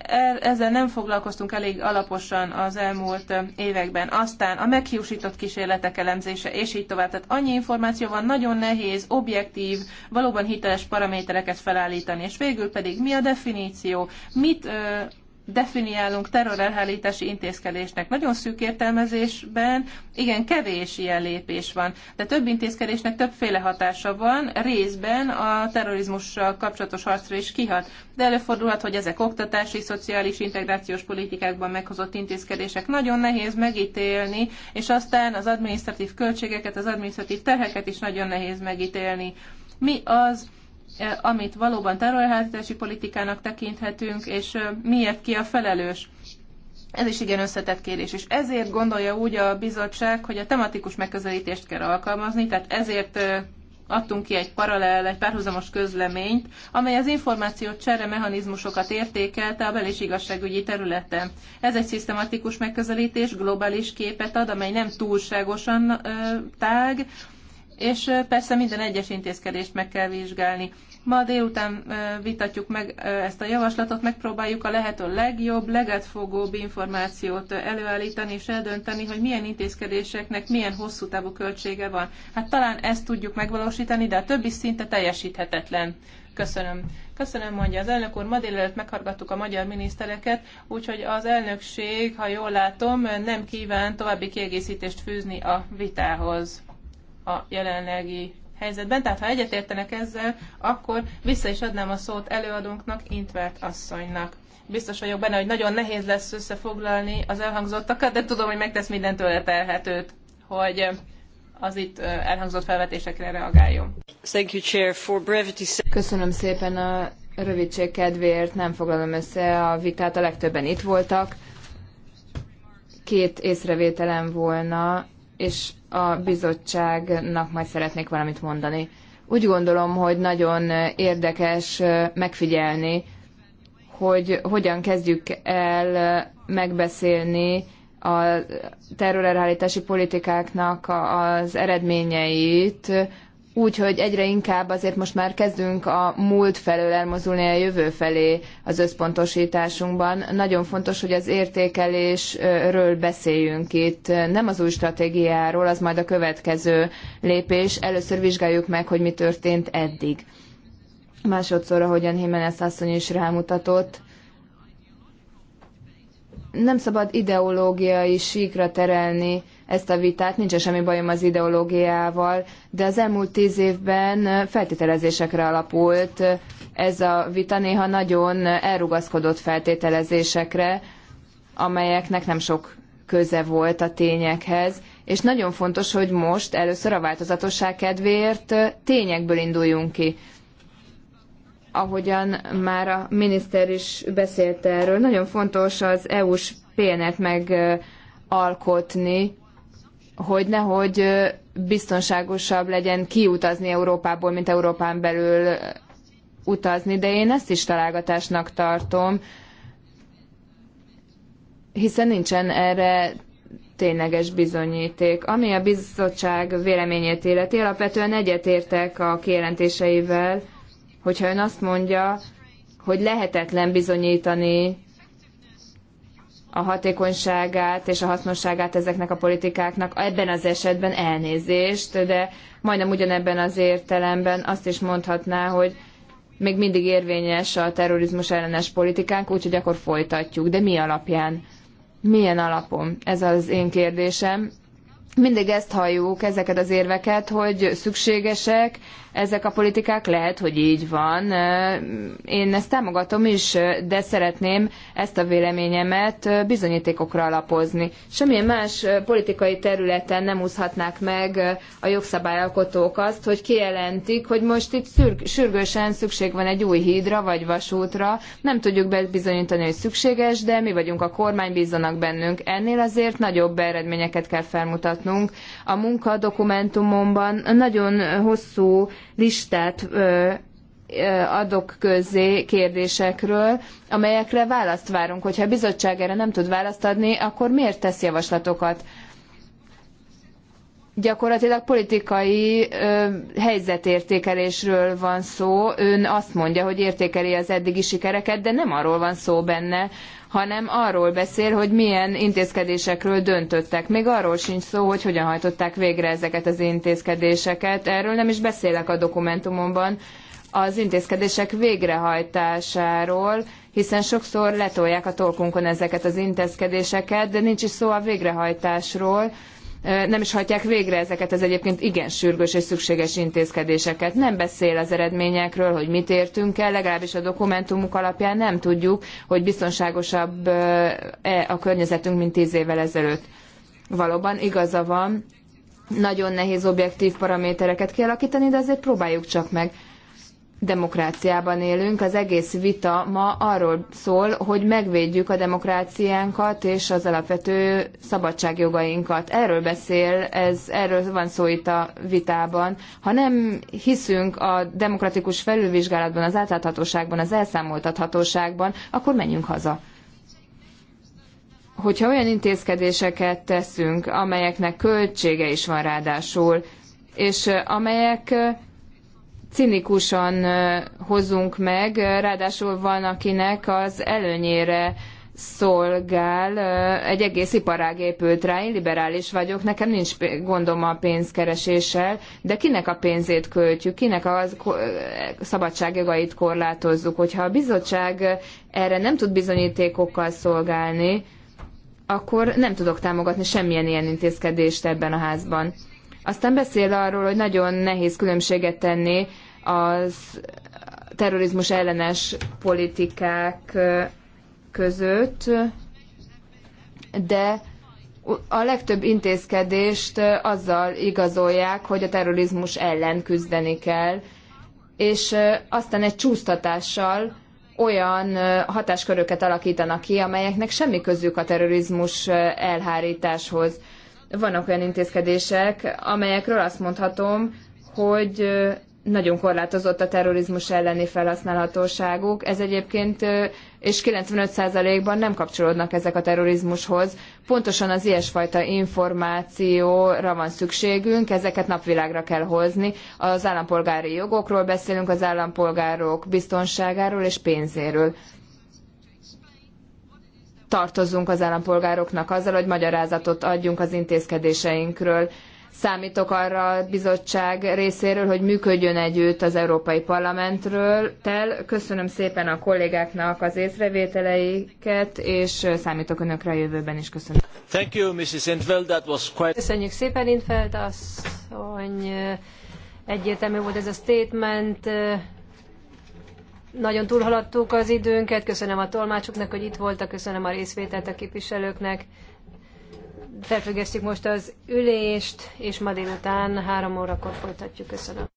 E- ezzel nem foglalkoztunk elég alaposan az elmúlt években. Aztán a meghiúsított kísérletek elemzése, és így tovább. Tehát annyi információ van, nagyon nehéz, objektív, valóban hiteles paramétereket felállítani. És végül pedig mi a definíció? Mit definiálunk terrorelhárítási intézkedésnek. Nagyon szűk értelmezésben igen kevés ilyen lépés van, de több intézkedésnek többféle hatása van, részben a terrorizmussal kapcsolatos harcra is kihat. De előfordulhat, hogy ezek oktatási, szociális, integrációs politikákban meghozott intézkedések nagyon nehéz megítélni, és aztán az administratív költségeket, az administratív terheket is nagyon nehéz megítélni. Mi az, E, amit valóban terrorházítási politikának tekinthetünk, és e, miért ki a felelős. Ez is igen összetett kérdés, és ezért gondolja úgy a bizottság, hogy a tematikus megközelítést kell alkalmazni, tehát ezért e, adtunk ki egy paralel, egy párhuzamos közleményt, amely az információt csere mechanizmusokat értékelte a bel- és igazságügyi területen. Ez egy szisztematikus megközelítés, globális képet ad, amely nem túlságosan ö, tág, és persze minden egyes intézkedést meg kell vizsgálni. Ma délután vitatjuk meg ezt a javaslatot, megpróbáljuk a lehető legjobb, legetfogóbb információt előállítani és eldönteni, hogy milyen intézkedéseknek milyen hosszú távú költsége van. Hát talán ezt tudjuk megvalósítani, de a többi szinte teljesíthetetlen. Köszönöm. Köszönöm, mondja az elnök úr. Ma délelőtt meghallgattuk a magyar minisztereket, úgyhogy az elnökség, ha jól látom, nem kíván további kiegészítést fűzni a vitához a jelenlegi helyzetben. Tehát ha egyetértenek ezzel, akkor vissza is adnám a szót előadónknak, Intvert asszonynak. Biztos vagyok benne, hogy nagyon nehéz lesz összefoglalni az elhangzottakat, de tudom, hogy megtesz mindent tőle telhetőt, hogy az itt elhangzott felvetésekre reagáljon. Thank you, Chair, for brevity. Köszönöm szépen a rövidség kedvéért, nem foglalom össze a vitát, a legtöbben itt voltak. Két észrevételem volna és a bizottságnak majd szeretnék valamit mondani. Úgy gondolom, hogy nagyon érdekes megfigyelni, hogy hogyan kezdjük el megbeszélni a terrorelhállítási politikáknak az eredményeit Úgyhogy egyre inkább azért most már kezdünk a múlt felől elmozdulni a jövő felé az összpontosításunkban. Nagyon fontos, hogy az értékelésről beszéljünk itt. Nem az új stratégiáról, az majd a következő lépés. Először vizsgáljuk meg, hogy mi történt eddig. Másodszor, ahogyan Jiménez asszony is rámutatott, nem szabad ideológiai síkra terelni ezt a vitát, nincsen semmi bajom az ideológiával, de az elmúlt tíz évben feltételezésekre alapult ez a vita néha nagyon elrugaszkodott feltételezésekre, amelyeknek nem sok köze volt a tényekhez, és nagyon fontos, hogy most először a változatosság kedvéért tényekből induljunk ki. Ahogyan már a miniszter is beszélt erről, nagyon fontos az EU-s PNR-t megalkotni, hogy nehogy biztonságosabb legyen kiutazni Európából, mint Európán belül utazni, de én ezt is találgatásnak tartom, hiszen nincsen erre tényleges bizonyíték. Ami a bizottság véleményét illeti, alapvetően egyetértek a kijelentéseivel, hogyha ön azt mondja, hogy lehetetlen bizonyítani a hatékonyságát és a hasznosságát ezeknek a politikáknak ebben az esetben elnézést, de majdnem ugyanebben az értelemben azt is mondhatná, hogy még mindig érvényes a terrorizmus ellenes politikánk, úgyhogy akkor folytatjuk. De mi alapján? Milyen alapon? Ez az én kérdésem. Mindig ezt halljuk, ezeket az érveket, hogy szükségesek, ezek a politikák. Lehet, hogy így van. Én ezt támogatom is, de szeretném ezt a véleményemet bizonyítékokra alapozni. Semmilyen más politikai területen nem úszhatnák meg a jogszabályalkotók azt, hogy kijelentik, hogy most itt szürg- sürgősen szükség van egy új hídra vagy vasútra. Nem tudjuk bebizonyítani, hogy szükséges, de mi vagyunk a kormány, bízzanak bennünk. Ennél azért nagyobb eredményeket kell felmutatnunk. A munkadokumentumomban nagyon hosszú listát adok közzé kérdésekről, amelyekre választ várunk. Hogyha a bizottság erre nem tud választ adni, akkor miért tesz javaslatokat? Gyakorlatilag politikai ö, helyzetértékelésről van szó. Ön azt mondja, hogy értékeli az eddigi sikereket, de nem arról van szó benne, hanem arról beszél, hogy milyen intézkedésekről döntöttek. Még arról sincs szó, hogy hogyan hajtották végre ezeket az intézkedéseket. Erről nem is beszélek a dokumentumomban, az intézkedések végrehajtásáról, hiszen sokszor letolják a torkunkon ezeket az intézkedéseket, de nincs is szó a végrehajtásról, nem is hajtják végre ezeket az egyébként igen sürgős és szükséges intézkedéseket. Nem beszél az eredményekről, hogy mit értünk el, legalábbis a dokumentumuk alapján nem tudjuk, hogy biztonságosabb -e a környezetünk, mint tíz évvel ezelőtt. Valóban igaza van, nagyon nehéz objektív paramétereket kialakítani, de azért próbáljuk csak meg demokráciában élünk. Az egész vita ma arról szól, hogy megvédjük a demokráciánkat és az alapvető szabadságjogainkat. Erről beszél, ez, erről van szó itt a vitában. Ha nem hiszünk a demokratikus felülvizsgálatban, az átláthatóságban, az elszámoltathatóságban, akkor menjünk haza hogyha olyan intézkedéseket teszünk, amelyeknek költsége is van ráadásul, és eh, amelyek eh, cinikusan hozunk meg, ráadásul van, akinek az előnyére szolgál, egy egész iparág épült rá, én liberális vagyok, nekem nincs gondom a pénzkereséssel, de kinek a pénzét költjük, kinek a szabadságjogait korlátozzuk, hogyha a bizottság erre nem tud bizonyítékokkal szolgálni, akkor nem tudok támogatni semmilyen ilyen intézkedést ebben a házban. Aztán beszél arról, hogy nagyon nehéz különbséget tenni az terrorizmus ellenes politikák között, de a legtöbb intézkedést azzal igazolják, hogy a terrorizmus ellen küzdeni kell, és aztán egy csúsztatással olyan hatásköröket alakítanak ki, amelyeknek semmi közük a terrorizmus elhárításhoz vannak olyan intézkedések, amelyekről azt mondhatom, hogy nagyon korlátozott a terrorizmus elleni felhasználhatóságuk. Ez egyébként, és 95%-ban nem kapcsolódnak ezek a terrorizmushoz. Pontosan az ilyesfajta információra van szükségünk, ezeket napvilágra kell hozni. Az állampolgári jogokról beszélünk, az állampolgárok biztonságáról és pénzéről tartozunk az állampolgároknak azzal, hogy magyarázatot adjunk az intézkedéseinkről. Számítok arra a bizottság részéről, hogy működjön együtt az Európai Parlamentről. Tel, köszönöm szépen a kollégáknak az észrevételeiket, és számítok önökre a jövőben is. Köszönöm. Thank you, Mrs. Intveld. That was quite... Köszönjük szépen, Intveld asszony. Egyértelmű volt ez a statement. Nagyon túlhaladtuk az időnket, köszönöm a tolmácsoknak, hogy itt voltak, köszönöm a részvételt a képviselőknek. Felfüggesztjük most az ülést, és ma délután három órakor folytatjuk. Köszönöm.